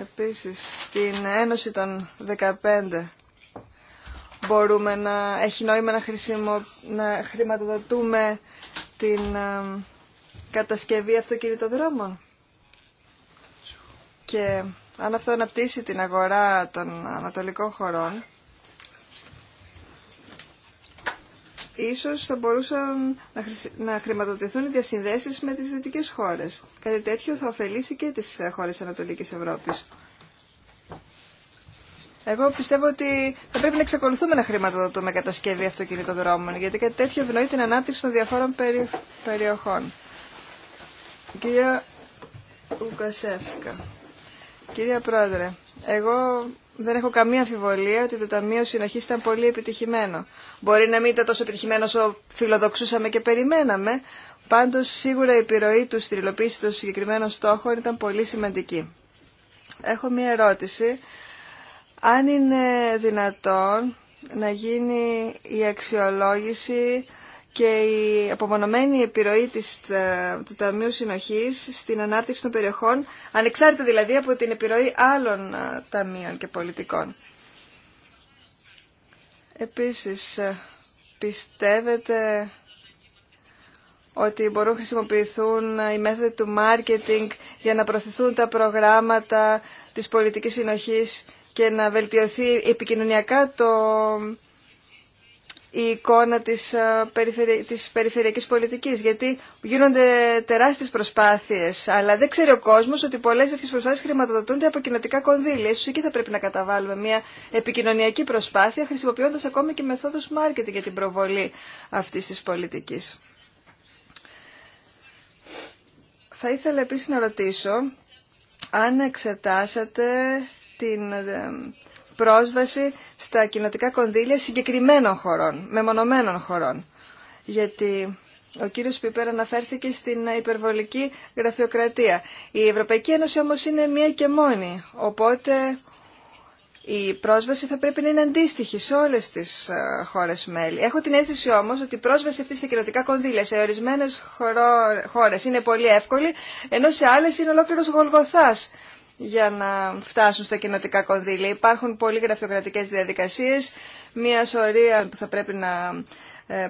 Επίσης, στην Ένωση των 15 μπορούμε να έχει νόημα να, χρησιμο, να χρηματοδοτούμε την α, ε, κατασκευή αυτοκινητοδρόμων. Και αν αυτό αναπτύσσει την αγορά των ανατολικών χωρών, ίσως θα μπορούσαν να χρηματοδοτηθούν οι διασυνδέσεις με τις δυτικές χώρες. Κάτι τέτοιο θα ωφελήσει και τις χώρες Ανατολικής Ευρώπης. Εγώ πιστεύω ότι θα πρέπει να εξακολουθούμε να χρηματοδοτούμε κατασκευή αυτοκινητοδρόμων, γιατί κάτι τέτοιο ευνοεί την ανάπτυξη των διαφόρων περιοχών. Κυρία Ουκασεύσκα. Κυρία Πρόεδρε, εγώ δεν έχω καμία αμφιβολία ότι το Ταμείο Συνοχή ήταν πολύ επιτυχημένο. Μπορεί να μην ήταν τόσο επιτυχημένο όσο φιλοδοξούσαμε και περιμέναμε, πάντω σίγουρα η επιρροή του στην υλοποίηση των συγκεκριμένων στόχων ήταν πολύ σημαντική. Έχω μία ερώτηση. Αν είναι δυνατόν να γίνει η αξιολόγηση και η απομονωμένη επιρροή της, ε, του Ταμείου Συνοχής στην ανάπτυξη των περιοχών, ανεξάρτητα δηλαδή από την επιρροή άλλων ε, ταμείων και πολιτικών. Επίσης, ε, πιστεύετε ότι μπορούν να χρησιμοποιηθούν οι μέθοδοι του μάρκετινγκ για να προωθηθούν τα προγράμματα της πολιτικής συνοχής και να βελτιωθεί επικοινωνιακά το η εικόνα της, ε, της περιφερειακής πολιτικής, γιατί γίνονται τεράστιες προσπάθειες, αλλά δεν ξέρει ο κόσμος ότι πολλές τέτοιες προσπάθειες χρηματοδοτούνται από κοινοτικά κονδύλια. Ίσως εκεί θα πρέπει να καταβάλουμε μια επικοινωνιακή προσπάθεια, χρησιμοποιώντας ακόμη και μεθόδους marketing για την προβολή αυτής της πολιτικής. Θα ήθελα επίσης να ρωτήσω αν εξετάσατε την ε, πρόσβαση στα κοινοτικά κονδύλια συγκεκριμένων χωρών, μεμονωμένων χωρών. Γιατί ο κύριος Πιπέρα αναφέρθηκε στην υπερβολική γραφειοκρατία. Η Ευρωπαϊκή Ένωση όμως είναι μία και μόνη, οπότε η πρόσβαση θα πρέπει να είναι αντίστοιχη σε όλες τις ε, χώρες μέλη. Έχω την αίσθηση όμως ότι η πρόσβαση αυτή στα κοινοτικά κονδύλια σε ορισμένες χώρες είναι πολύ εύκολη, ενώ σε άλλες είναι ολόκληρος γολγοθάς για να φτάσουν στα κοινοτικά κονδύλια. Υπάρχουν πολλοί γραφειοκρατικές διαδικασίες, μία σωρία που θα πρέπει να ε,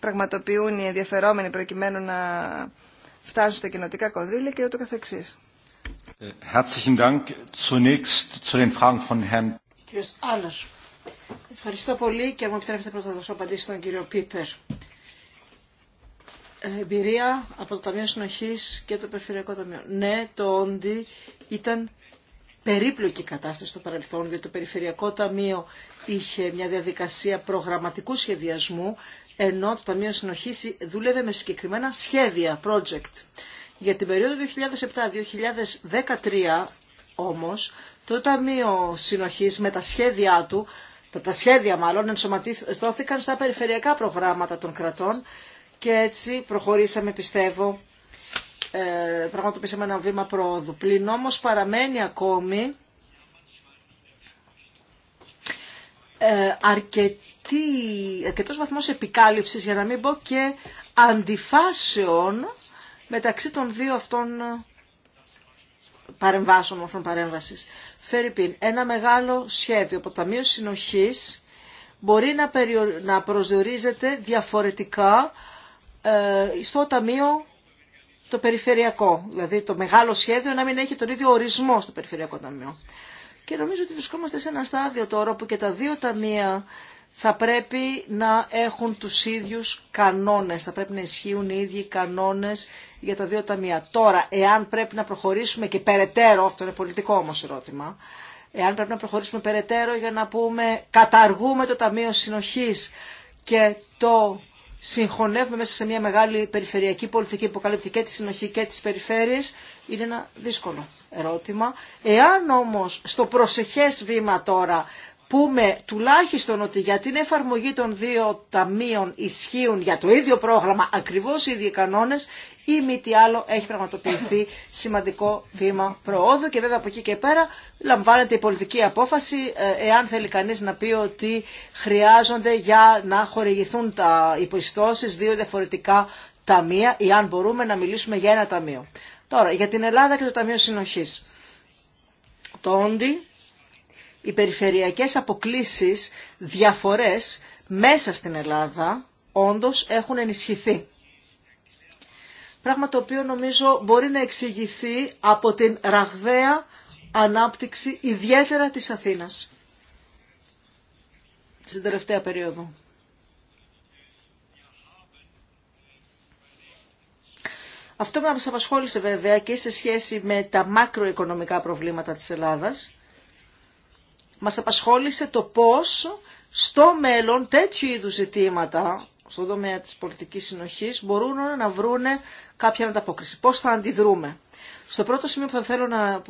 πραγματοποιούν οι ενδιαφερόμενοι προκειμένου να φτάσουν στα κοινοτικά κονδύλια και ούτω καθεξής. ευχαριστώ πολύ και μου επιτρέπετε πρώτα να δώσω απαντήσει στον κύριο Πίπερ εμπειρία από το Ταμείο Συνοχής και το Περιφερειακό Ταμείο. Ναι, το όντι ήταν περίπλοκη κατάσταση στο παρελθόν, διότι το Περιφερειακό Ταμείο είχε μια διαδικασία προγραμματικού σχεδιασμού, ενώ το Ταμείο Συνοχής δούλευε με συγκεκριμένα σχέδια, project. Για την περίοδο 2007-2013 όμως, το Ταμείο Συνοχής με τα σχέδιά του, τα, τα σχέδια μάλλον ενσωματώθηκαν στα περιφερειακά προγράμματα των κρατών και έτσι προχωρήσαμε πιστεύω, ε, πραγματοποιήσαμε ένα βήμα πρόοδου. Πλην όμως παραμένει ακόμη ε, αρκετή, αρκετός βαθμός επικάλυψης, για να μην πω και αντιφάσεων μεταξύ των δύο αυτών παρεμβάσεων, αυτών παρέμβασης. Φερρυπίν, ένα μεγάλο σχέδιο από το Ταμείο Συνοχής μπορεί να, προσδιορίζεται διαφορετικά ε, στο Ταμείο το περιφερειακό, δηλαδή το μεγάλο σχέδιο να μην έχει τον ίδιο ορισμό στο περιφερειακό ταμείο. Και νομίζω ότι βρισκόμαστε σε ένα στάδιο τώρα που και τα δύο ταμεία θα πρέπει να έχουν τους ίδιους κανόνες, θα πρέπει να ισχύουν οι ίδιοι κανόνες για τα δύο ταμεία. Τώρα, εάν πρέπει να προχωρήσουμε και περαιτέρω, αυτό είναι πολιτικό όμως ερώτημα, εάν πρέπει να προχωρήσουμε περαιτέρω για να πούμε καταργούμε το Ταμείο Συνοχής και το συγχωνεύουμε μέσα σε μια μεγάλη περιφερειακή πολιτική που καλύπτει και τη συνοχή και τις περιφέρειες είναι ένα δύσκολο ερώτημα. Εάν όμως στο προσεχές βήμα τώρα πούμε τουλάχιστον ότι για την εφαρμογή των δύο ταμείων ισχύουν για το ίδιο πρόγραμμα ακριβώς οι ίδιοι κανόνες ή μη τι άλλο έχει πραγματοποιηθεί σημαντικό βήμα προόδου και βέβαια από εκεί και πέρα λαμβάνεται η πολιτική απόφαση ε, εάν θέλει κανείς να πει ότι χρειάζονται για να χορηγηθούν τα υποστώσεις δύο διαφορετικά ταμεία ή αν μπορούμε να μιλήσουμε για ένα ταμείο. Τώρα, για την Ελλάδα και το Ταμείο Συνοχής. Το όντι οι περιφερειακές αποκλίσεις, διαφορές μέσα στην Ελλάδα όντως έχουν ενισχυθεί. Πράγμα το οποίο νομίζω μπορεί να εξηγηθεί από την ραγδαία ανάπτυξη ιδιαίτερα της Αθήνας στην τελευταία περίοδο. Αυτό με απασχόλησε βέβαια και σε σχέση με τα μακροοικονομικά προβλήματα της Ελλάδας μας απασχόλησε το πώς στο μέλλον τέτοιου είδου ζητήματα στον τομέα της πολιτικής συνοχής μπορούν να βρούνε κάποια ανταπόκριση. Πώς θα αντιδρούμε. Στο πρώτο σημείο που θα θέλω να,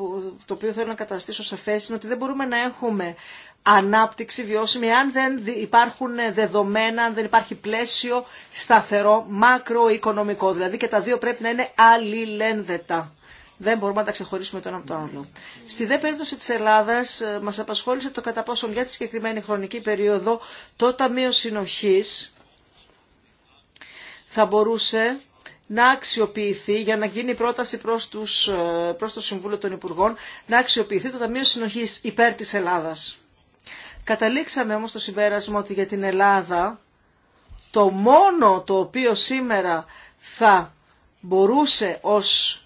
το οποίο θέλω να καταστήσω σαφές είναι ότι δεν μπορούμε να έχουμε ανάπτυξη βιώσιμη αν δεν υπάρχουν δεδομένα, αν δεν υπάρχει πλαίσιο σταθερό, μακροοικονομικό. Δηλαδή και τα δύο πρέπει να είναι αλληλένδετα δεν μπορούμε να τα ξεχωρίσουμε το ένα από το άλλο. Στη δε περίπτωση της Ελλάδας ε, μας απασχόλησε το κατά πόσον για τη συγκεκριμένη χρονική περίοδο το Ταμείο συνοχή θα μπορούσε να αξιοποιηθεί για να γίνει πρόταση προς, τους, ε, προς το Συμβούλιο των Υπουργών να αξιοποιηθεί το Ταμείο Συνοχής υπέρ της Ελλάδας. Καταλήξαμε όμως το συμπέρασμα ότι για την Ελλάδα το μόνο το οποίο σήμερα θα μπορούσε ως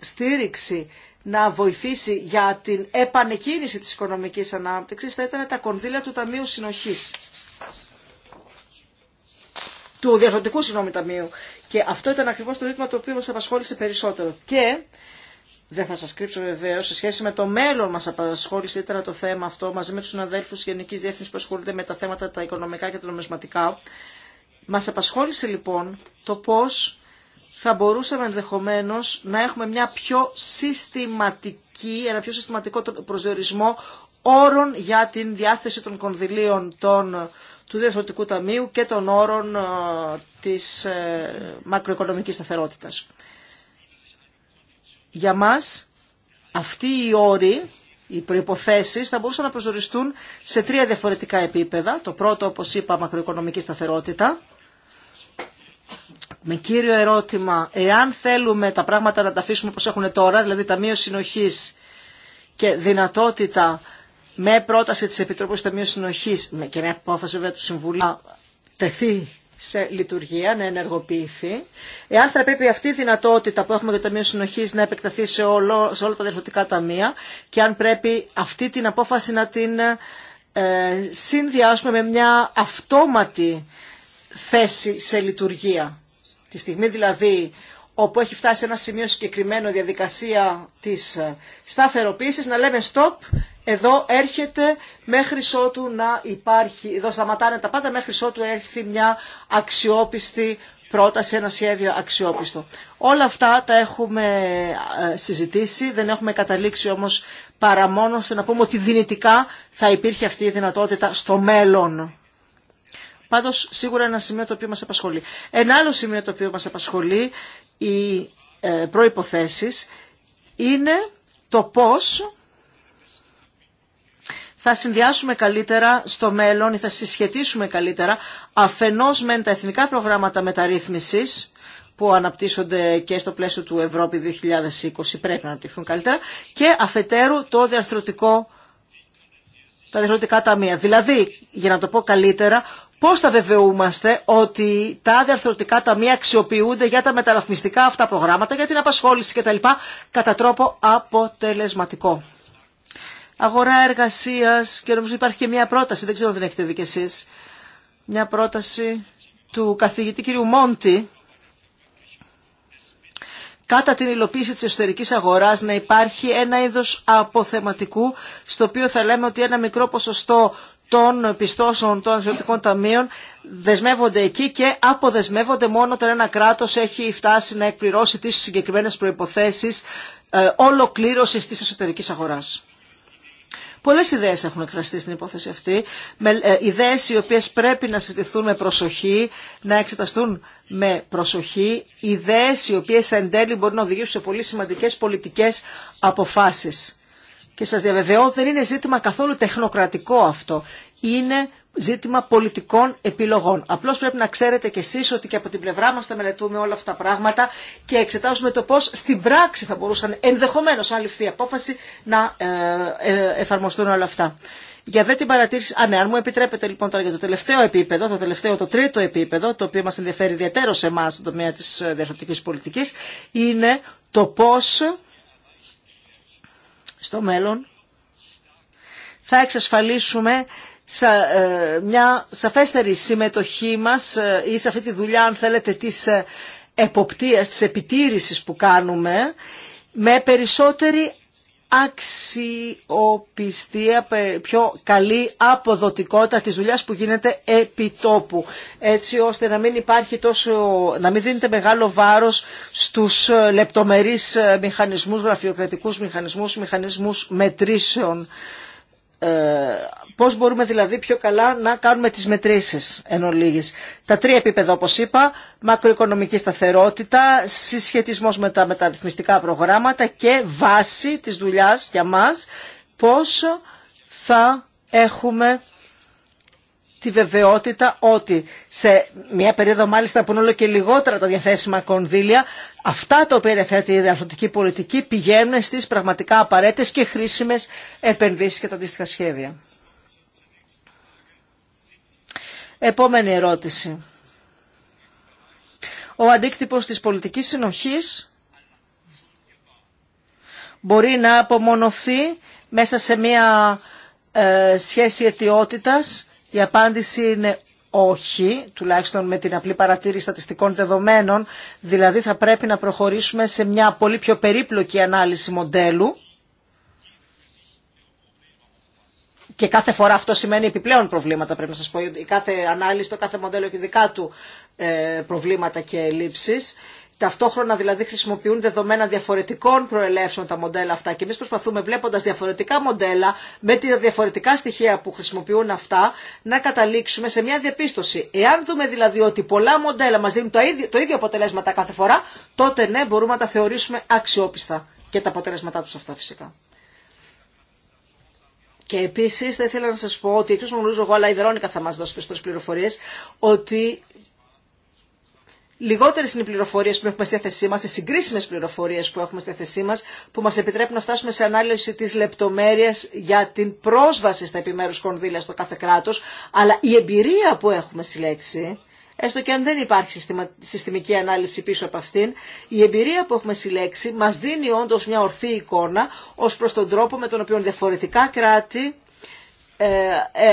στήριξη να βοηθήσει για την επανεκκίνηση της οικονομικής ανάπτυξης θα ήταν τα κονδύλια του Ταμείου Συνοχής. Του Διαρθρωτικού Συνόμου Ταμείου. Και αυτό ήταν ακριβώς το ζήτημα το οποίο μας απασχόλησε περισσότερο. Και δεν θα σας κρύψω βεβαίως, σε σχέση με το μέλλον μας απασχόλησε ήταν το θέμα αυτό, μαζί με τους συναδέλφους Γενικής Διεύθυνσης που ασχολούνται με τα θέματα τα οικονομικά και τα νομισματικά. Μας απασχόλησε λοιπόν το πώς θα μπορούσαμε ενδεχομένω να έχουμε μια πιο συστηματική, ένα πιο συστηματικό προσδιορισμό όρων για την διάθεση των κονδυλίων των, του Διευθυντικού Ταμείου και των όρων ε, της ε, μακροοικονομικής σταθερότητας. Για μας αυτοί οι όροι, οι προϋποθέσεις θα μπορούσαν να προσδιοριστούν σε τρία διαφορετικά επίπεδα. Το πρώτο, όπως είπα, μακροοικονομική σταθερότητα, με κύριο ερώτημα, εάν θέλουμε τα πράγματα να τα αφήσουμε όπως έχουν τώρα, δηλαδή Ταμείο Συνοχής και δυνατότητα με πρόταση της Επιτροπής Ταμείου Συνοχής και με απόφαση βέβαια του Συμβουλίου να τεθεί σε λειτουργία, να ενεργοποιηθεί. Εάν θα πρέπει αυτή η δυνατότητα που έχουμε για το Ταμείο Συνοχή να επεκταθεί σε, όλο, σε όλα τα διευθυντικά ταμεία και αν πρέπει αυτή την απόφαση να την ε, συνδυάσουμε με μια αυτόματη θέση σε λειτουργία Τη στιγμή δηλαδή όπου έχει φτάσει ένα σημείο συγκεκριμένο διαδικασία της ε, σταθεροποίησης, να λέμε stop, εδώ έρχεται μέχρι ότου να υπάρχει, εδώ σταματάνε τα πάντα μέχρι ότου έρχεται μια αξιόπιστη πρόταση, ένα σχέδιο αξιόπιστο. Όλα αυτά τα έχουμε ε, συζητήσει, δεν έχουμε καταλήξει όμως παρά μόνο στο να πούμε ότι δυνητικά θα υπήρχε αυτή η δυνατότητα στο μέλλον. Πάντως σίγουρα ένα σημείο το οποίο μας απασχολεί. Ένα άλλο σημείο το οποίο μας απασχολεί, οι ε, προϋποθέσεις, είναι το πώς θα συνδυάσουμε καλύτερα στο μέλλον ή θα συσχετίσουμε καλύτερα αφενός με τα εθνικά προγράμματα μεταρρύθμισης που αναπτύσσονται και στο πλαίσιο του Ευρώπη 2020 πρέπει να αναπτυχθούν καλύτερα και αφετέρου το διαρθρωτικό τα διαρθρωτικά ταμεία. Δηλαδή, για να το πω καλύτερα, Πώς θα βεβαιούμαστε ότι τα διαρθρωτικά ταμεία αξιοποιούνται για τα μεταλαφμιστικά αυτά προγράμματα, για την απασχόληση κτλ. κατά τρόπο αποτελεσματικό. Αγορά εργασίας και νομίζω υπάρχει και μια πρόταση, δεν ξέρω αν την έχετε δει κι εσείς, μια πρόταση του καθηγητή κ. Μόντι, κατά την υλοποίηση της εσωτερικής αγοράς να υπάρχει ένα είδος αποθεματικού στο οποίο θα λέμε ότι ένα μικρό ποσοστό των πιστώσεων των αθλητικών ταμείων δεσμεύονται εκεί και αποδεσμεύονται μόνο όταν ένα κράτος έχει φτάσει να εκπληρώσει τις συγκεκριμένες προϋποθέσεις ε, ολοκλήρωσης της εσωτερικής αγοράς. Πολλέ ιδέες έχουν εκφραστεί στην υπόθεση αυτή, ε, ιδέες οι οποίες πρέπει να συζητηθούν με προσοχή, να εξεταστούν με προσοχή, ιδέες οι οποίες εν τέλει μπορεί να οδηγήσουν σε πολύ σημαντικές πολιτικές αποφάσεις. Και σας διαβεβαιώ δεν είναι ζήτημα καθόλου τεχνοκρατικό αυτό. Είναι ζήτημα πολιτικών επιλογών. Απλώς πρέπει να ξέρετε κι εσείς ότι και από την πλευρά μας τα μελετούμε όλα αυτά τα πράγματα και εξετάζουμε το πώς στην πράξη θα μπορούσαν ενδεχομένως αν ληφθεί η απόφαση να ε, ε, εφαρμοστούν όλα αυτά. Για δε την παρατήρηση, α ναι, αν μου επιτρέπετε λοιπόν τώρα για το τελευταίο επίπεδο, το τελευταίο, το τρίτο επίπεδο, το οποίο μας ενδιαφέρει ιδιαίτερο σε εμά στον τομέα της ε, διαφορετικής πολιτικής, είναι το πώς στο μέλλον θα εξασφαλίσουμε ε, μια σαφέστερη συμμετοχή μας ε, ή σε αυτή τη δουλειά αν θέλετε της ε, εποπτείας, της επιτήρησης που κάνουμε με περισσότερη αξιοπιστία, πιο καλή αποδοτικότητα της δουλειάς που γίνεται επί τόπου. Έτσι ώστε να μην υπάρχει τόσο, να μην δίνεται μεγάλο βάρος στους λεπτομερείς μηχανισμούς, γραφειοκρατικούς μηχανισμούς, μηχανισμούς μετρήσεων ε, πώς μπορούμε δηλαδή πιο καλά να κάνουμε τις μετρήσεις εν ολίγης. Τα τρία επίπεδα όπως είπα, μακροοικονομική σταθερότητα, συσχετισμός με τα μεταρρυθμιστικά προγράμματα και βάση της δουλειάς για μας πώς θα έχουμε τη βεβαιότητα ότι σε μια περίοδο μάλιστα που είναι όλο και λιγότερα τα διαθέσιμα κονδύλια, αυτά τα οποία διαθέτει η διαρθρωτική πολιτική πηγαίνουν στις πραγματικά απαραίτητες και χρήσιμες επενδύσεις και τα αντίστοιχα σχέδια. Επόμενη ερώτηση. Ο αντίκτυπος της πολιτικής συνοχής μπορεί να απομονωθεί μέσα σε μια ε, σχέση αιτιότητας η απάντηση είναι όχι, τουλάχιστον με την απλή παρατήρηση στατιστικών δεδομένων, δηλαδή θα πρέπει να προχωρήσουμε σε μια πολύ πιο περίπλοκη ανάλυση μοντέλου και κάθε φορά αυτό σημαίνει επιπλέον προβλήματα πρέπει να σας πω, η κάθε ανάλυση, το κάθε μοντέλο έχει δικά του ε, προβλήματα και ελλείψεις Ταυτόχρονα δηλαδή χρησιμοποιούν δεδομένα διαφορετικών προελεύσεων τα μοντέλα αυτά και εμεί προσπαθούμε βλέποντα διαφορετικά μοντέλα με τα διαφορετικά στοιχεία που χρησιμοποιούν αυτά να καταλήξουμε σε μια διαπίστωση. Εάν δούμε δηλαδή ότι πολλά μοντέλα μα δίνουν το ίδιο, το ίδιο αποτελέσματα κάθε φορά, τότε ναι μπορούμε να τα θεωρήσουμε αξιόπιστα και τα αποτελέσματά του αυτά φυσικά. Και επίση θα ήθελα να σα πω ότι, εκτό γνωρίζω εγώ, αλλά η Βερόνικα θα μα δώσει περισσότερε πληροφορίε, ότι Λιγότερε είναι οι πληροφορίε που έχουμε στη θέση μα, οι συγκρίσιμε πληροφορίε που έχουμε στη θέση μα, που μα επιτρέπουν να φτάσουμε σε ανάλυση τη λεπτομέρεια για την πρόσβαση στα επιμέρου κονδύλια στο κάθε κράτο, αλλά η εμπειρία που έχουμε συλλέξει, έστω και αν δεν υπάρχει συστημική ανάλυση πίσω από αυτήν, η εμπειρία που έχουμε συλλέξει μα δίνει όντω μια ορθή εικόνα ω προ τον τρόπο με τον οποίο διαφορετικά κράτη ε, ε,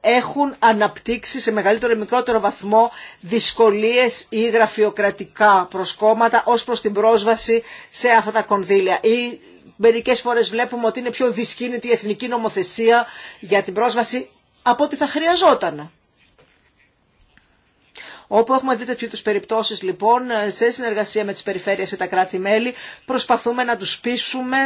έχουν αναπτύξει σε μεγαλύτερο ή μικρότερο βαθμό δυσκολίες ή γραφειοκρατικά προσκόμματα ως προς την πρόσβαση σε αυτά τα κονδύλια. Ή μερικές φορές βλέπουμε ότι είναι πιο δυσκίνητη η εθνική νομοθεσία για την πρόσβαση από ό,τι θα χρειαζόταν. Όπου έχουμε δει τέτοιου είδου περιπτώσει λοιπόν, σε συνεργασία με τι περιφέρειες και τα κράτη-μέλη, προσπαθούμε να του πείσουμε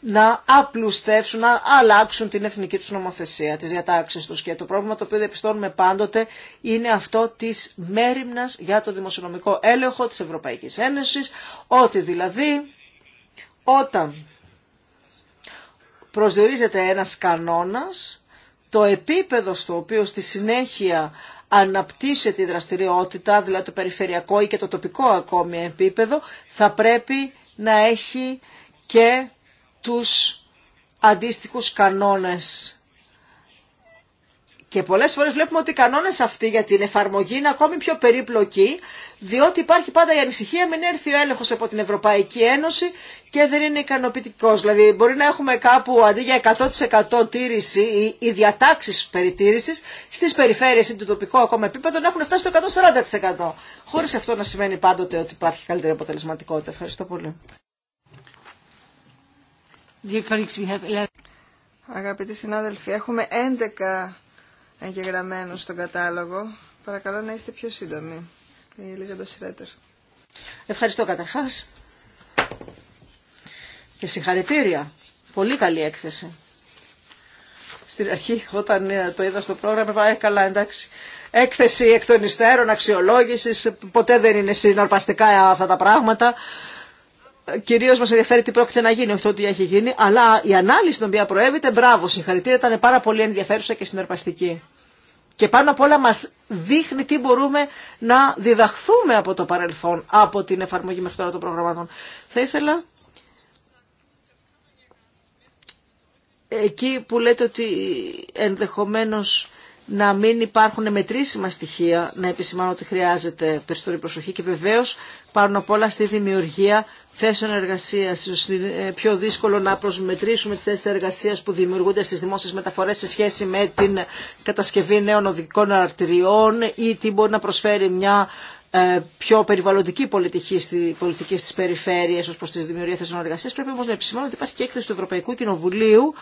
να απλουστεύσουν, να αλλάξουν την εθνική του νομοθεσία, τι διατάξει του. Και το πρόβλημα το οποίο διαπιστώνουμε πάντοτε είναι αυτό τη μέρημνα για το δημοσιονομικό έλεγχο τη Ευρωπαϊκή Ένωση, ότι δηλαδή όταν προσδιορίζεται ένας κανόνας, το επίπεδο στο οποίο στη συνέχεια αναπτύσσεται η δραστηριότητα, δηλαδή το περιφερειακό ή και το τοπικό ακόμη επίπεδο, θα πρέπει να έχει και τους αντίστοιχους κανόνες και πολλές φορές βλέπουμε ότι οι κανόνες αυτοί για την εφαρμογή είναι ακόμη πιο περίπλοκοι, διότι υπάρχει πάντα η ανησυχία μην έρθει ο έλεγχος από την Ευρωπαϊκή Ένωση και δεν είναι ικανοποιητικός. Δηλαδή μπορεί να έχουμε κάπου αντί για 100% τήρηση ή, ή διατάξεις περιτήρησης στις περιφέρειες ή το τοπικό ακόμα επίπεδο να έχουν φτάσει στο 140%. Χωρίς αυτό να σημαίνει πάντοτε ότι υπάρχει καλύτερη αποτελεσματικότητα. Ευχαριστώ πολύ. Αγαπητοί συνάδελφοι, έχουμε 11 γραμμένο στον κατάλογο. Παρακαλώ να είστε πιο σύντομοι. Η το Ευχαριστώ καταρχά. Και συγχαρητήρια. Πολύ καλή έκθεση. Στην αρχή όταν ε, το είδα στο πρόγραμμα είπα «Ε, καλά εντάξει. Έκθεση εκ των υστέρων, αξιολόγηση, ποτέ δεν είναι συναρπαστικά αυτά τα πράγματα κυρίω μα ενδιαφέρει τι πρόκειται να γίνει, αυτό τι έχει γίνει, αλλά η ανάλυση την οποία προέβηται, μπράβο, συγχαρητήρια, ήταν πάρα πολύ ενδιαφέρουσα και συνερπαστική. Και πάνω απ' όλα μα δείχνει τι μπορούμε να διδαχθούμε από το παρελθόν, από την εφαρμογή μέχρι τώρα των προγραμμάτων. Θα ήθελα εκεί που λέτε ότι ενδεχομένως να μην υπάρχουν μετρήσιμα στοιχεία, να επισημάνω ότι χρειάζεται περισσότερη προσοχή και βεβαίως πάνω απ' όλα στη δημιουργία θέσεων εργασία, ε, πιο δύσκολο να προσμετρήσουμε τι θέσει εργασία που δημιουργούνται στι δημόσιε μεταφορέ σε σχέση με την κατασκευή νέων οδικών αρτηριών ή τι μπορεί να προσφέρει μια ε, πιο περιβαλλοντική πολιτική, στη, πολιτική στις περιφέρειες ως προς τις δημιουργία θέσεων εργασίας. Πρέπει όμως να επισημάνω ότι υπάρχει και έκθεση του Ευρωπαϊκού Κοινοβουλίου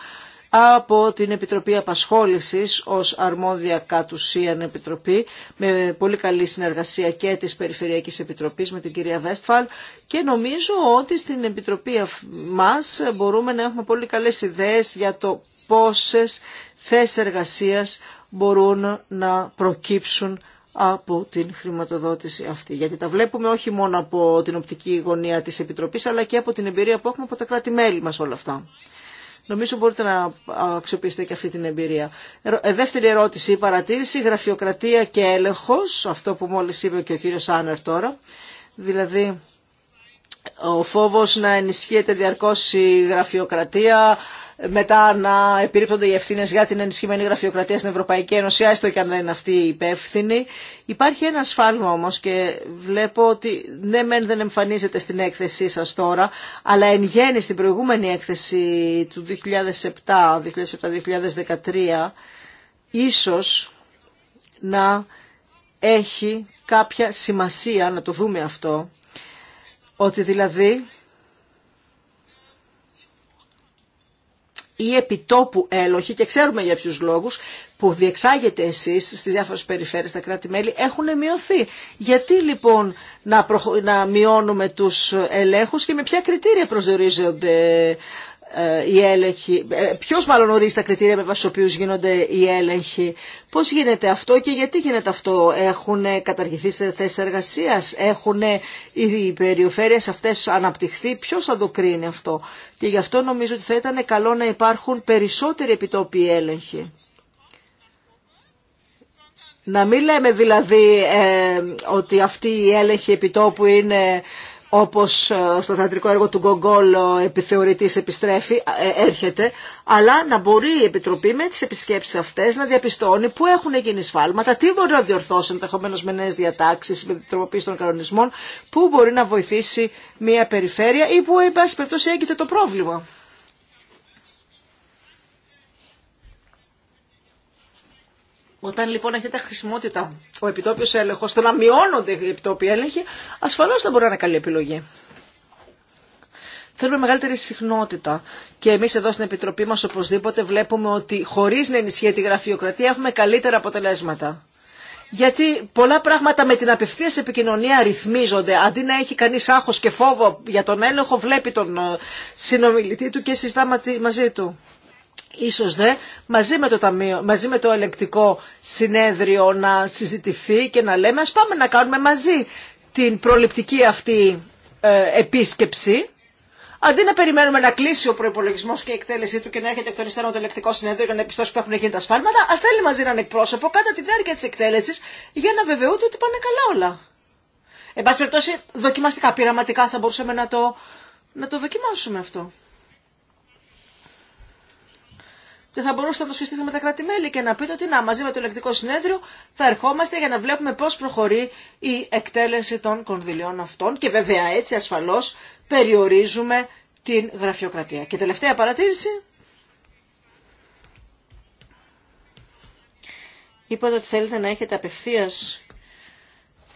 από την Επιτροπή Απασχόλησης ως αρμόδια κατουσίαν Επιτροπή με πολύ καλή συνεργασία και της Περιφερειακής Επιτροπής με την κυρία Βέστφαλ και νομίζω ότι στην Επιτροπή μας μπορούμε να έχουμε πολύ καλές ιδέες για το πόσες θέσεις εργασίας μπορούν να προκύψουν από την χρηματοδότηση αυτή. Γιατί τα βλέπουμε όχι μόνο από την οπτική γωνία της Επιτροπής, αλλά και από την εμπειρία που έχουμε από τα κράτη-μέλη μας όλα αυτά. Νομίζω μπορείτε να αξιοποιήσετε και αυτή την εμπειρία. Ε, δεύτερη ερώτηση, η παρατήρηση, γραφειοκρατία και έλεγχος, αυτό που μόλις είπε και ο κύριος Άνερ τώρα. Δηλαδή, ο φόβος να ενισχύεται διαρκώς η γραφειοκρατία, μετά να επιρρύπτονται οι ευθύνε για την ενισχυμένη γραφειοκρατία στην Ευρωπαϊκή Ένωση, έστω και αν δεν είναι αυτή η υπεύθυνη. Υπάρχει ένα σφάλμα όμω και βλέπω ότι ναι, μεν δεν εμφανίζεται στην έκθεσή σα τώρα, αλλά εν γέννη στην προηγούμενη έκθεση του 2007, 2007-2013, ίσω να έχει κάποια σημασία να το δούμε αυτό ότι δηλαδή ή επιτόπου έλογοι και ξέρουμε για ποιους λόγους, που διεξάγετε εσείς στις διάφορες περιφέρειες, στα κράτη-μέλη, έχουν μειωθεί. Γιατί λοιπόν να, να μειώνουμε τους ελέγχους και με ποια κριτήρια προσδιορίζονται ε, οι έλεγχοι, ε, ποιος μάλλον ορίζει τα κριτήρια με βάση του οποίους γίνονται οι έλεγχοι, πώς γίνεται αυτό και γιατί γίνεται αυτό, έχουν καταργηθεί σε θέσεις εργασία. έχουν οι περιοφέρειες αυτές αναπτυχθεί, ποιο θα το κρίνει αυτό και γι' αυτό νομίζω ότι θα ήταν καλό να υπάρχουν περισσότεροι επιτόπιοι έλεγχοι. Να μην λέμε δηλαδή ε, ότι αυτοί οι έλεγχοι επιτόπου είναι όπως ε, στο θεατρικό έργο του Γκογκόλ ο επιθεωρητής επιστρέφει, ε, ε, έρχεται, αλλά να μπορεί η Επιτροπή με τις επισκέψεις αυτές να διαπιστώνει που έχουν γίνει σφάλματα, τι μπορεί να διορθώσει ενδεχομένω με νέες διατάξεις, με την τροποποίηση των κανονισμών, που μπορεί να βοηθήσει μια περιφέρεια ή που, εν πάση περιπτώσει, έγκυται το πρόβλημα. Όταν λοιπόν έχετε χρησιμότητα ο επιτόπιος έλεγχος, το να μειώνονται οι επιτόπιοι έλεγχοι, ασφαλώς δεν μπορεί να είναι καλή επιλογή. Θέλουμε μεγαλύτερη συχνότητα. Και εμεί εδώ στην Επιτροπή μα οπωσδήποτε βλέπουμε ότι χωρί να ενισχύεται η γραφειοκρατία έχουμε καλύτερα αποτελέσματα. Γιατί πολλά πράγματα με την απευθεία επικοινωνία ρυθμίζονται. Αντί να έχει κανεί άγχο και φόβο για τον έλεγχο, βλέπει τον ε, συνομιλητή του και συζητά μαζί του. Ίσως δε μαζί με, το ταμείο, μαζί με το συνέδριο να συζητηθεί και να λέμε ας πάμε να κάνουμε μαζί την προληπτική αυτή ε, επίσκεψη Αντί να περιμένουμε να κλείσει ο προπολογισμό και η εκτέλεσή του και να έρχεται εκ των υστέρων το ελεκτικό συνέδριο για να επιστώσει που έχουν γίνει τα σφάλματα, α θέλει μαζί έναν εκπρόσωπο κατά τη διάρκεια τη εκτέλεση για να βεβαιούνται ότι πάνε καλά όλα. Εν πάση περιπτώσει, δοκιμαστικά, πειραματικά θα μπορούσαμε να το, να το δοκιμάσουμε αυτό. Και θα μπορούσατε να το συστήσετε με τα κρατημέλη και να πείτε ότι να, μαζί με το ελεκτικό συνέδριο θα ερχόμαστε για να βλέπουμε πώς προχωρεί η εκτέλεση των κονδυλιών αυτών και βέβαια έτσι ασφαλώς περιορίζουμε την γραφειοκρατία. Και τελευταία παρατήρηση. Είπατε ότι θέλετε να έχετε απευθείας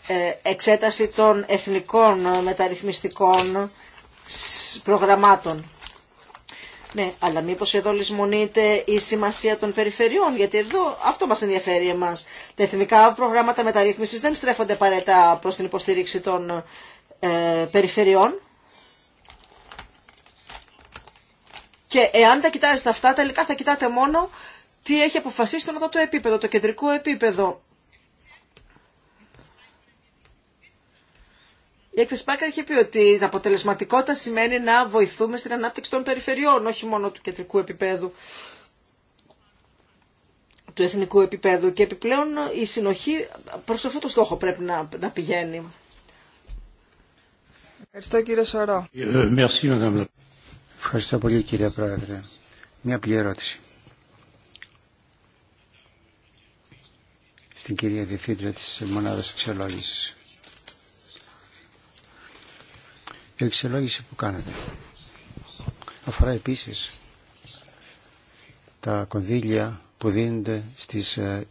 ε, εξέταση των εθνικών μεταρρυθμιστικών προγραμμάτων. Ναι, αλλά μήπω εδώ λησμονείται η σημασία των περιφερειών, γιατί εδώ αυτό μα ενδιαφέρει εμά. Τα εθνικά προγράμματα μεταρρύθμιση δεν στρέφονται παρετά προ την υποστήριξη των ε, περιφερειών. Και εάν τα κοιτάζετε αυτά, τελικά θα κοιτάτε μόνο τι έχει αποφασίσει το το επίπεδο, το κεντρικό επίπεδο. Η έκθεση Πάκα είχε πει ότι η αποτελεσματικότητα σημαίνει να βοηθούμε στην ανάπτυξη των περιφερειών, όχι μόνο του κεντρικού επίπεδου, του εθνικού επίπεδου. Και επιπλέον η συνοχή προς αυτό το στόχο πρέπει να, να πηγαίνει. Ευχαριστώ κύριε Σωρό. Ε, Ευχαριστώ πολύ κύριε Πρόεδρε. Μια απλή ερώτηση. Στην κυρία Διευθύντρια της Μονάδας Αξιολόγησης. η αξιολόγηση που κάνατε αφορά επίσης τα κονδύλια που δίνονται στις ε,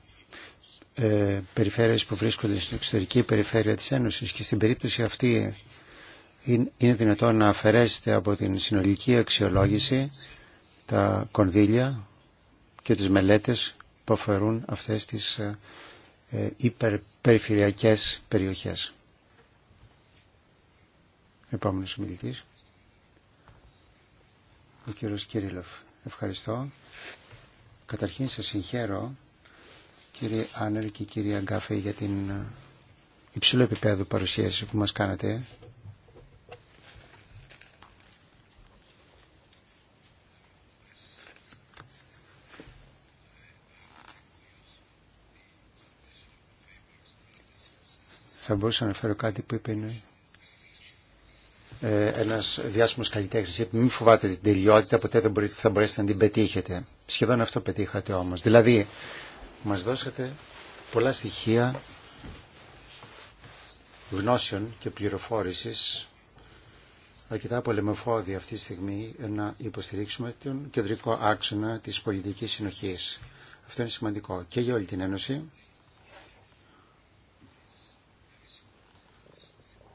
ε, περιφέρειες που βρίσκονται στην εξωτερική περιφέρεια της Ένωσης και στην περίπτωση αυτή είναι δυνατό να αφαιρέσετε από την συνολική αξιολόγηση τα κονδύλια και τις μελέτες που αφορούν αυτές τις ε, ε υπερπεριφερειακές περιοχές. Επόμενος μιλητής, Ο κύριος Κύριλοφ. Ευχαριστώ. Καταρχήν σας συγχαίρω κύριε Άνερ και κυρία Γκάφε για την υψηλό επίπεδο παρουσίαση που μας κάνατε. Θα μπορούσα να φέρω κάτι που είπε ε, ένας διάσημος καλλιτέχνης είπε μην φοβάτε την τελειότητα, ποτέ δεν μπορείτε, θα μπορέσετε να την πετύχετε. Σχεδόν αυτό πετύχατε όμως. Δηλαδή, μας δώσατε πολλά στοιχεία γνώσεων και πληροφόρησης αρκετά πολεμοφόδια αυτή τη στιγμή να υποστηρίξουμε τον κεντρικό άξονα της πολιτικής συνοχής. Αυτό είναι σημαντικό και για όλη την Ένωση.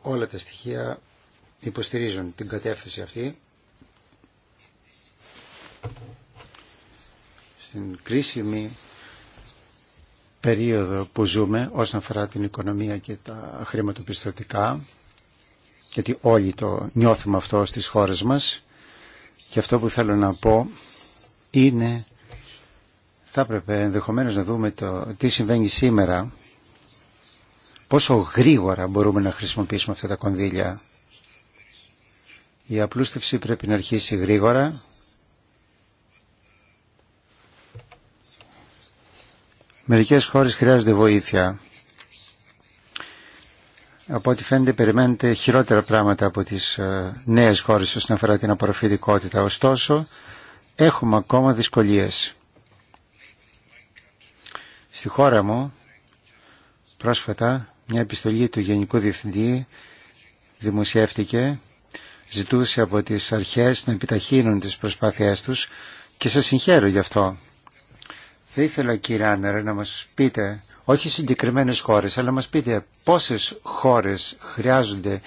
Όλα τα στοιχεία υποστηρίζουν την κατεύθυνση αυτή. Στην κρίσιμη περίοδο που ζούμε όσον αφορά την οικονομία και τα χρηματοπιστωτικά, γιατί όλοι το νιώθουμε αυτό στις χώρες μας, και αυτό που θέλω να πω είναι θα έπρεπε ενδεχομένως να δούμε το, τι συμβαίνει σήμερα, πόσο γρήγορα μπορούμε να χρησιμοποιήσουμε αυτά τα κονδύλια η απλούστευση πρέπει να αρχίσει γρήγορα. Μερικές χώρες χρειάζονται βοήθεια. Από ό,τι φαίνεται περιμένετε χειρότερα πράγματα από τις ε, νέες χώρες όσον αφορά την απορροφητικότητα. Ωστόσο, έχουμε ακόμα δυσκολίες. Στη χώρα μου, πρόσφατα, μια επιστολή του Γενικού Διευθυντή δημοσιεύτηκε ζητούσε από τις αρχές να επιταχύνουν τις προσπάθειές τους και σας συγχαίρω γι' αυτό. Θα ήθελα κύριε Άνερ να μας πείτε, όχι συγκεκριμένες χώρες, αλλά μας πείτε πόσες χώρες χρειάζονται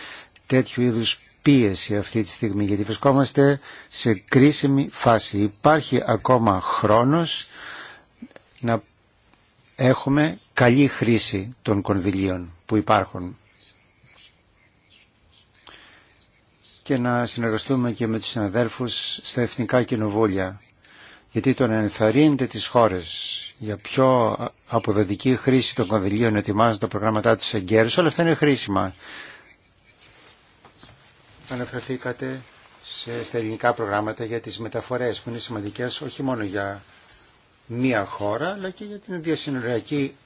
τέτοιου είδους πίεση αυτή τη στιγμή, γιατί βρισκόμαστε σε κρίσιμη φάση. Υπάρχει ακόμα χρόνος να έχουμε καλή χρήση των κονδυλίων που υπάρχουν. και να συνεργαστούμε και με τους συναδέλφους στα εθνικά κοινοβούλια. Γιατί το να τις χώρες για πιο αποδοτική χρήση των κονδυλίων να τα προγράμματά τους γκέρους, όλα αυτά είναι χρήσιμα. Αναφερθήκατε σε, στα ελληνικά προγράμματα για τις μεταφορές που είναι σημαντικές όχι μόνο για μία χώρα αλλά και για την διασυνοριακή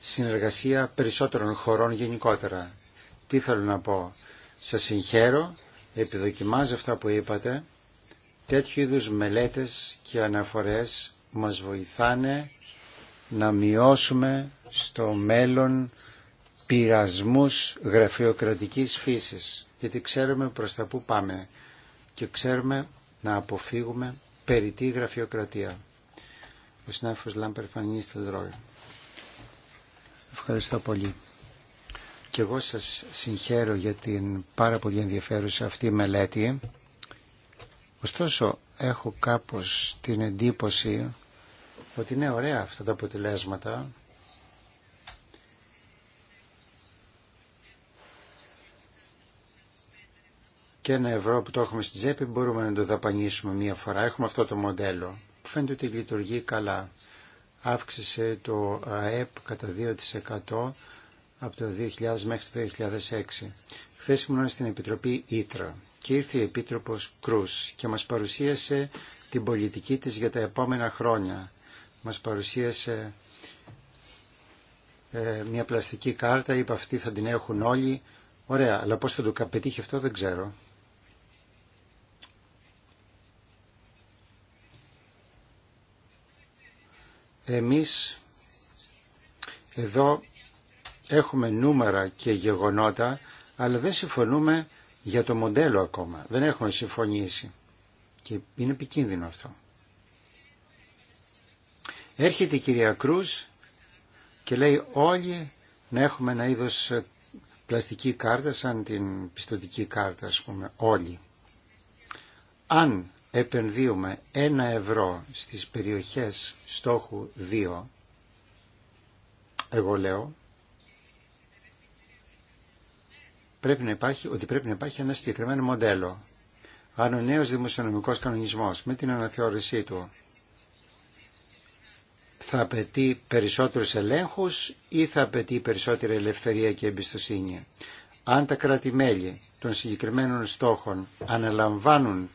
συνεργασία περισσότερων χωρών γενικότερα. Τι θέλω να πω. Σας συγχαίρω επιδοκιμάζω αυτά που είπατε. Τέτοιου είδου μελέτες και αναφορές μας βοηθάνε να μειώσουμε στο μέλλον πειρασμούς γραφειοκρατικής φύσης. Γιατί ξέρουμε προς τα που πάμε και ξέρουμε να αποφύγουμε περιττή γραφειοκρατία. Ο συνάδελφος Λάμπερ Φανίνης δρόμο. Ευχαριστώ πολύ. Και εγώ σας συγχαίρω για την πάρα πολύ ενδιαφέρουσα αυτή μελέτη. Ωστόσο, έχω κάπως την εντύπωση ότι είναι ωραία αυτά τα αποτελέσματα. Και ένα ευρώ που το έχουμε στη τσέπη μπορούμε να το δαπανίσουμε μία φορά. Έχουμε αυτό το μοντέλο που φαίνεται ότι λειτουργεί καλά. Αύξησε το ΑΕΠ κατά 2% από το 2000 μέχρι το 2006. Χθε ήμουν στην Επιτροπή Ήτρα και ήρθε η Επίτροπος Κρούς και μας παρουσίασε την πολιτική της για τα επόμενα χρόνια. Μας παρουσίασε ε, μια πλαστική κάρτα, είπε αυτή θα την έχουν όλοι. Ωραία, αλλά πώς θα το πετύχει αυτό δεν ξέρω. Εμείς εδώ Έχουμε νούμερα και γεγονότα, αλλά δεν συμφωνούμε για το μοντέλο ακόμα. Δεν έχουμε συμφωνήσει. Και είναι επικίνδυνο αυτό. Έρχεται η κυρία Κρούς και λέει όλοι να έχουμε ένα είδος πλαστική κάρτα σαν την πιστοτική κάρτα ας πούμε όλοι. Αν επενδύουμε ένα ευρώ στις περιοχές στόχου 2 εγώ λέω πρέπει να υπάρχει, ότι πρέπει να υπάρχει ένα συγκεκριμένο μοντέλο. Αν ο νέος δημοσιονομικός κανονισμός με την αναθεώρησή του θα απαιτεί περισσότερους ελέγχους ή θα απαιτεί περισσότερη ελευθερία και εμπιστοσύνη. Αν τα κράτη-μέλη των συγκεκριμένων στόχων αναλαμβάνουν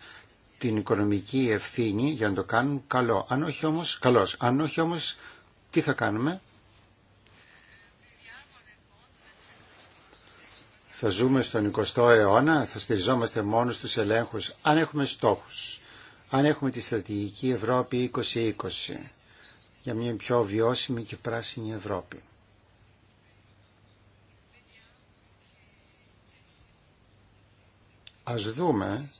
την οικονομική ευθύνη για να το κάνουν, καλό. Αν όχι όμως, Αν όχι όμως, τι θα κάνουμε. θα ζούμε στον 20ο αιώνα, θα στηριζόμαστε μόνο στους ελέγχους, αν έχουμε στόχους, αν έχουμε τη στρατηγική Ευρώπη 2020 για μια πιο βιώσιμη και πράσινη Ευρώπη. Ας δούμε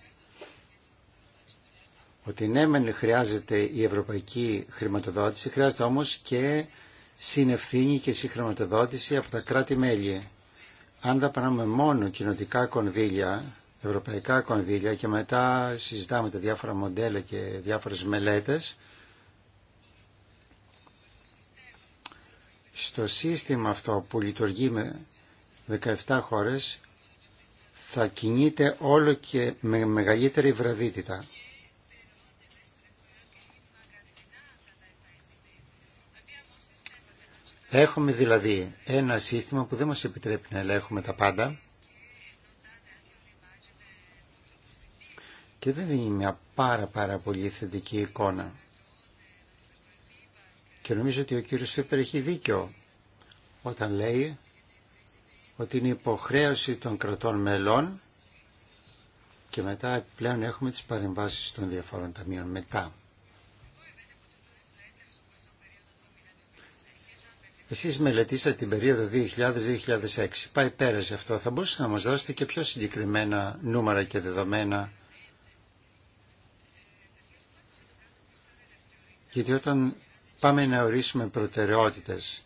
ότι ναι μεν χρειάζεται η ευρωπαϊκή χρηματοδότηση, χρειάζεται όμως και συνευθύνη και συγχρηματοδότηση από τα κράτη-μέλη αν δαπανάμε μόνο κοινοτικά κονδύλια, ευρωπαϊκά κονδύλια και μετά συζητάμε τα διάφορα μοντέλα και διάφορες μελέτες, στο σύστημα αυτό που λειτουργεί με 17 χώρες θα κινείται όλο και με μεγαλύτερη βραδύτητα. Έχουμε δηλαδή ένα σύστημα που δεν μας επιτρέπει να ελέγχουμε τα πάντα και δεν είναι μια πάρα πάρα πολύ θετική εικόνα. Και νομίζω ότι ο κύριος Φίπερ έχει δίκιο όταν λέει ότι είναι υποχρέωση των κρατών μελών και μετά πλέον έχουμε τις παρεμβάσεις των διαφορών ταμείων μετά. Εσείς μελετήσατε την περίοδο 2000-2006. Πάει πέρασε αυτό. Θα μπορούσατε να μας δώσετε και πιο συγκεκριμένα νούμερα και δεδομένα. Γιατί όταν πάμε να ορίσουμε προτεραιότητες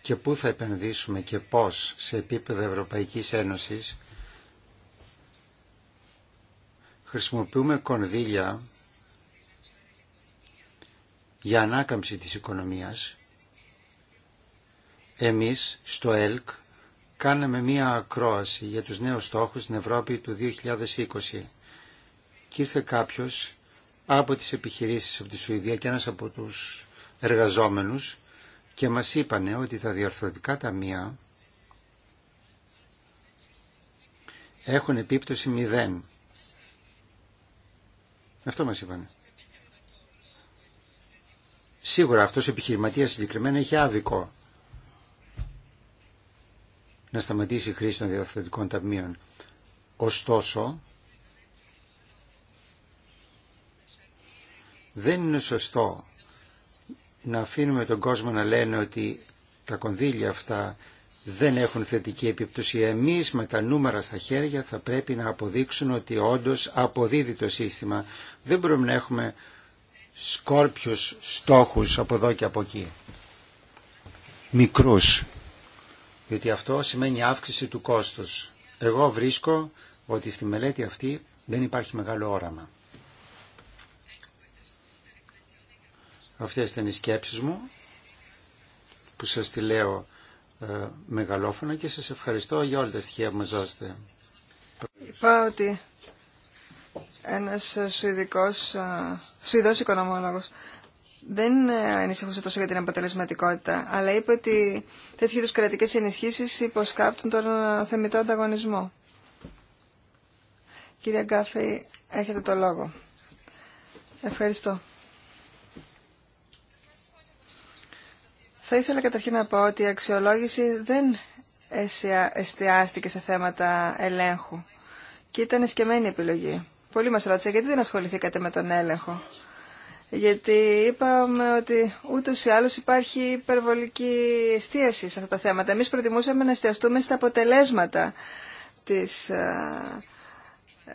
και πού θα επενδύσουμε και πώς σε επίπεδο Ευρωπαϊκής Ένωσης, χρησιμοποιούμε κονδύλια για ανάκαμψη της οικονομίας εμείς στο ΕΛΚ κάναμε μία ακρόαση για τους νέους στόχους στην Ευρώπη του 2020 και ήρθε κάποιος από τις επιχειρήσεις από τη Σουηδία και ένας από τους εργαζόμενους και μας είπανε ότι τα διορθωτικά ταμεία έχουν επίπτωση μηδέν. Αυτό μας είπανε. Σίγουρα αυτός ο επιχειρηματίας συγκεκριμένα είχε άδικο να σταματήσει η χρήση των διαθετικών ταμείων. Ωστόσο, δεν είναι σωστό να αφήνουμε τον κόσμο να λένε ότι τα κονδύλια αυτά δεν έχουν θετική επίπτωση. Εμείς με τα νούμερα στα χέρια θα πρέπει να αποδείξουν ότι όντως αποδίδει το σύστημα. Δεν μπορούμε να έχουμε σκόρπιους στόχους από εδώ και από εκεί. Μικρούς διότι αυτό σημαίνει αύξηση του κόστους. Εγώ βρίσκω ότι στη μελέτη αυτή δεν υπάρχει μεγάλο όραμα. Αυτές ήταν οι σκέψεις μου που σας τη λέω ε, μεγαλόφωνα και σας ευχαριστώ για όλα τα στοιχεία που μας Είπα ότι ένας σουηδικός, ε, σουηδός οικονομόλογος δεν ε, ανησυχούσε τόσο για την αποτελεσματικότητα, αλλά είπε ότι τέτοιου είδου κρατικέ ενισχύσει υποσκάπτουν τον ε, θεμητό ανταγωνισμό. Κύριε Γκάφη, έχετε το λόγο. Ευχαριστώ. Θα ήθελα καταρχήν να πω ότι η αξιολόγηση δεν εστιάστηκε σε θέματα ελέγχου και ήταν εσκεμμένη επιλογή. Πολλοί μας ρώτησαν γιατί δεν ασχοληθήκατε με τον έλεγχο γιατί είπαμε ότι ούτω ή άλλω υπάρχει υπερβολική εστίαση σε αυτά τα θέματα. Εμείς προτιμούσαμε να εστιαστούμε στα αποτελέσματα της ε,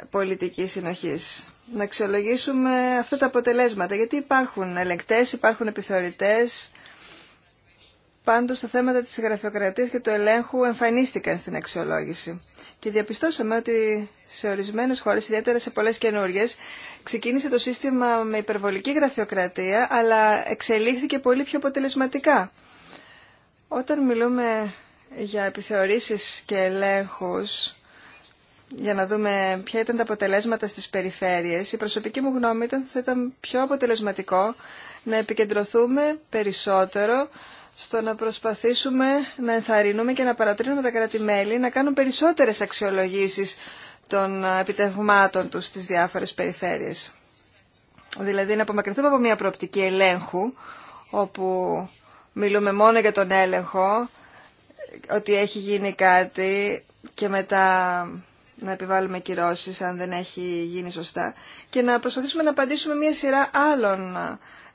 πολιτική συνοχής. Να αξιολογήσουμε αυτά τα αποτελέσματα, γιατί υπάρχουν ελεγκτές, υπάρχουν επιθεωρητές. Πάντως τα θέματα της γραφειοκρατίας και του ελέγχου εμφανίστηκαν στην αξιολόγηση. Και διαπιστώσαμε ότι σε ορισμένες χώρες, ιδιαίτερα σε πολλές καινούριες, ξεκίνησε το σύστημα με υπερβολική γραφειοκρατία, αλλά εξελίχθηκε πολύ πιο αποτελεσματικά. Όταν μιλούμε για επιθεωρήσεις και ελέγχους, για να δούμε ποια ήταν τα αποτελέσματα στις περιφέρειες, η προσωπική μου γνώμη ήταν θα ήταν πιο αποτελεσματικό να επικεντρωθούμε περισσότερο στο να προσπαθήσουμε να ενθαρρύνουμε και να παρατρύνουμε τα κρατη να κάνουν περισσότερες αξιολογήσεις των επιτευγμάτων τους στις διάφορες περιφέρειες. Δηλαδή να απομακρυνθούμε από μια προοπτική ελέγχου, όπου μιλούμε μόνο για τον έλεγχο, ότι έχει γίνει κάτι και μετά να επιβάλλουμε κυρώσεις αν δεν έχει γίνει σωστά και να προσπαθήσουμε να απαντήσουμε μια σειρά άλλων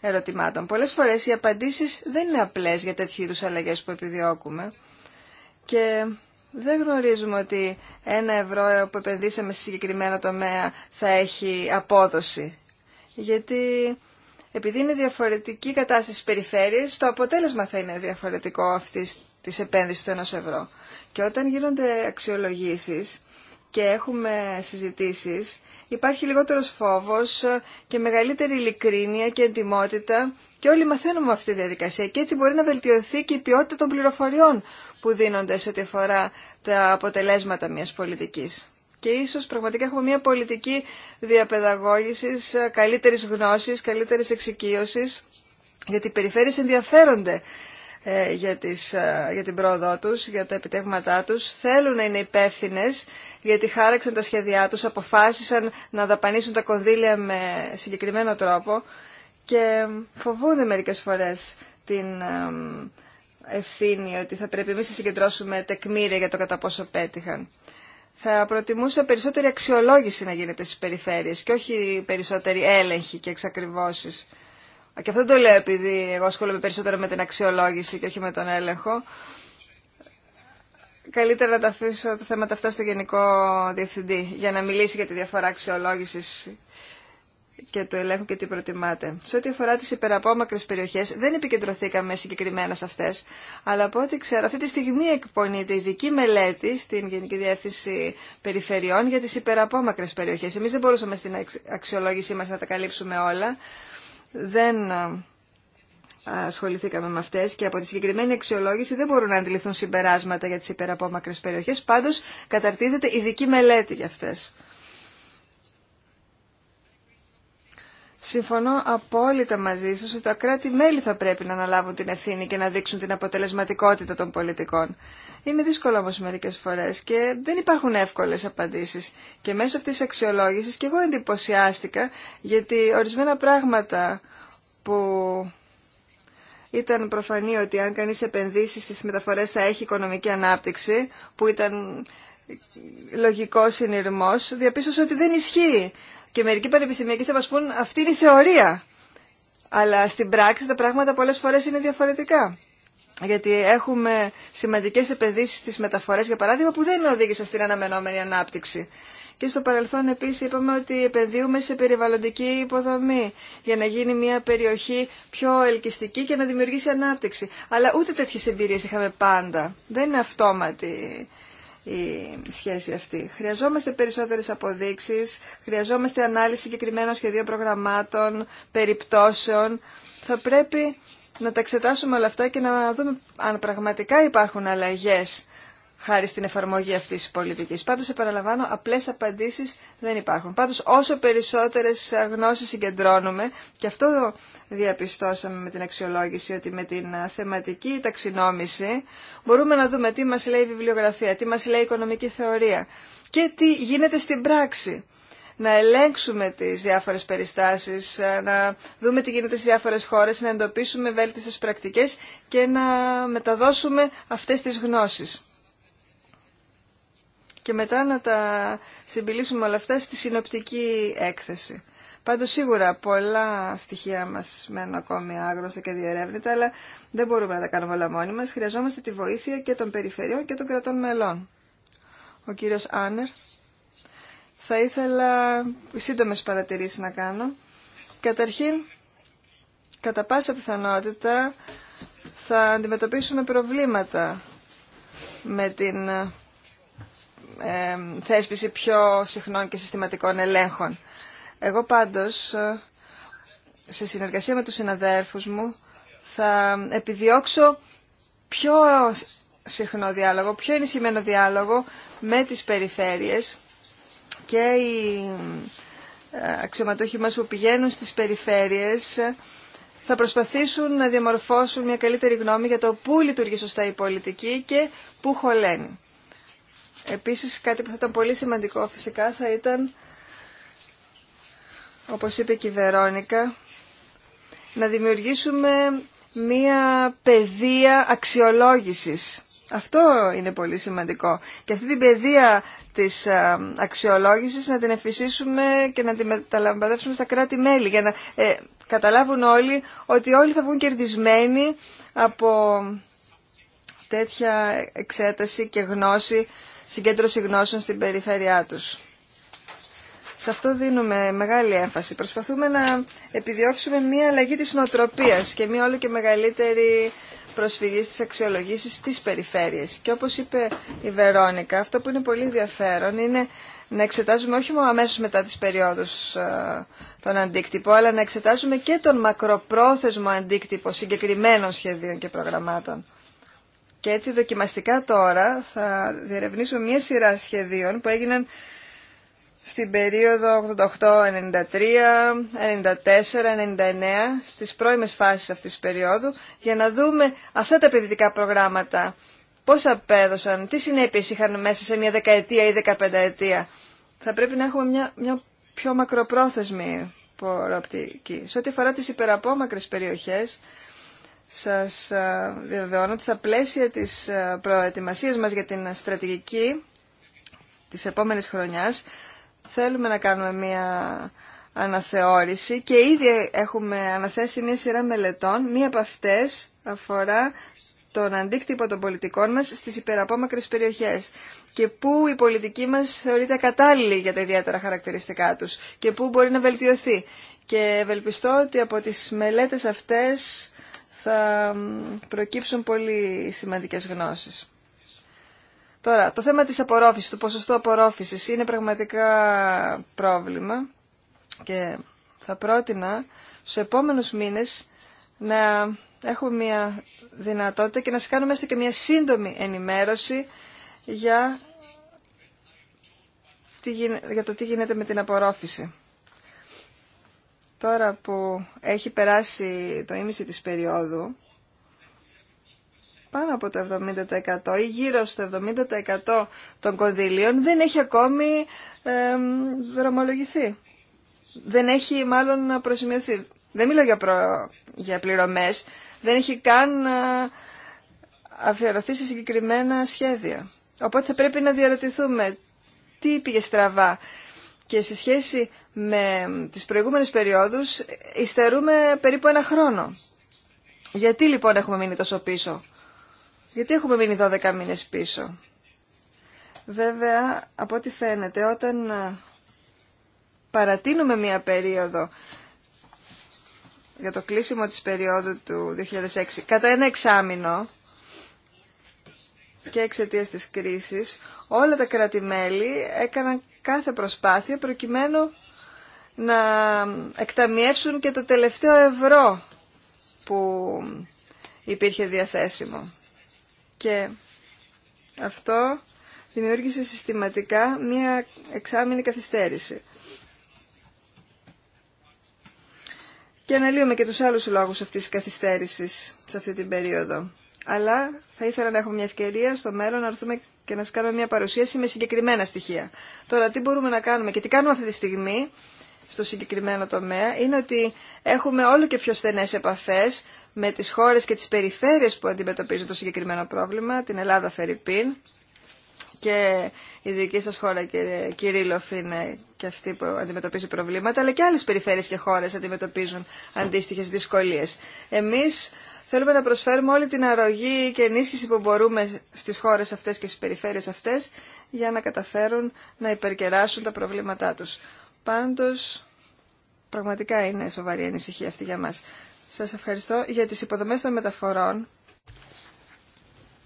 ερωτημάτων. Πολλές φορές οι απαντήσεις δεν είναι απλές για τέτοιου είδους αλλαγές που επιδιώκουμε και δεν γνωρίζουμε ότι ένα ευρώ που επενδύσαμε σε συγκεκριμένο τομέα θα έχει απόδοση. Γιατί επειδή είναι διαφορετική κατάσταση της το αποτέλεσμα θα είναι διαφορετικό αυτής της επένδυσης του ενός ευρώ. Και όταν γίνονται αξιολογήσεις, και έχουμε συζητήσεις, υπάρχει λιγότερος φόβος και μεγαλύτερη ειλικρίνεια και εντιμότητα και όλοι μαθαίνουμε αυτή τη διαδικασία και έτσι μπορεί να βελτιωθεί και η ποιότητα των πληροφοριών που δίνονται σε ό,τι αφορά τα αποτελέσματα μιας πολιτικής. Και ίσως πραγματικά έχουμε μια πολιτική διαπαιδαγώγησης, καλύτερης γνώσης, καλύτερης εξοικείωσης, γιατί οι περιφέρειες ενδιαφέρονται ε, για, τις, ε, για την πρόοδό τους, για τα επιτεύγματά τους. Θέλουν να είναι υπεύθυνε γιατί χάραξαν τα σχέδιά τους, αποφάσισαν να δαπανίσουν τα κονδύλια με συγκεκριμένο τρόπο και φοβούνται μερικές φορές την ε, ευθύνη ότι θα πρέπει εμείς να συγκεντρώσουμε τεκμήρια για το κατά πόσο πέτυχαν. Θα προτιμούσα περισσότερη αξιολόγηση να γίνεται στις περιφέρειες και όχι περισσότερη έλεγχη και εξακριβώσεις και αυτό το λέω επειδή εγώ ασχολούμαι περισσότερο με την αξιολόγηση και όχι με τον έλεγχο, καλύτερα να τα αφήσω τα θέματα αυτά στο Γενικό Διευθυντή για να μιλήσει για τη διαφορά αξιολόγηση και του ελέγχου και τι προτιμάτε. Σε ό,τι αφορά τι υπεραπόμακρε περιοχέ, δεν επικεντρωθήκαμε συγκεκριμένα σε αυτές, αλλά από ό,τι ξέρω, αυτή τη στιγμή εκπονείται ειδική μελέτη στην Γενική Διεύθυνση Περιφερειών για τι υπεραπόμακρε περιοχέ. Εμεί δεν μπορούσαμε στην αξιολόγησή μα να τα καλύψουμε όλα, δεν ε, ασχοληθήκαμε με αυτές και από τη συγκεκριμένη αξιολόγηση δεν μπορούν να αντιληφθούν συμπεράσματα για τις υπεραπόμακρες περιοχές, πάντως καταρτίζεται ειδική μελέτη για αυτές. Συμφωνώ απόλυτα μαζί σας ότι τα κράτη-μέλη θα πρέπει να αναλάβουν την ευθύνη και να δείξουν την αποτελεσματικότητα των πολιτικών. Είναι δύσκολο όμως μερικές φορές και δεν υπάρχουν εύκολες απαντήσεις. Και μέσω αυτής της αξιολόγησης και εγώ εντυπωσιάστηκα γιατί ορισμένα πράγματα που ήταν προφανή ότι αν κανείς επενδύσει στις μεταφορές θα έχει οικονομική ανάπτυξη που ήταν λογικό συνειρμός, διαπίστωσα ότι δεν ισχύει. Και μερικοί πανεπιστημιακοί θα μας πούν αυτή είναι η θεωρία. Αλλά στην πράξη τα πράγματα πολλές φορές είναι διαφορετικά. Γιατί έχουμε σημαντικές επενδύσεις στις μεταφορές, για παράδειγμα, που δεν οδήγησαν στην αναμενόμενη ανάπτυξη. Και στο παρελθόν επίσης είπαμε ότι επενδύουμε σε περιβαλλοντική υποδομή για να γίνει μια περιοχή πιο ελκυστική και να δημιουργήσει ανάπτυξη. Αλλά ούτε τέτοιες εμπειρίες είχαμε πάντα. Δεν είναι αυτόματη η σχέση αυτή. Χρειαζόμαστε περισσότερες αποδείξεις, χρειαζόμαστε ανάλυση συγκεκριμένων σχεδίων προγραμμάτων, περιπτώσεων. Θα πρέπει να τα εξετάσουμε όλα αυτά και να δούμε αν πραγματικά υπάρχουν αλλαγές χάρη στην εφαρμογή αυτή τη πολιτική. Πάντω, επαναλαμβάνω, απλέ απαντήσει δεν υπάρχουν. Πάντω, όσο περισσότερε γνώσει συγκεντρώνουμε, και αυτό διαπιστώσαμε με την αξιολόγηση, ότι με την θεματική ταξινόμηση μπορούμε να δούμε τι μα λέει η βιβλιογραφία, τι μα λέει η οικονομική θεωρία και τι γίνεται στην πράξη. Να ελέγξουμε τις διάφορες περιστάσεις, ε, να δούμε τι γίνεται στις διάφορες χώρες, να εντοπίσουμε βέλτιστες πρακτικές και να μεταδώσουμε αυτές τις γνώσεις και μετά να τα συμπηλήσουμε όλα αυτά στη συνοπτική έκθεση. Πάντω σίγουρα πολλά στοιχεία μα μένουν ακόμη άγνωστα και διερεύνητα, αλλά δεν μπορούμε να τα κάνουμε όλα μόνοι μα. Χρειαζόμαστε τη βοήθεια και των περιφερειών και των κρατών μελών. Ο κύριο Άνερ. Θα ήθελα σύντομε παρατηρήσει να κάνω. Καταρχήν, κατά πάσα πιθανότητα θα αντιμετωπίσουμε προβλήματα με την θέσπιση πιο συχνών και συστηματικών ελέγχων. Εγώ πάντως, ε, σε συνεργασία με τους συναδέρφους μου, θα επιδιώξω πιο συχνό διάλογο, πιο ενισχυμένο διάλογο με τις περιφέρειες και οι ε, αξιωματούχοι μας που πηγαίνουν στις περιφέρειες ε, θα προσπαθήσουν να διαμορφώσουν μια καλύτερη γνώμη για το πού λειτουργεί σωστά η πολιτική και πού χωλαίνει. Επίσης κάτι που θα ήταν πολύ σημαντικό φυσικά θα ήταν, όπως είπε και η Βερόνικα, να δημιουργήσουμε μία παιδεία αξιολόγησης. Αυτό είναι πολύ σημαντικό. Και αυτή την παιδεία της αξιολόγησης να την εφησίσουμε και να την μεταλαμπαδεύσουμε στα κράτη-μέλη για να ε, καταλάβουν όλοι ότι όλοι θα βγουν κερδισμένοι από τέτοια εξέταση και γνώση συγκέντρωση γνώσεων στην περιφέρειά τους. Σε αυτό δίνουμε μεγάλη έμφαση. Προσπαθούμε να επιδιώξουμε μια αλλαγή της νοοτροπίας και μια όλο και μεγαλύτερη προσφυγή στις αξιολογήσεις στις περιφέρειες. Και όπως είπε η Βερόνικα, αυτό που είναι πολύ ενδιαφέρον είναι να εξετάζουμε όχι μόνο αμέσως μετά τις περιόδους ε, τον αντίκτυπο, αλλά να εξετάζουμε και τον μακροπρόθεσμο αντίκτυπο συγκεκριμένων σχεδίων και προγραμμάτων. Και έτσι δοκιμαστικά τώρα θα διερευνήσω μία σειρά σχεδίων που έγιναν στην περίοδο 88-93, 94-99, στις πρώιμες φάσεις αυτής της περίοδου, για να δούμε αυτά τα παιδιτικά προγράμματα, πώς απέδωσαν, τι συνέπειες είχαν μέσα σε μια δεκαετία ή δεκαπενταετία. Θα πρέπει να έχουμε μια, μια πιο μακροπρόθεσμη προοπτική. Σε ό,τι αφορά τις υπεραπόμακρες περιοχές, σας ε, διαβεβαιώνω ότι στα πλαίσια της ε, προετοιμασίας μας για την στρατηγική της επόμενης χρονιάς θέλουμε να κάνουμε μία αναθεώρηση και ήδη έχουμε αναθέσει μία σειρά μελετών. Μία από αυτές αφορά τον αντίκτυπο των πολιτικών μας στις υπεραπόμακρες περιοχές και πού η πολιτική μας θεωρείται κατάλληλη για τα ιδιαίτερα χαρακτηριστικά τους και πού μπορεί να βελτιωθεί. Και ευελπιστώ ότι από τις μελέτες αυτές θα προκύψουν πολύ σημαντικές γνώσεις. Τώρα, το θέμα της απορρόφησης, του ποσοστού απορρόφησης είναι πραγματικά πρόβλημα και θα πρότεινα στους επόμενους μήνες να έχουμε μια δυνατότητα και να σας κάνουμε έστω και μια σύντομη ενημέρωση για το τι γίνεται με την απορρόφηση. Τώρα που έχει περάσει το ίμιση της περίοδου, πάνω από το 70% ή γύρω στο 70% των κονδυλίων δεν έχει ακόμη ε, δρομολογηθεί. Δεν έχει μάλλον προσημειωθεί. Δεν μιλώ για, προ... για πληρωμές, δεν έχει καν ε, αφιερωθεί σε συγκεκριμένα σχέδια. Οπότε θα πρέπει να διαρωτηθούμε τι πήγε στραβά και σε σχέση με τις προηγούμενες περιόδους υστερούμε περίπου ένα χρόνο. Γιατί λοιπόν έχουμε μείνει τόσο πίσω. Γιατί έχουμε μείνει 12 μήνες πίσω. Βέβαια, από ό,τι φαίνεται, όταν ε, παρατείνουμε μία περίοδο για το κλείσιμο της περίοδου του 2006 κατά ένα εξάμηνο και εξαιτία της κρίσης όλα τα κράτη-μέλη έκαναν κάθε προσπάθεια προκειμένου να εκταμιεύσουν και το τελευταίο ευρώ που υπήρχε διαθέσιμο. Και αυτό δημιούργησε συστηματικά μία εξάμεινη καθυστέρηση. Και αναλύουμε και τους άλλους λόγους αυτής της καθυστέρησης σε αυτή την περίοδο. Αλλά θα ήθελα να έχουμε μια ευκαιρία στο μέλλον να έρθουμε και να σας κάνουμε μια παρουσίαση με συγκεκριμένα στοιχεία. Τώρα τι μπορούμε να κάνουμε και τι κάνουμε αυτή τη στιγμή στο συγκεκριμένο τομέα είναι ότι έχουμε όλο και πιο στενές επαφές με τις χώρες και τις περιφέρειες που αντιμετωπίζουν το συγκεκριμένο πρόβλημα, την Ελλάδα Φερρυπίν και η δική σας χώρα κύριε Κυρίλοφ είναι και αυτή που αντιμετωπίζει προβλήματα, αλλά και άλλες περιφέρειες και χώρες αντιμετωπίζουν αντίστοιχες δυσκολίες. Εμείς θέλουμε να προσφέρουμε όλη την αρρωγή και ενίσχυση που μπορούμε στις χώρες αυτές και στις περιφέρειες αυτές για να καταφέρουν να υπερκεράσουν τα προβλήματά τους. Πάντως, πραγματικά είναι σοβαρή ανησυχία αυτή για μας. Σας ευχαριστώ για τις υποδομές των μεταφορών.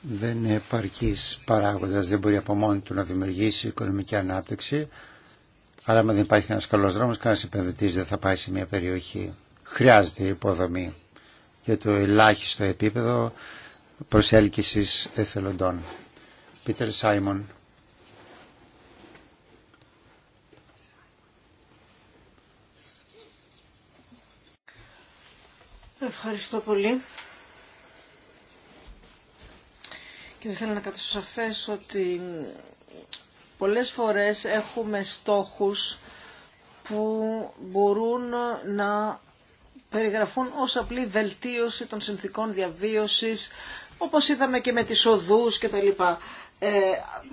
Δεν είναι επαρκής παράγοντας, δεν μπορεί από μόνο του να δημιουργήσει οικονομική ανάπτυξη, αλλά αν δεν υπάρχει ένας καλός δρόμος, κανένας επενδυτής δεν θα πάει σε μια περιοχή. Χρειάζεται υποδομή για το ελάχιστο επίπεδο προσέλκυσης εθελοντών. Πίτερ Σάιμον. Ευχαριστώ πολύ. Και θέλω να κατασταθέσω ότι πολλές φορές έχουμε στόχους που μπορούν να περιγραφούν ως απλή βελτίωση των συνθήκων διαβίωσης, όπως είδαμε και με τις οδούς και τα λοιπά. Ε,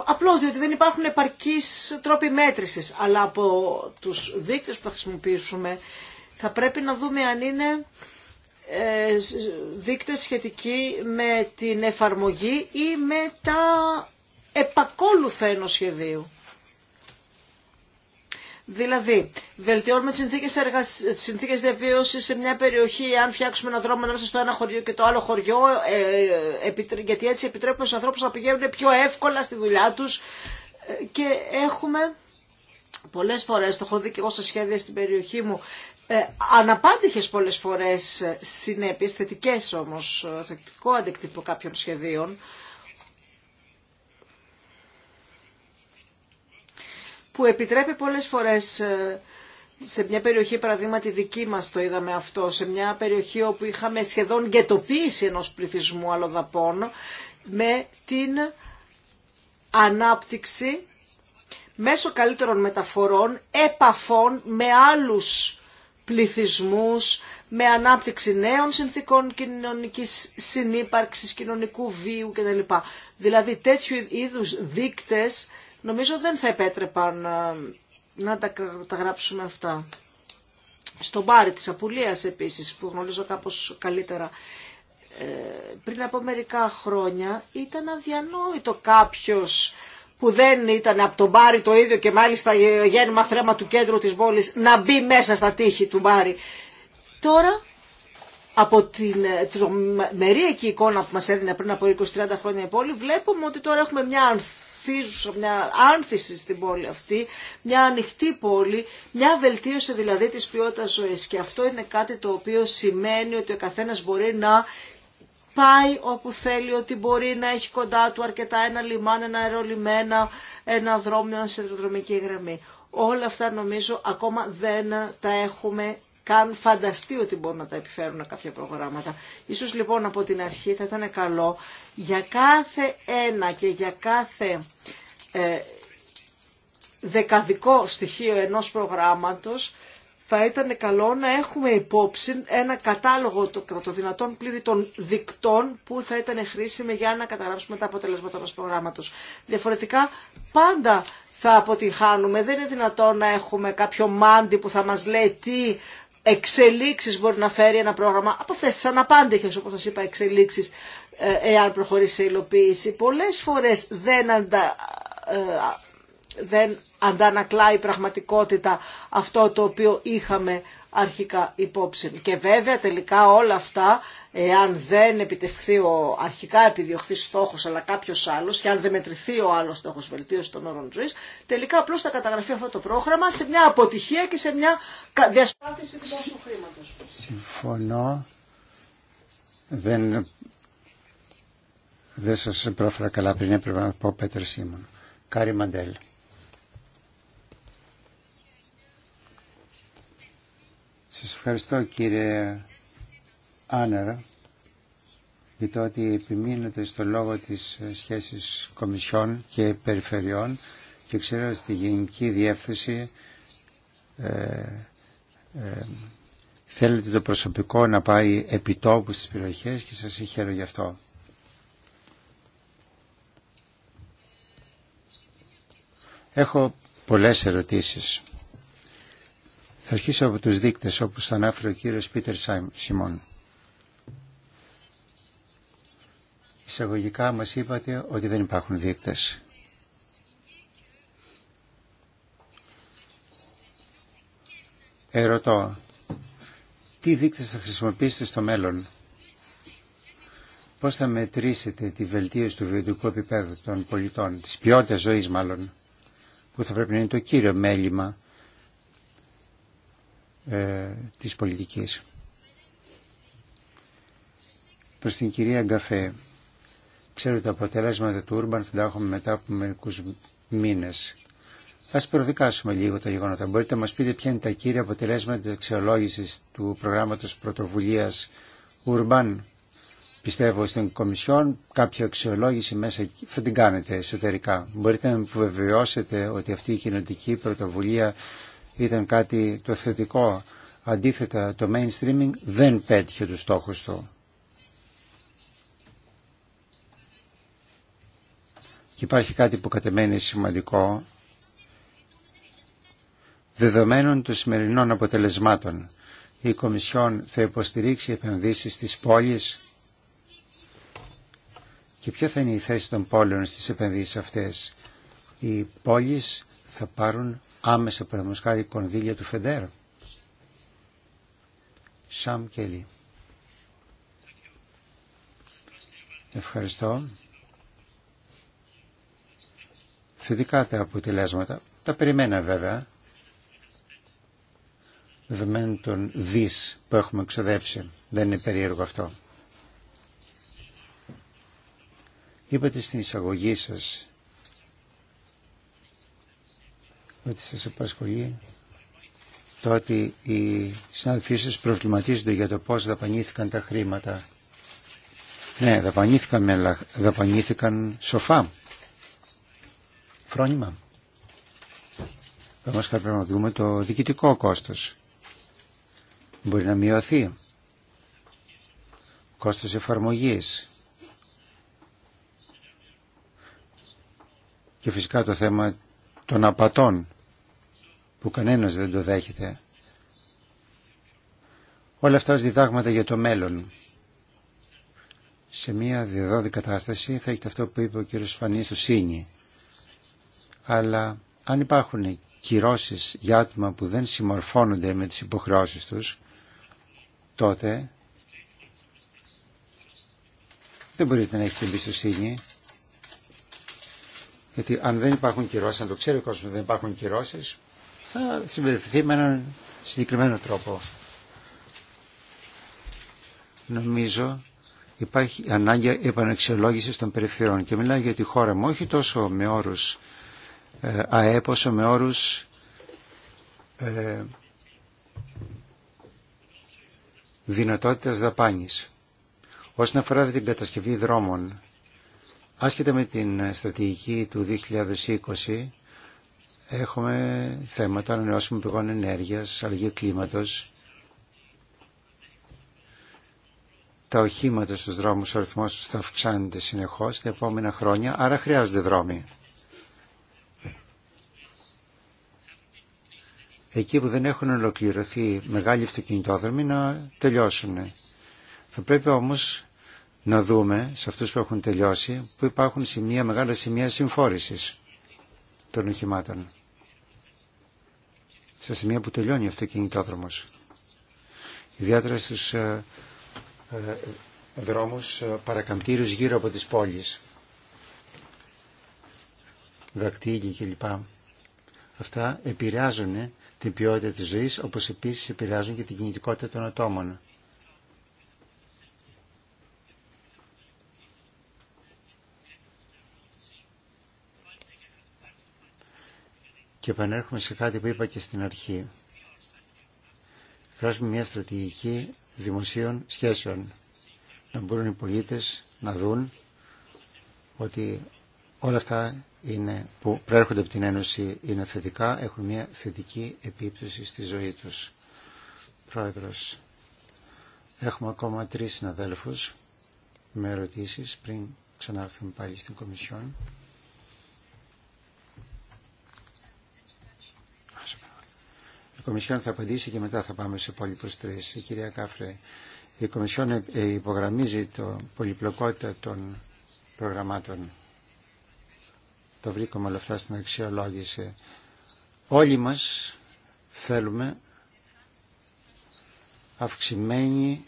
απλώς διότι δεν υπάρχουν επαρκείς τρόποι μέτρησης, αλλά από τους δείκτες που θα χρησιμοποιήσουμε θα πρέπει να δούμε αν είναι ε, δείκτες σχετικοί με την εφαρμογή ή με τα επακόλουθα ενός σχεδίου. Δηλαδή, βελτιώνουμε τι συνθήκε συνθήκες διαβίωσης σε μια περιοχή. Αν φτιάξουμε έναν δρόμο ανάμεσα στο ένα χωριό και το άλλο χωριό, ε, γιατί έτσι επιτρέπουμε στους ανθρώπους να πηγαίνουν πιο εύκολα στη δουλειά τους ε, Και έχουμε πολλές φορές, το έχω δει και εγώ στα σχέδια στην περιοχή μου, ε, αναπάντηχες πολλές φορές ε, συνέπειες, θετικές όμως, ε, θετικό αντικτύπο κάποιων σχεδίων, που επιτρέπει πολλές φορές σε μια περιοχή, παραδείγματι δική μας το είδαμε αυτό, σε μια περιοχή όπου είχαμε σχεδόν γετοποίηση ενός πληθυσμού αλλοδαπών, με την ανάπτυξη μέσω καλύτερων μεταφορών, επαφών με άλλους πληθυσμούς, με ανάπτυξη νέων συνθήκων κοινωνικής συνύπαρξης, κοινωνικού βίου κτλ. Δηλαδή τέτοιου είδους δείκτες νομίζω δεν θα επέτρεπαν ε, να τα, τα γράψουμε αυτά. Στο μπάρι της Απουλίας επίσης που γνωρίζω κάπως καλύτερα ε, πριν από μερικά χρόνια ήταν αδιανόητο κάποιος που δεν ήταν από τον Μπάρι το ίδιο και μάλιστα γέννημα θρέμα του κέντρου της πόλης να μπει μέσα στα τείχη του Μπάρι. Τώρα από την τρομερή εικόνα που μας έδινε πριν από 20-30 χρόνια η πόλη βλέπουμε ότι τώρα έχουμε μια ανθίζουσα, μια άνθηση στην πόλη αυτή, μια ανοιχτή πόλη, μια βελτίωση δηλαδή της ποιότητας ζωής και αυτό είναι κάτι το οποίο σημαίνει ότι ο καθένας μπορεί να πάει όπου θέλει, ότι μπορεί να έχει κοντά του αρκετά ένα λιμάνι, ένα αερολιμένα, ένα δρόμιο, ένα σιδηροδρομική γραμμή. Όλα αυτά νομίζω ακόμα δεν τα έχουμε καν φανταστεί ότι μπορούν να τα επιφέρουν κάποια προγράμματα. Ίσως λοιπόν από την αρχή θα ήταν καλό για κάθε ένα και για κάθε ε, δεκαδικό στοιχείο ενός προγράμματος θα ήταν καλό να έχουμε υπόψη ένα κατάλογο των δυνατόν πλήρη των δικτών που θα ήταν χρήσιμε για να καταγράψουμε τα αποτελέσματα μας προγράμματος. Διαφορετικά πάντα θα αποτυγχάνουμε. Δεν είναι δυνατόν να έχουμε κάποιο μάντι που θα μας λέει τι εξελίξεις μπορεί να φέρει ένα πρόγραμμα από αυτές τις αναπάντηχες όπως σας είπα εξελίξεις ε, εάν προχωρήσει σε υλοποίηση. Πολλές φορές δεν αντα, ε, δεν αντανακλάει πραγματικότητα αυτό το οποίο είχαμε αρχικά υπόψη. Και βέβαια τελικά όλα αυτά, εάν δεν επιτευχθεί ο αρχικά επιδιωχθεί στόχο αλλά κάποιο άλλο, και αν δεν μετρηθεί ο άλλο στόχο βελτίωση των όρων ζωή, τελικά απλώ θα καταγραφεί αυτό το πρόγραμμα σε μια αποτυχία και σε μια διασπάθηση του πόσου χρήματο. Συμφωνώ. Δεν, δεν σας πρόφερα καλά πριν έπρεπε να πω Πέτερ Σίμων. Κάρι Μαντέλ. Σας ευχαριστώ κύριε Άνερα για το ότι επιμείνετε στο λόγο της σχέσης κομισιών και περιφερειών και ξέρω στη Γενική Διεύθυνση ε, ε, θέλετε το προσωπικό να πάει επιτόπου στις περιοχές και σας συγχαίρω γι' αυτό. Έχω πολλές ερωτήσεις. Θα αρχίσω από τους δείκτες όπως τον άφηρε ο κύριος Πίτερ Σιμών. Εισαγωγικά μας είπατε ότι δεν υπάρχουν δείκτες. Ερωτώ, τι δείκτες θα χρησιμοποιήσετε στο μέλλον. Πώς θα μετρήσετε τη βελτίωση του βιωτικού επίπεδου των πολιτών, της ποιότητας ζωής μάλλον, που θα πρέπει να είναι το κύριο μέλημα ε, της πολιτικής. Προς την κυρία Γκαφέ, ξέρω ότι τα αποτελέσματα του Urban θα τα έχουμε μετά από μερικούς μήνες. Ας προδικάσουμε λίγο τα γεγονότα. Μπορείτε να μας πείτε ποια είναι τα κύρια αποτελέσματα της αξιολόγησης του προγράμματος πρωτοβουλίας Urban. Πιστεύω στην Κομισιόν κάποια αξιολόγηση μέσα θα την κάνετε εσωτερικά. Μπορείτε να μου βεβαιώσετε ότι αυτή η κοινωνική πρωτοβουλία ήταν κάτι το θετικό. Αντίθετα το mainstreaming δεν πέτυχε τους στόχους του. Και υπάρχει κάτι που κατεμένει σημαντικό δεδομένων των σημερινών αποτελεσμάτων. Η Κομισιόν θα υποστηρίξει επενδύσεις στις πόλεις και ποια θα είναι η θέση των πόλεων στις επενδύσεις αυτές. Οι πόλεις θα πάρουν άμεσα παραδείγματος κονδύλια του ΦΕΝΤΕΡ. Σαμ Κέλλη. Ευχαριστώ. Θετικά τα αποτελέσματα. Τα περιμένα βέβαια. Δεδομένου των δις που έχουμε εξοδέψει. Δεν είναι περίεργο αυτό. Είπατε στην εισαγωγή σας ότι σας απασχολεί το ότι οι συνάδελφοί σας προβληματίζονται για το πώς δαπανήθηκαν τα χρήματα. Ναι, δαπανήθηκαν, δαπανήθηκαν σοφά. Φρόνημα. Όμως πρέπει να δούμε το διοικητικό κόστος. Μπορεί να μειωθεί. Κόστος εφαρμογής. Και φυσικά το θέμα των απατών που κανένας δεν το δέχεται. Όλα αυτά ως διδάγματα για το μέλλον. Σε μια διεδόδη κατάσταση θα έχετε αυτό που είπε ο κύριος Φανής στο Σίνη. Αλλά αν υπάρχουν κυρώσεις για άτομα που δεν συμμορφώνονται με τις υποχρεώσεις τους, τότε δεν μπορείτε να έχετε εμπιστοσύνη. Γιατί αν δεν υπάρχουν κυρώσεις, αν το ξέρει ο κόσμος δεν υπάρχουν κυρώσεις, θα συμπεριφερθεί με έναν συγκεκριμένο τρόπο. Νομίζω υπάρχει ανάγκη επανεξιολόγησης των περιφερειών και μιλάω για τη χώρα μου όχι τόσο με όρους ε, ΑΕΠ όσο με όρους ε, δυνατότητας δαπάνης. Όσον αφορά την κατασκευή δρόμων, άσχετα με την στρατηγική του 2020, Έχουμε θέματα ανανεώσιμων πηγών ενέργεια, αλλαγή κλίματο. τα οχήματα στου δρόμους, ο αριθμό του θα αυξάνεται συνεχώ τα επόμενα χρόνια, άρα χρειάζονται δρόμοι. Εκεί που δεν έχουν ολοκληρωθεί μεγάλοι αυτοκινητόδρομοι να τελειώσουν. Θα πρέπει όμως να δούμε σε αυτούς που έχουν τελειώσει που υπάρχουν σημεία, μεγάλα σημεία συμφόρησης των οχημάτων. Σε σημεία που τελειώνει ο αυτοκινητόδρομος. Ιδιαίτερα στους ε, ε, δρόμους ε, παρακαμπτήριους γύρω από τις πόλεις. Δακτύλοι κλπ. Αυτά επηρεάζουν την ποιότητα της ζωής, όπως επίσης επηρεάζουν και την κινητικότητα των ατόμων. Και επανέρχομαι σε κάτι που είπα και στην αρχή. Χρειάζομαι μια στρατηγική δημοσίων σχέσεων. Να μπορούν οι πολίτες να δουν ότι όλα αυτά είναι, που προέρχονται από την Ένωση είναι θετικά, έχουν μια θετική επίπτωση στη ζωή τους. Πρόεδρος, έχουμε ακόμα τρεις συναδέλφους με ερωτήσεις πριν ξανάρθουμε πάλι στην Κομισιόν. Η Κομισιόν θα απαντήσει και μετά θα πάμε σε υπόλοιπου τρεις. Η κυρία Κάφρε, η Κομισιόν υπογραμμίζει το πολυπλοκότητα των προγραμμάτων. Το βρήκαμε όλα αυτά στην αξιολόγηση. Όλοι μας θέλουμε αυξημένη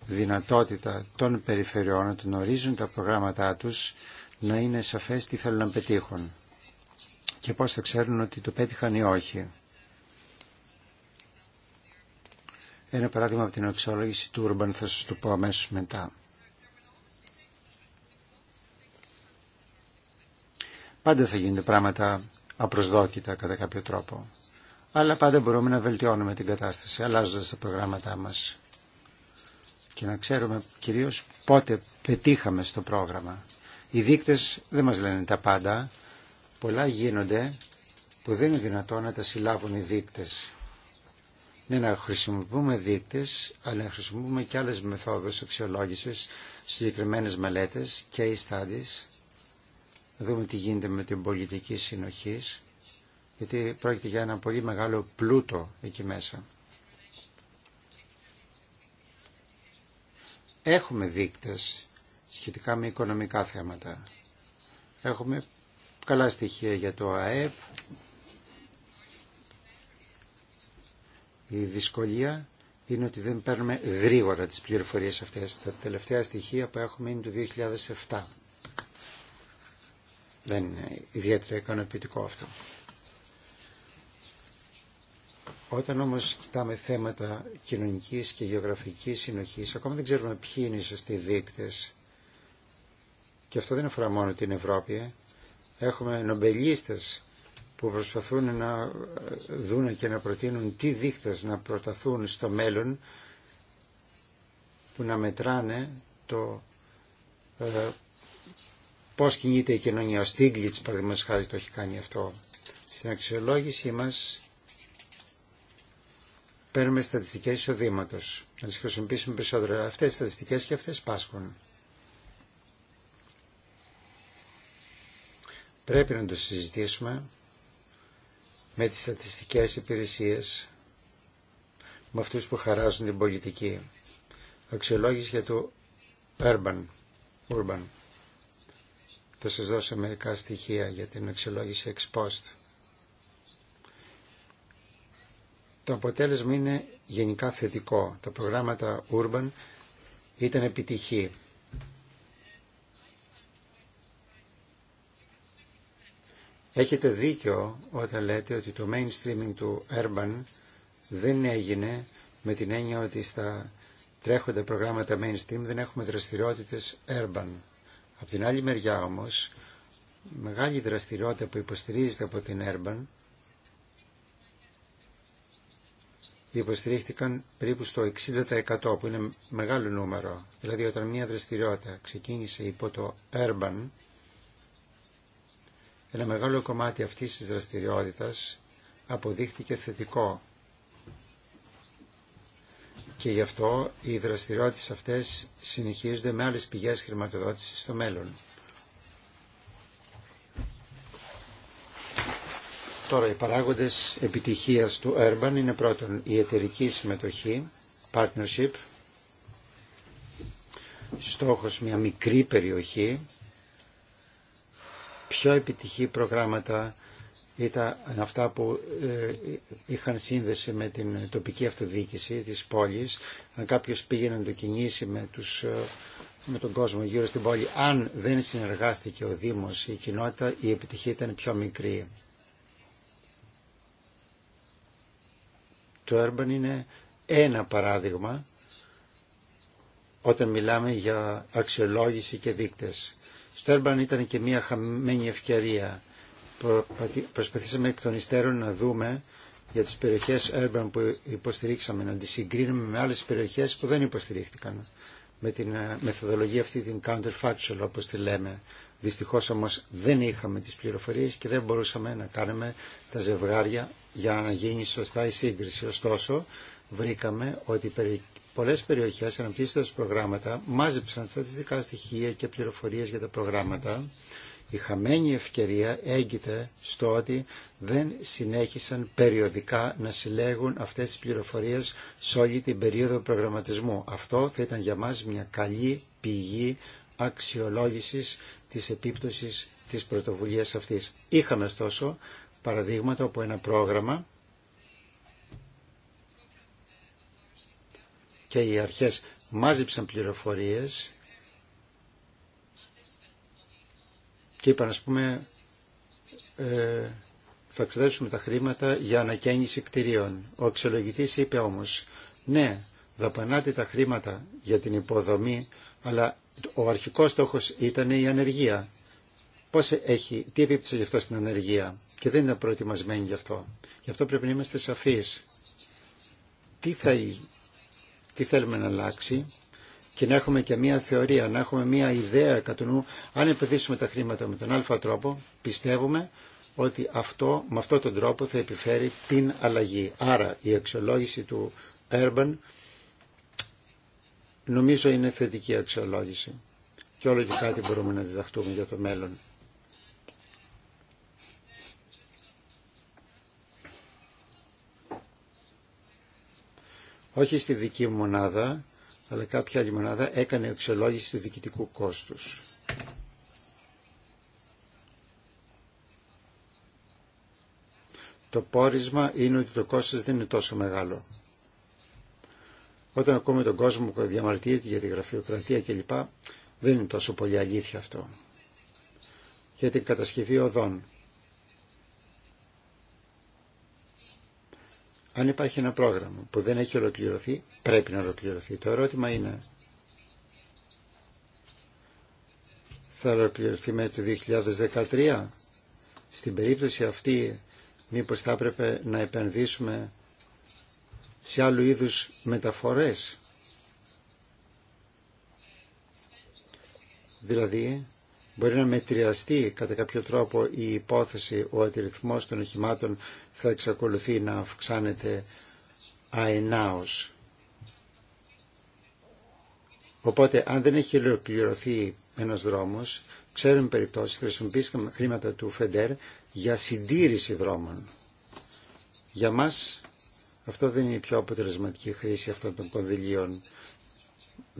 δυνατότητα των περιφερειών να τον ορίζουν τα προγράμματά τους να είναι σαφές τι θέλουν να πετύχουν και πώς θα ξέρουν ότι το πέτυχαν ή όχι. Ένα παράδειγμα από την αξιολόγηση του Urban θα σας το πω αμέσως μετά. Πάντα θα γίνονται πράγματα απροσδόκητα κατά κάποιο τρόπο. Αλλά πάντα μπορούμε να βελτιώνουμε την κατάσταση αλλάζοντας τα προγράμματά μας. Και να ξέρουμε κυρίως πότε πετύχαμε στο πρόγραμμα. Οι δείκτες δεν μας λένε τα πάντα. Πολλά γίνονται που δεν είναι δυνατόν να τα συλλάβουν οι δείκτες ναι, να χρησιμοποιούμε δείκτες, αλλά να χρησιμοποιούμε και άλλες μεθόδους αξιολόγησης, συγκεκριμένες μελέτες, case studies, να δούμε τι γίνεται με την πολιτική συνοχή, γιατί πρόκειται για ένα πολύ μεγάλο πλούτο εκεί μέσα. Έχουμε δείκτες σχετικά με οικονομικά θέματα. Έχουμε καλά στοιχεία για το ΑΕΠ, Η δυσκολία είναι ότι δεν παίρνουμε γρήγορα τις πληροφορίες αυτές. Τα τελευταία στοιχεία που έχουμε είναι του 2007. Δεν είναι ιδιαίτερα ικανοποιητικό αυτό. Όταν όμως κοιτάμε θέματα κοινωνικής και γεωγραφικής συνοχής, ακόμα δεν ξέρουμε ποιοι είναι οι σωστοί δείκτες. Και αυτό δεν αφορά μόνο την Ευρώπη. Έχουμε νομπελίστες που προσπαθούν να δουν και να προτείνουν τι δείχτες να προταθούν στο μέλλον που να μετράνε το ε, πώς κινείται η κοινωνία. Ο Στίγκλιτς, παραδείγματος χάρη, το έχει κάνει αυτό. Στην αξιολόγησή μας παίρνουμε στατιστικές εισοδήματο. Να τις χρησιμοποιήσουμε περισσότερο. Αυτές οι στατιστικές και αυτές πάσχουν. Πρέπει να το συζητήσουμε με τις στατιστικές υπηρεσίες, με αυτούς που χαράζουν την πολιτική. Αξιολόγηση για το Urban. Urban. Θα σας δώσω μερικά στοιχεία για την αξιολόγηση ex post. Το αποτέλεσμα είναι γενικά θετικό. Τα προγράμματα Urban ήταν επιτυχή. Έχετε δίκιο όταν λέτε ότι το mainstreaming του Urban δεν έγινε με την έννοια ότι στα τρέχοντα προγράμματα mainstream δεν έχουμε δραστηριότητες Urban. από την άλλη μεριά όμως, μεγάλη δραστηριότητα που υποστηρίζεται από την Urban υποστηρίχθηκαν περίπου στο 60% που είναι μεγάλο νούμερο. Δηλαδή όταν μια δραστηριότητα ξεκίνησε υπό το Urban ένα μεγάλο κομμάτι αυτής της δραστηριότητας αποδείχθηκε θετικό. Και γι' αυτό οι δραστηριότητες αυτές συνεχίζονται με άλλες πηγές χρηματοδότησης στο μέλλον. Τώρα, οι παράγοντες επιτυχίας του Urban είναι πρώτον η εταιρική συμμετοχή, partnership, στόχος μια μικρή περιοχή πιο επιτυχή προγράμματα ήταν αυτά που ε, είχαν σύνδεση με την τοπική αυτοδιοίκηση της πόλης. Αν κάποιος πήγαινε να το κινήσει με, τους, ε, με τον κόσμο γύρω στην πόλη, αν δεν συνεργάστηκε ο Δήμος ή η κοινότητα, η επιτυχία ήταν πιο μικρή. Το Urban είναι ένα παράδειγμα όταν μιλάμε για αξιολόγηση και δείκτες. Στο Urban ήταν και μια χαμένη ευκαιρία. Προσπαθήσαμε εκ των υστέρων να δούμε για τις περιοχές urban που υποστηρίξαμε, να τις συγκρίνουμε με άλλες περιοχές που δεν υποστηρίχτηκαν με την ε, μεθοδολογία αυτή την counterfactual όπως τη λέμε. Δυστυχώς όμως δεν είχαμε τις πληροφορίες και δεν μπορούσαμε να κάνουμε τα ζευγάρια για να γίνει σωστά η σύγκριση. Ωστόσο βρήκαμε ότι πολλές περιοχές αναπτύσσοντα προγράμματα μάζεψαν στατιστικά στοιχεία και πληροφορίες για τα προγράμματα. Η χαμένη ευκαιρία έγκυται στο ότι δεν συνέχισαν περιοδικά να συλλέγουν αυτές τις πληροφορίες σε όλη την περίοδο προγραμματισμού. Αυτό θα ήταν για μας μια καλή πηγή αξιολόγησης της επίπτωσης της πρωτοβουλίας αυτής. Είχαμε ωστόσο παραδείγματα από ένα πρόγραμμα και οι αρχές μάζεψαν πληροφορίες και είπαν ας πούμε ε, θα εξοδεύσουμε τα χρήματα για ανακαίνιση κτηρίων. Ο αξιολογητής είπε όμως ναι δαπανάτε τα χρήματα για την υποδομή αλλά ο αρχικός στόχος ήταν η ανεργία. Πώς έχει, τι επίπτωση γι' αυτό στην ανεργία και δεν ήταν προετοιμασμένοι γι' αυτό. Γι' αυτό πρέπει να είμαστε σαφείς. Τι θα τι θέλουμε να αλλάξει και να έχουμε και μια θεωρία, να έχουμε μια ιδέα κατά νου, αν επενδύσουμε τα χρήματα με τον άλφα τρόπο, πιστεύουμε ότι αυτό, με αυτόν τον τρόπο θα επιφέρει την αλλαγή. Άρα η αξιολόγηση του Urban νομίζω είναι θετική αξιολόγηση. Και όλο και κάτι μπορούμε να διδαχτούμε για το μέλλον. όχι στη δική μου μονάδα, αλλά κάποια άλλη μονάδα έκανε εξολόγηση του διοικητικού κόστους. Το πόρισμα είναι ότι το κόστος δεν είναι τόσο μεγάλο. Όταν ακούμε τον κόσμο που διαμαρτύρεται για τη γραφειοκρατία κλπ. δεν είναι τόσο πολύ αλήθεια αυτό. Για την κατασκευή οδών Αν υπάρχει ένα πρόγραμμα που δεν έχει ολοκληρωθεί, πρέπει να ολοκληρωθεί. Το ερώτημα είναι, θα ολοκληρωθεί με το 2013. Στην περίπτωση αυτή, μήπως θα έπρεπε να επενδύσουμε σε άλλου είδους μεταφορές. Δηλαδή, Μπορεί να μετριαστεί κατά κάποιο τρόπο η υπόθεση ότι ο ρυθμός των οχημάτων θα εξακολουθεί να αυξάνεται αενάως. Οπότε αν δεν έχει ολοκληρωθεί ένας δρόμος, ξέρουμε περιπτώσεις χρησιμοποιήσαμε χρήματα του ΦΕΝΤΕΡ για συντήρηση δρόμων. Για μας αυτό δεν είναι η πιο αποτελεσματική χρήση αυτών των κονδυλίων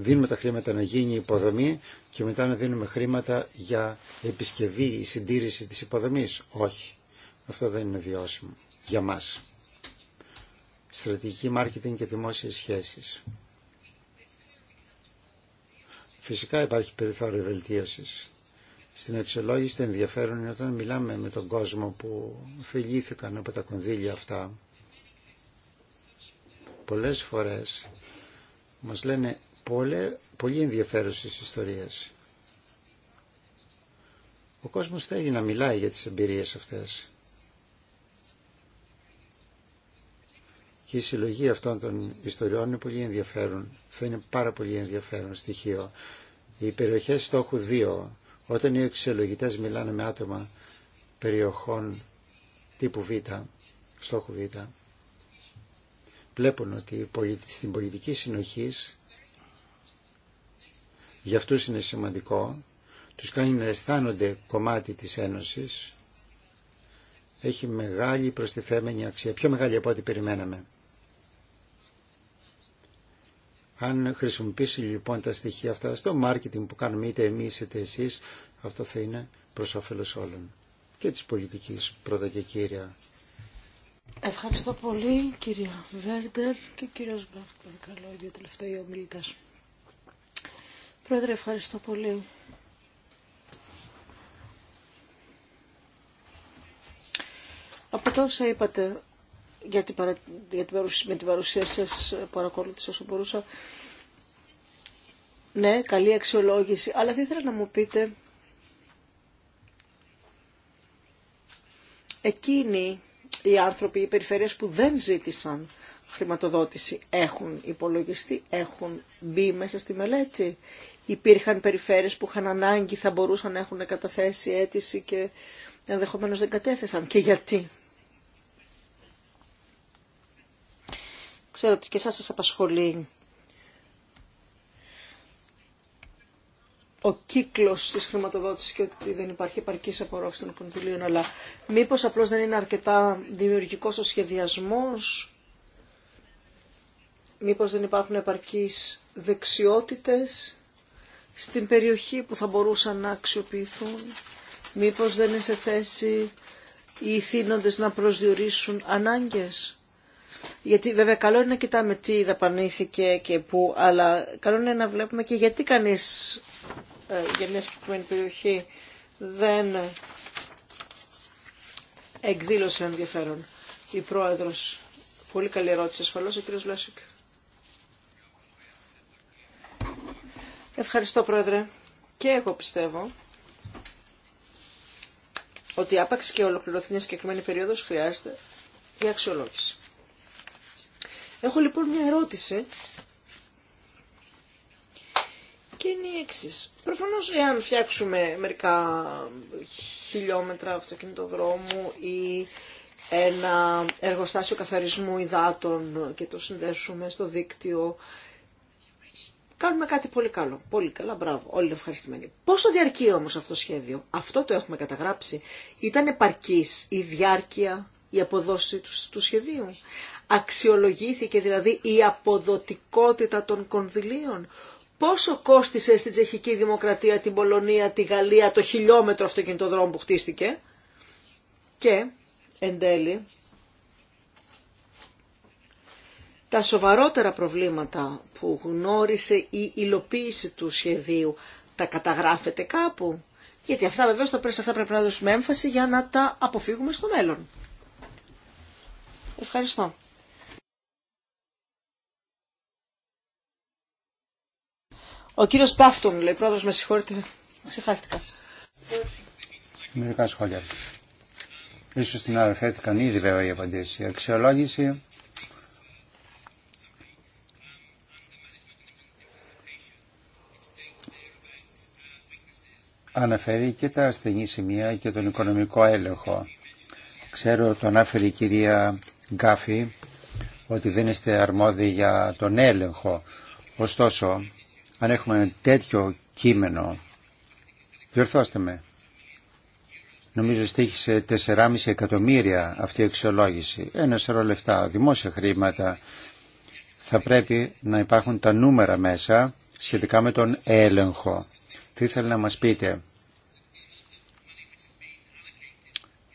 δίνουμε τα χρήματα να γίνει η υποδομή και μετά να δίνουμε χρήματα για επισκευή ή συντήρηση της υποδομής. Όχι. Αυτό δεν είναι βιώσιμο για μας. Στρατηγική μάρκετινγκ και δημόσιες σχέσεις. Φυσικά υπάρχει περιθώριο βελτίωσης. Στην αξιολόγηση το ενδιαφέρον είναι όταν μιλάμε με τον κόσμο που φιλήθηκαν από τα κονδύλια αυτά. Πολλές φορές μας λένε Πολύ πολύ ενδιαφέρουσες ιστορίες. Ο κόσμος θέλει να μιλάει για τις εμπειρίες αυτές. Και η συλλογή αυτών των ιστοριών είναι πολύ ενδιαφέρον. Φαίνεται πάρα πολύ ενδιαφέρον στοιχείο. Οι περιοχές στόχου 2, όταν οι εξελογητές μιλάνε με άτομα περιοχών τύπου Β, στόχου Β, βλέπουν ότι στην πολιτική συνοχής για αυτούς είναι σημαντικό, τους κάνει να αισθάνονται κομμάτι της Ένωσης, έχει μεγάλη προστιθέμενη αξία, πιο μεγάλη από ό,τι περιμέναμε. Αν χρησιμοποιήσει λοιπόν τα στοιχεία αυτά στο marketing που κάνουμε είτε εμείς είτε εσείς, αυτό θα είναι προς όφελος όλων και της πολιτικής πρώτα και κύρια. Ευχαριστώ πολύ κυρία Βέρντερ και κύριος Μπαφ, παρακαλώ, οι τελευταίο τελευταίοι Πρόεδρε, ευχαριστώ πολύ. Από τόσα είπατε για την παρα... για την παρουσία... με την παρουσία σας παρακολούθησα όσο μπορούσα. Ναι, καλή αξιολόγηση. Αλλά θα ήθελα να μου πείτε εκείνοι οι άνθρωποι, οι περιφέρειες που δεν ζήτησαν χρηματοδότηση έχουν υπολογιστεί, έχουν μπει μέσα στη μελέτη υπήρχαν περιφέρειες που είχαν ανάγκη, θα μπορούσαν να έχουν καταθέσει αίτηση και ενδεχομένως δεν κατέθεσαν. Και γιατί. Ξέρω ότι και εσάς σας απασχολεί ο κύκλος της χρηματοδότησης και ότι δεν υπάρχει επαρκής απορρόφηση των κοντιλίων, αλλά μήπως απλώς δεν είναι αρκετά δημιουργικός ο σχεδιασμός, μήπως δεν υπάρχουν επαρκείς δεξιότητες, στην περιοχή που θα μπορούσαν να αξιοποιηθούν. Μήπως δεν είναι σε θέση οι ηθήνοντες να προσδιορίσουν ανάγκες. Γιατί βέβαια καλό είναι να κοιτάμε τι δαπανήθηκε και πού, αλλά καλό είναι να βλέπουμε και γιατί κανείς ε, για μια συγκεκριμένη περιοχή δεν εκδήλωσε ενδιαφέρον. Η πρόεδρος, πολύ καλή ερώτηση ασφαλώς, ο κύριος Βλάσικ. Ευχαριστώ, Πρόεδρε. Και εγώ πιστεύω ότι άπαξ και ολοκληρωθεί μια συγκεκριμένη περίοδος χρειάζεται για αξιολόγηση. Έχω λοιπόν μια ερώτηση και είναι η εξή. Προφανώς εάν φτιάξουμε μερικά χιλιόμετρα αυτοκινητοδρόμου ή ένα εργοστάσιο καθαρισμού υδάτων και το συνδέσουμε στο δίκτυο κάνουμε κάτι πολύ καλό. Πολύ καλά, μπράβο, όλοι ευχαριστημένοι. Πόσο διαρκεί όμως αυτό το σχέδιο, αυτό το έχουμε καταγράψει, ήταν επαρκής η διάρκεια, η αποδόση του, σχεδίου. Αξιολογήθηκε δηλαδή η αποδοτικότητα των κονδυλίων. Πόσο κόστισε στην Τσεχική Δημοκρατία, την Πολωνία, τη Γαλλία το χιλιόμετρο αυτοκινητοδρόμου που χτίστηκε. Και εν τέλει τα σοβαρότερα προβλήματα που γνώρισε η υλοποίηση του σχεδίου τα καταγράφεται κάπου. Γιατί αυτά βεβαίω θα πρέπει, αυτά πρέπει να δώσουμε έμφαση για να τα αποφύγουμε στο μέλλον. Ευχαριστώ. Ο κύριος Πάφτον, λέει πρόεδρος, με συγχωρείτε, ξεχάστηκα. Μερικά σχόλια. Ίσως την αναφέρθηκαν ήδη βέβαια η απαντήση. Η αξιολόγηση αναφέρει και τα ασθενή σημεία και τον οικονομικό έλεγχο. Ξέρω, το ανάφερε η κυρία Γκάφη, ότι δεν είστε αρμόδιοι για τον έλεγχο. Ωστόσο, αν έχουμε ένα τέτοιο κείμενο, διορθώστε με, νομίζω στήχησε 4,5 εκατομμύρια αυτή η αξιολόγηση, ένα σωρό λεφτά, δημόσια χρήματα, θα πρέπει να υπάρχουν τα νούμερα μέσα σχετικά με τον έλεγχο. Τι ήθελα να μας πείτε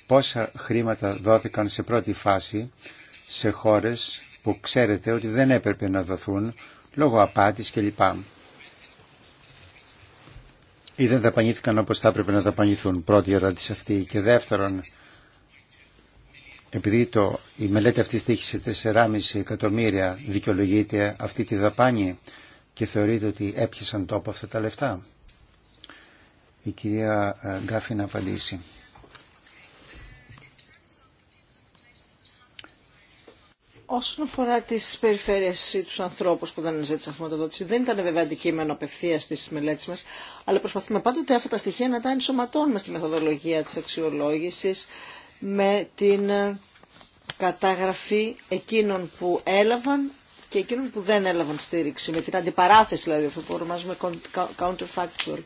πόσα χρήματα δόθηκαν σε πρώτη φάση σε χώρες που ξέρετε ότι δεν έπρεπε να δοθούν λόγω απάτης κλπ. Ή δεν δαπανήθηκαν όπως θα έπρεπε να δαπανηθούν. Πρώτη ερώτηση αυτή. Και δεύτερον, επειδή το, η μελέτη αυτή στήχησε 4,5 εκατομμύρια, δικαιολογείται αυτή τη δαπάνη και θεωρείται ότι έπιασαν τόπο αυτά τα λεφτά. Η κυρία ε, Γκάφη να απαντήσει. Όσον αφορά τι περιφέρειε ή του ανθρώπου που δεν αναζήτησαν χρηματοδότηση, δεν ήταν βέβαια αντικείμενο απευθεία τη μελέτη μα, αλλά προσπαθούμε πάντοτε αυτά τα στοιχεία να τα ενσωματώνουμε στη μεθοδολογία τη αξιολόγηση με την ε, καταγραφή εκείνων που έλαβαν και εκείνων που δεν έλαβαν στήριξη, με την αντιπαράθεση δηλαδή, αυτό που ονομάζουμε counterfactual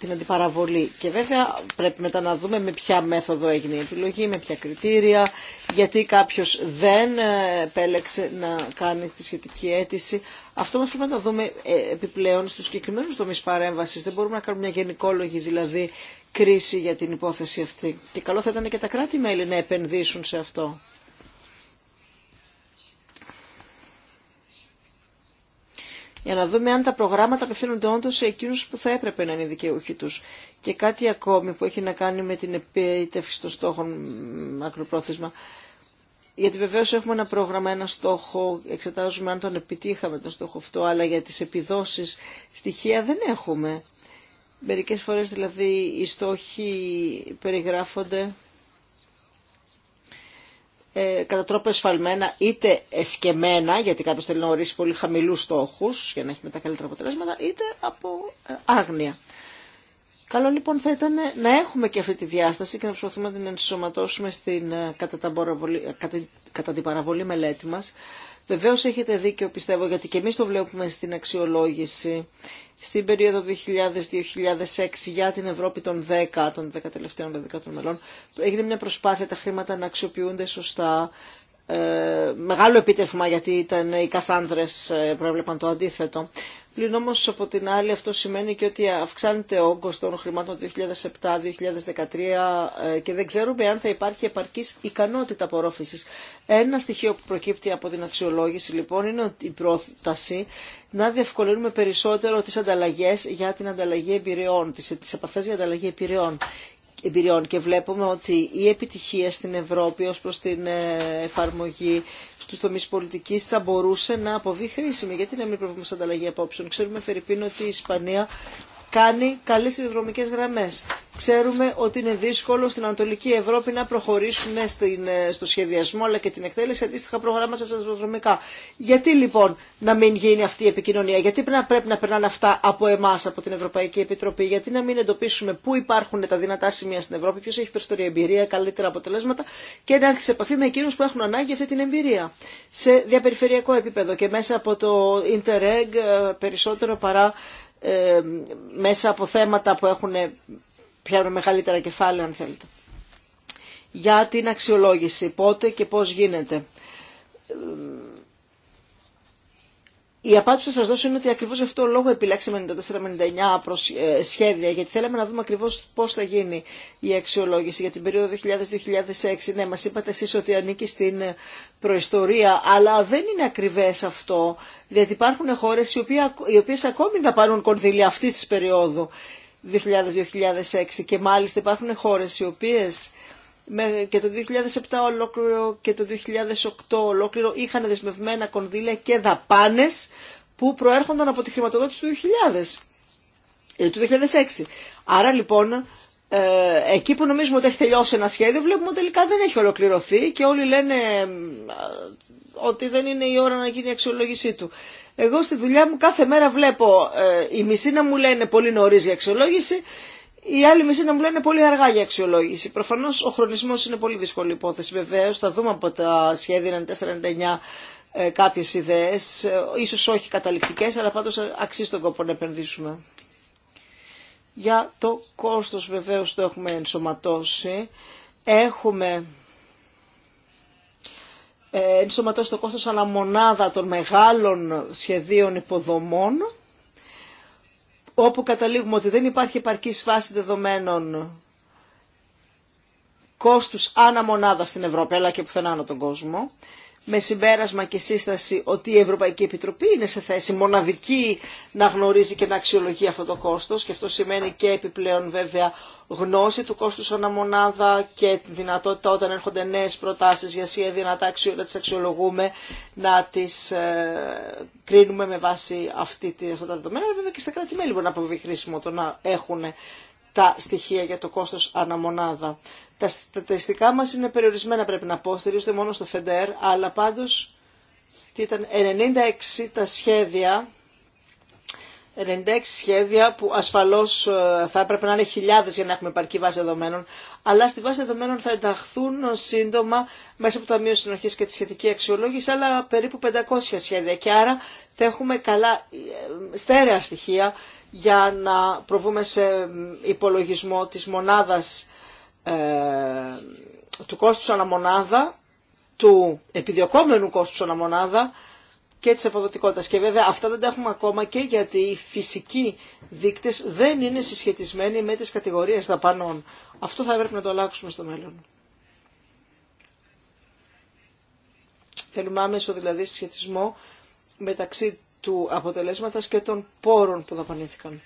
την αντιπαραβολή. Και βέβαια πρέπει μετά να δούμε με ποια μέθοδο έγινε η επιλογή, με ποια κριτήρια, γιατί κάποιος δεν ε, επέλεξε να κάνει τη σχετική αίτηση. Αυτό μας πρέπει να το δούμε ε, επιπλέον στους συγκεκριμένους τομείς παρέμβασης. Δεν μπορούμε να κάνουμε μια γενικόλογη δηλαδή κρίση για την υπόθεση αυτή. Και καλό θα ήταν και τα κράτη-μέλη να επενδύσουν σε αυτό. για να δούμε αν τα προγράμματα απευθύνονται όντω σε εκείνου που θα έπρεπε να είναι δικαιούχοι του. Και κάτι ακόμη που έχει να κάνει με την επίτευξη των στόχων μακροπρόθεσμα. Γιατί βεβαίω έχουμε ένα πρόγραμμα, ένα στόχο, εξετάζουμε αν τον επιτύχαμε τον στόχο αυτό, αλλά για τις επιδόσεις στοιχεία δεν έχουμε. Μερικές φορές δηλαδή οι στόχοι περιγράφονται ε, κατά τρόπο εσφαλμένα είτε εσκεμένα, γιατί κάποιο θέλει να ορίσει πολύ χαμηλού στόχου για να έχει μετά καλύτερα αποτελέσματα, είτε από ε, άγνοια. Καλό λοιπόν θα ήταν να έχουμε και αυτή τη διάσταση και να προσπαθούμε να την ενσωματώσουμε στην, ε, ε, κατά, κατά την παραβολή μελέτη μας Βεβαίω έχετε δίκιο πιστεύω γιατί και εμείς το βλέπουμε στην αξιολόγηση στην περίοδο 2000-2006 για την Ευρώπη των 10, των 10 τελευταίων των μελών. Έγινε μια προσπάθεια τα χρήματα να αξιοποιούνται σωστά. Ε, μεγάλο επίτευγμα γιατί ήταν οι Κασάνδρες ε, έβλεπαν το αντίθετο. Πλην όμω από την άλλη αυτό σημαίνει και ότι αυξάνεται ο όγκος των χρημάτων 2007-2013 ε, και δεν ξέρουμε αν θα υπάρχει επαρκής ικανότητα απορρόφησης. Ένα στοιχείο που προκύπτει από την αξιολόγηση λοιπόν είναι ότι η πρόταση να διευκολύνουμε περισσότερο τις ανταλλαγές για την ανταλλαγή εμπειριών, τις, τις επαφές για ανταλλαγή εμπειριών εμπειριών και βλέπουμε ότι η επιτυχία στην Ευρώπη ως προς την ε, εφαρμογή στους τομείς πολιτικής θα μπορούσε να αποβεί χρήσιμη. Γιατί να μην προβούμε σε ανταλλαγή απόψεων. Ξέρουμε, Φερρυπίν, ότι η Ισπανία κάνει καλές συνδρομικές γραμμές. Ξέρουμε ότι είναι δύσκολο στην Ανατολική Ευρώπη να προχωρήσουν ε, ε, στο σχεδιασμό αλλά και την εκτέλεση αντίστοιχα προγράμματα συνδρομικά. Γιατί λοιπόν να μην γίνει αυτή η επικοινωνία, γιατί πρέπει να περνάνε αυτά από εμά, από την Ευρωπαϊκή Επιτροπή, γιατί να μην εντοπίσουμε πού υπάρχουν τα δυνατά σημεία στην Ευρώπη, ποιο έχει περισσότερη εμπειρία, καλύτερα αποτελέσματα και να έρθει σε επαφή με εκείνου που έχουν ανάγκη αυτή την εμπειρία. Σε διαπεριφερειακό επίπεδο και μέσα από το Interreg ε, περισσότερο παρά ε, μέσα από θέματα που έχουν πιάνουν μεγαλύτερα κεφάλαια αν θέλετε. Για την αξιολόγηση, πότε και πώς γίνεται. Η απάντηση που θα σα δώσω είναι ότι ακριβώ γι' αυτό λόγο επιλέξαμε 94-99 ε, σχέδια, γιατί θέλαμε να δούμε ακριβώ πώ θα γίνει η αξιολόγηση για την περίοδο 2000-2006. Ναι, μα είπατε εσεί ότι ανήκει στην ε, προϊστορία, αλλά δεν είναι ακριβέ αυτό, γιατί υπάρχουν χώρε οι οποίε ακόμη πάρουν κονδύλια αυτή τη περίοδου 2000-2006 και μάλιστα υπάρχουν χώρε οι οποίε και το 2007 ολόκληρο και το 2008 ολόκληρο είχαν δεσμευμένα κονδύλια και δαπάνες που προέρχονταν από τη χρηματοδότηση του 2000, ε, του 2006. Άρα λοιπόν ε, εκεί που νομίζουμε ότι έχει τελειώσει ένα σχέδιο βλέπουμε ότι τελικά δεν έχει ολοκληρωθεί και όλοι λένε ότι δεν είναι η ώρα να γίνει η αξιολόγησή του. Εγώ στη δουλειά μου κάθε μέρα βλέπω ε, η μισή να μου λένε πολύ νωρίς η αξιολόγηση οι άλλοι μισή, να μου λένε πολύ αργά για αξιολόγηση. Προφανώ ο χρονισμό είναι πολύ δύσκολη υπόθεση. Βεβαίω θα δούμε από τα σχεδια είναι 94-99 ε, κάποιε ιδέε. Ε, ίσως όχι καταληκτικέ, αλλά πάντω αξίζει τον κόπο να επενδύσουμε. Για το κόστος βεβαίως το έχουμε ενσωματώσει. Έχουμε ε, ενσωματώσει το κόστος αναμονάδα των μεγάλων σχεδίων υποδομών όπου καταλήγουμε ότι δεν υπάρχει επαρκή βάση δεδομένων κόστους ανά μονάδα στην Ευρώπη αλλά και πουθενά τον κόσμο με συμπέρασμα και σύσταση ότι η Ευρωπαϊκή Επιτροπή είναι σε θέση μοναδική να γνωρίζει και να αξιολογεί αυτό το κόστος και αυτό σημαίνει και επιπλέον βέβαια γνώση του κόστους αναμονάδα και τη δυνατότητα όταν έρχονται νέες προτάσεις για σχέδια να, τα να τις αξιολογούμε, να τις ε, κρίνουμε με βάση αυτή, αυτά τα δεδομένα. Βέβαια και στα κράτη-μέλη μπορεί να αποβεί χρήσιμο το να έχουν τα στοιχεία για το κόστος αναμονάδα. Τα στατιστικά μας είναι περιορισμένα πρέπει να πω, στηρίζονται μόνο στο ΦΕΝΤΕΡ, αλλά πάντως ήταν 96 τα σχέδια 96 σχέδια που ασφαλώς ε, θα έπρεπε να είναι χιλιάδες για να έχουμε επαρκή βάση δεδομένων, αλλά στη βάση δεδομένων θα ενταχθούν σύντομα μέσα από το Ταμείο Συνοχής και τη σχετική αξιολόγηση άλλα περίπου 500 σχέδια και άρα θα έχουμε καλά ε, στέρεα στοιχεία για να προβούμε σε υπολογισμό της μονάδας ε, του κόστους αναμονάδα, του επιδιωκόμενου κόστους αναμονάδα, και της Και βέβαια αυτά δεν τα έχουμε ακόμα και γιατί οι φυσικοί δείκτες δεν είναι συσχετισμένοι με τις κατηγορίες δαπανών. Αυτό θα έπρεπε να το αλλάξουμε στο μέλλον. Θέλουμε άμεσο δηλαδή συσχετισμό μεταξύ του αποτελέσματος και των πόρων που δαπανήθηκαν.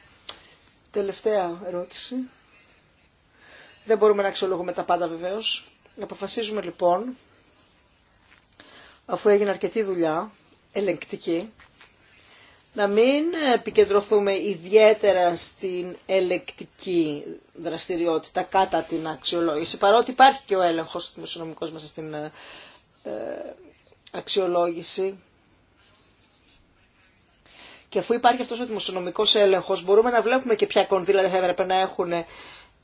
Τελευταία ερώτηση. Δεν μπορούμε να αξιολογούμε τα πάντα βεβαίως. Αποφασίζουμε λοιπόν, αφού έγινε αρκετή δουλειά, ελεγκτική, να μην επικεντρωθούμε ιδιαίτερα στην ελεκτική δραστηριότητα κατά την αξιολόγηση, παρότι υπάρχει και ο έλεγχος του δημοσιονομικός μέσα στην ε, ε, αξιολόγηση. Και αφού υπάρχει αυτός ο δημοσιονομικός έλεγχος, μπορούμε να βλέπουμε και ποια κονδύλα θα έπρεπε να έχουν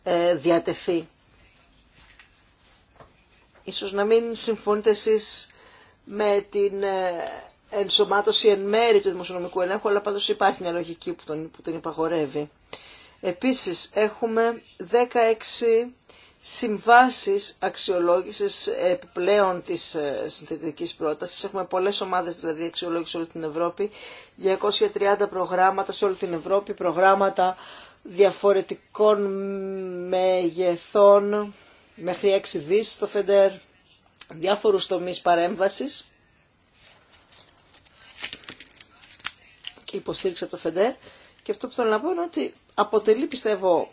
ε, διατεθεί. Ίσως να μην συμφωνείτε εσείς με την ενσωμάτωση εν μέρη του δημοσιονομικού ελέγχου, αλλά πάντως υπάρχει μια λογική που τον, που τον υπαγορεύει. Επίσης έχουμε 16 συμβάσεις αξιολόγησης επιπλέον της ε, συνθετικής πρότασης. Έχουμε πολλές ομάδες δηλαδή αξιολόγηση σε όλη την Ευρώπη, 230 προγράμματα σε όλη την Ευρώπη, προγράμματα διαφορετικών μεγεθών μέχρι 6 δις στο ΦΕΝΤΕΡ, διάφορους τομείς παρέμβασης και υποστήριξη από το ΦΕΝΤΕΡ. Και αυτό που θέλω να πω είναι ότι αποτελεί, πιστεύω,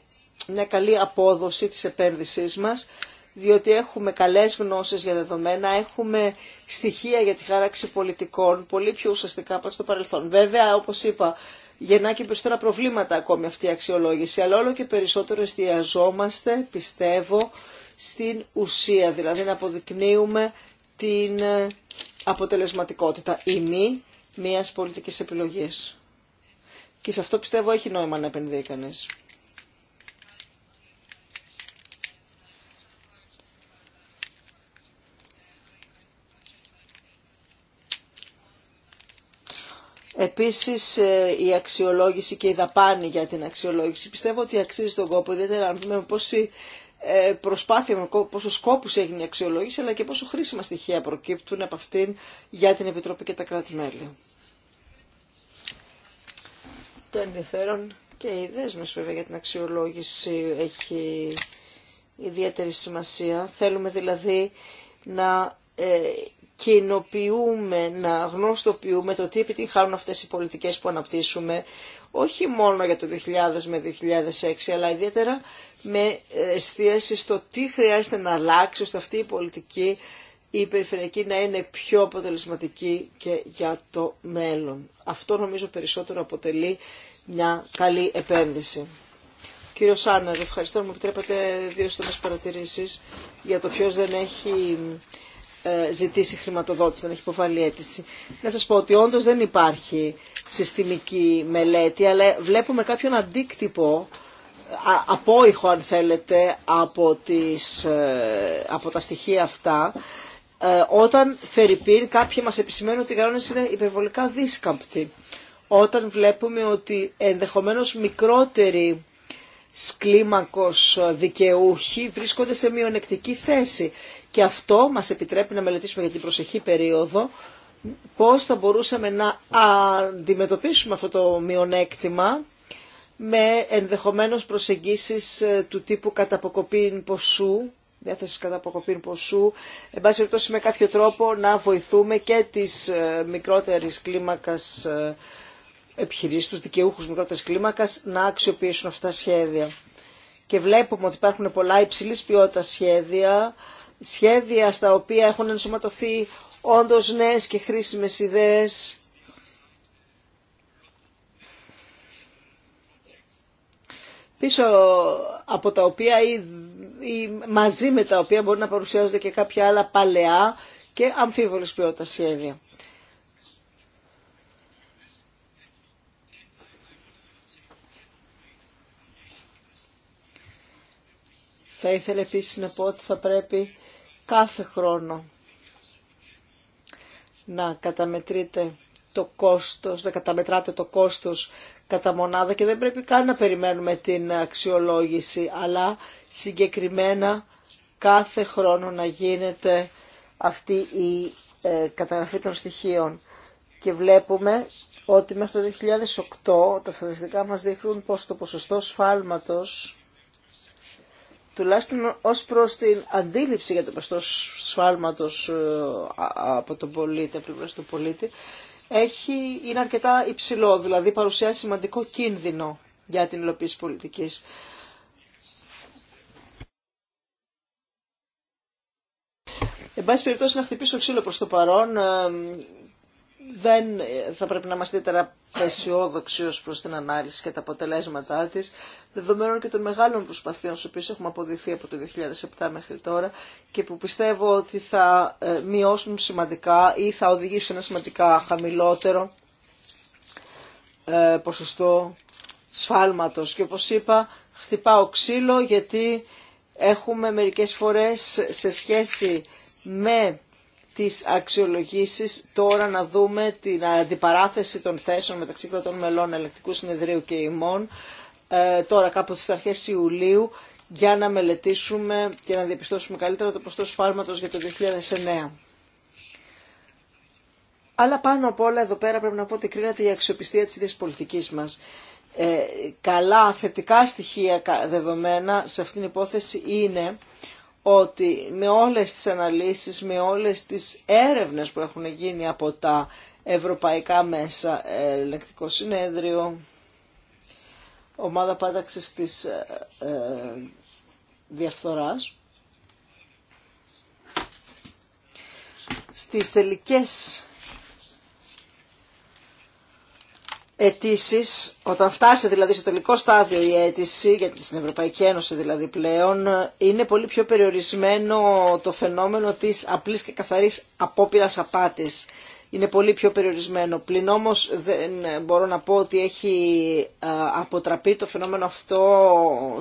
μια καλή απόδοση της επένδυσής μας, διότι έχουμε καλές γνώσεις για δεδομένα, έχουμε στοιχεία για τη χάραξη πολιτικών, πολύ πιο ουσιαστικά από στο παρελθόν. Βέβαια, όπως είπα, γεννά και περισσότερα προβλήματα ακόμη αυτή η αξιολόγηση, αλλά όλο και περισσότερο εστιαζόμαστε, πιστεύω, στην ουσία, δηλαδή να αποδεικνύουμε την ε, αποτελεσματικότητα ή μη Μία πολιτική επιλογής. Και σε αυτό πιστεύω έχει νόημα να επενδύει κανεί. Επίσης ε, η αξιολόγηση και η δαπάνη για την αξιολόγηση. Πιστεύω ότι αξίζει τον κόπο, ιδιαίτερα αν δούμε πόσοι ε, προσπάθεια, πόσο σκόπου έγινε η αξιολόγηση, αλλά και πόσο χρήσιμα στοιχεία προκύπτουν από αυτήν για την Επιτροπή και τα κράτη-μέλη. Το ενδιαφέρον και οι δέσμες βέβαια για την αξιολόγηση έχει ιδιαίτερη σημασία. Θέλουμε δηλαδή να ε, κοινοποιούμε, να γνωστοποιούμε το τι επιτυγχάνουν αυτές οι πολιτικές που αναπτύσσουμε, όχι μόνο για το 2000 με 2006, αλλά ιδιαίτερα με εστίαση στο τι χρειάζεται να αλλάξει ώστε αυτή η πολιτική η περιφερειακή να είναι πιο αποτελεσματική και για το μέλλον. Αυτό νομίζω περισσότερο αποτελεί μια καλή επένδυση. Κύριο Σάνερ, ευχαριστώ. Μου επιτρέπετε δύο στόμες παρατηρήσεις για το ποιος δεν έχει ε, ζητήσει χρηματοδότηση, δεν έχει υποβάλει αίτηση. Να σας πω ότι όντως δεν υπάρχει συστημική μελέτη, αλλά βλέπουμε κάποιον αντίκτυπο απόϊχο αν θέλετε από, τις, ε, από τα στοιχεία αυτά ε, όταν θερυπήν κάποιοι μας επισημαίνουν ότι οι κανόνες είναι υπερβολικά δίσκαμπτοι. Όταν βλέπουμε ότι ενδεχομένως μικρότεροι σκλήμακος δικαιούχοι βρίσκονται σε μειονεκτική θέση. Και αυτό μας επιτρέπει να μελετήσουμε για την προσεχή περίοδο πώς θα μπορούσαμε να αντιμετωπίσουμε αυτό το μειονέκτημα με ενδεχομένως προσεγγίσεις ε, του τύπου καταποκοπήν ποσού, διάθεση καταποκοπήν ποσού, εν πάση περιπτώσει με κάποιο τρόπο να βοηθούμε και τις ε, μικρότερες κλίμακας ε, επιχειρήσεις, τους δικαιούχους μικρότερες κλίμακας, να αξιοποιήσουν αυτά τα σχέδια. Και βλέπουμε ότι υπάρχουν πολλά υψηλής ποιότητα σχέδια, σχέδια στα οποία έχουν ενσωματωθεί όντως νέες και χρήσιμες ιδέες, πίσω από τα οποία ή, μαζί με τα οποία μπορεί να παρουσιάζονται και κάποια άλλα παλαιά και αμφίβολης ποιότητας σχέδια. Θα ήθελα επίσης να πω ότι θα πρέπει κάθε χρόνο να καταμετρείτε το κόστος, να καταμετράτε το κόστος κατά μονάδα και δεν πρέπει καν να περιμένουμε την αξιολόγηση, αλλά συγκεκριμένα κάθε χρόνο να γίνεται αυτή η ε, καταγραφή των στοιχείων. Και βλέπουμε ότι μέχρι το 2008 τα στατιστικά μας δείχνουν πως το ποσοστό σφάλματος τουλάχιστον ως προς την αντίληψη για το ποσοστό σφάλματος ε, από τον πολίτη, από την πολίτη, έχει, είναι αρκετά υψηλό, δηλαδή παρουσιάζει σημαντικό κίνδυνο για την υλοποίηση πολιτικής. Εν πάση περιπτώσει να χτυπήσω ξύλο προς το παρόν δεν ε, θα πρέπει να είμαστε ιδιαίτερα αισιόδοξοι ω προ την ανάλυση και τα αποτελέσματά τη, δεδομένων και των μεγάλων προσπαθειών στου οποίου έχουμε αποδειθεί από το 2007 μέχρι τώρα και που πιστεύω ότι θα ε, μειώσουν σημαντικά ή θα οδηγήσουν ένα σημαντικά χαμηλότερο ε, ποσοστό σφάλματος. Και όπως είπα, χτυπάω ξύλο γιατί έχουμε μερικές φορές σε σχέση με τις αξιολογήσεις, τώρα να δούμε την αντιπαράθεση των θέσεων μεταξύ κρατών μελών ελεκτικού συνεδρίου και ημών, ε, τώρα κάπου στις αρχές Ιουλίου, για να μελετήσουμε και να διαπιστώσουμε καλύτερα το ποστό φάρματος για το 2009. Αλλά πάνω απ' όλα εδώ πέρα πρέπει να πω ότι κρίνεται η αξιοπιστία της ίδιας πολιτικής μας. Ε, καλά θετικά στοιχεία δεδομένα σε αυτήν την υπόθεση είναι ότι με όλες τις αναλύσεις, με όλες τις έρευνες που έχουν γίνει από τα ευρωπαϊκά μέσα, ε, ελεκτικό συνέδριο, ομάδα πάταξης της ε, ε διαφθοράς, στις τελικές αιτήσει, όταν φτάσει δηλαδή στο τελικό στάδιο η αίτηση, γιατί στην Ευρωπαϊκή Ένωση δηλαδή πλέον, είναι πολύ πιο περιορισμένο το φαινόμενο τη απλή και καθαρής απόπειρα απάτη. Είναι πολύ πιο περιορισμένο. Πλην όμω δεν μπορώ να πω ότι έχει αποτραπεί το φαινόμενο αυτό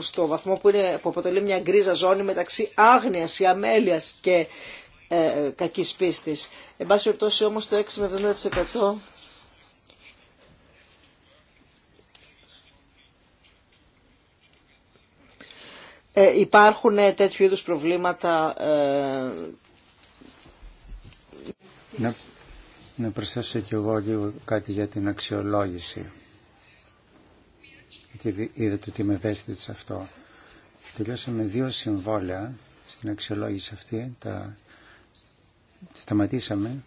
στο βαθμό που, είναι, που αποτελεί μια γκρίζα ζώνη μεταξύ άγνοια ή αμέλεια και ε, κακής πίστης. Εν πάση περιπτώσει όμως το 6 με 70% Ε, υπάρχουν ε, τέτοιου είδους προβλήματα. Ε, να, να προσθέσω κι εγώ λίγο κάτι για την αξιολόγηση. Γιατί είδατε ότι είμαι ευαίσθητη σε αυτό. Τελειώσαμε δύο συμβόλαια στην αξιολόγηση αυτή. Τα σταματήσαμε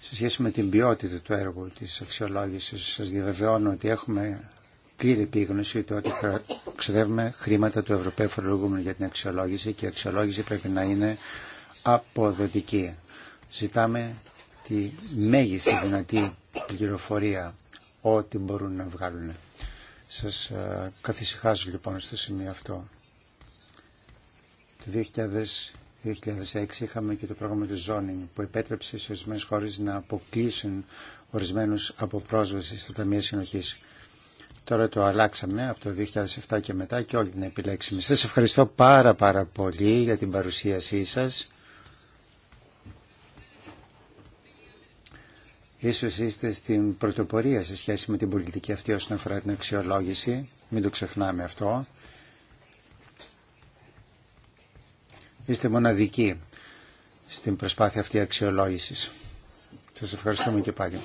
σε σχέση με την ποιότητα του έργου της αξιολόγησης. Σας διαβεβαιώνω ότι έχουμε πλήρη επίγνωση του ότι θα ξεδεύουμε χρήματα του Ευρωπαίου Φορολογούμενου για την αξιολόγηση και η αξιολόγηση πρέπει να είναι αποδοτική. Ζητάμε τη μέγιστη δυνατή πληροφορία ό,τι μπορούν να βγάλουν. Σας ε, καθησυχάζω λοιπόν στο σημείο αυτό. Το 2006 είχαμε και το πρόγραμμα του Zoning που επέτρεψε σε ορισμένε χώρε να αποκλείσουν ορισμένου από πρόσβαση στα ταμεία συνοχή. Τώρα το αλλάξαμε από το 2007 και μετά και όλη την επιλέξαμε. Σας ευχαριστώ πάρα πάρα πολύ για την παρουσίασή σας. Ίσως είστε στην πρωτοπορία σε σχέση με την πολιτική αυτή όσον αφορά την αξιολόγηση. Μην το ξεχνάμε αυτό. Είστε μοναδικοί στην προσπάθεια αυτή αξιολόγησης. Σας ευχαριστούμε και πάλι.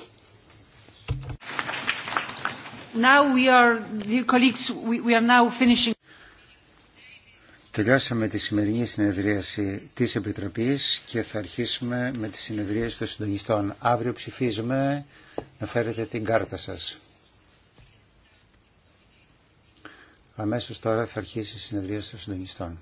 Τελειώσαμε τη σημερινή συνεδρίαση της Επιτροπής και θα αρχίσουμε με τη συνεδρίαση των συντονιστών. Αύριο ψηφίζουμε να φέρετε την κάρτα σας. Αμέσως τώρα θα αρχίσει η συνεδρίαση των συντονιστών.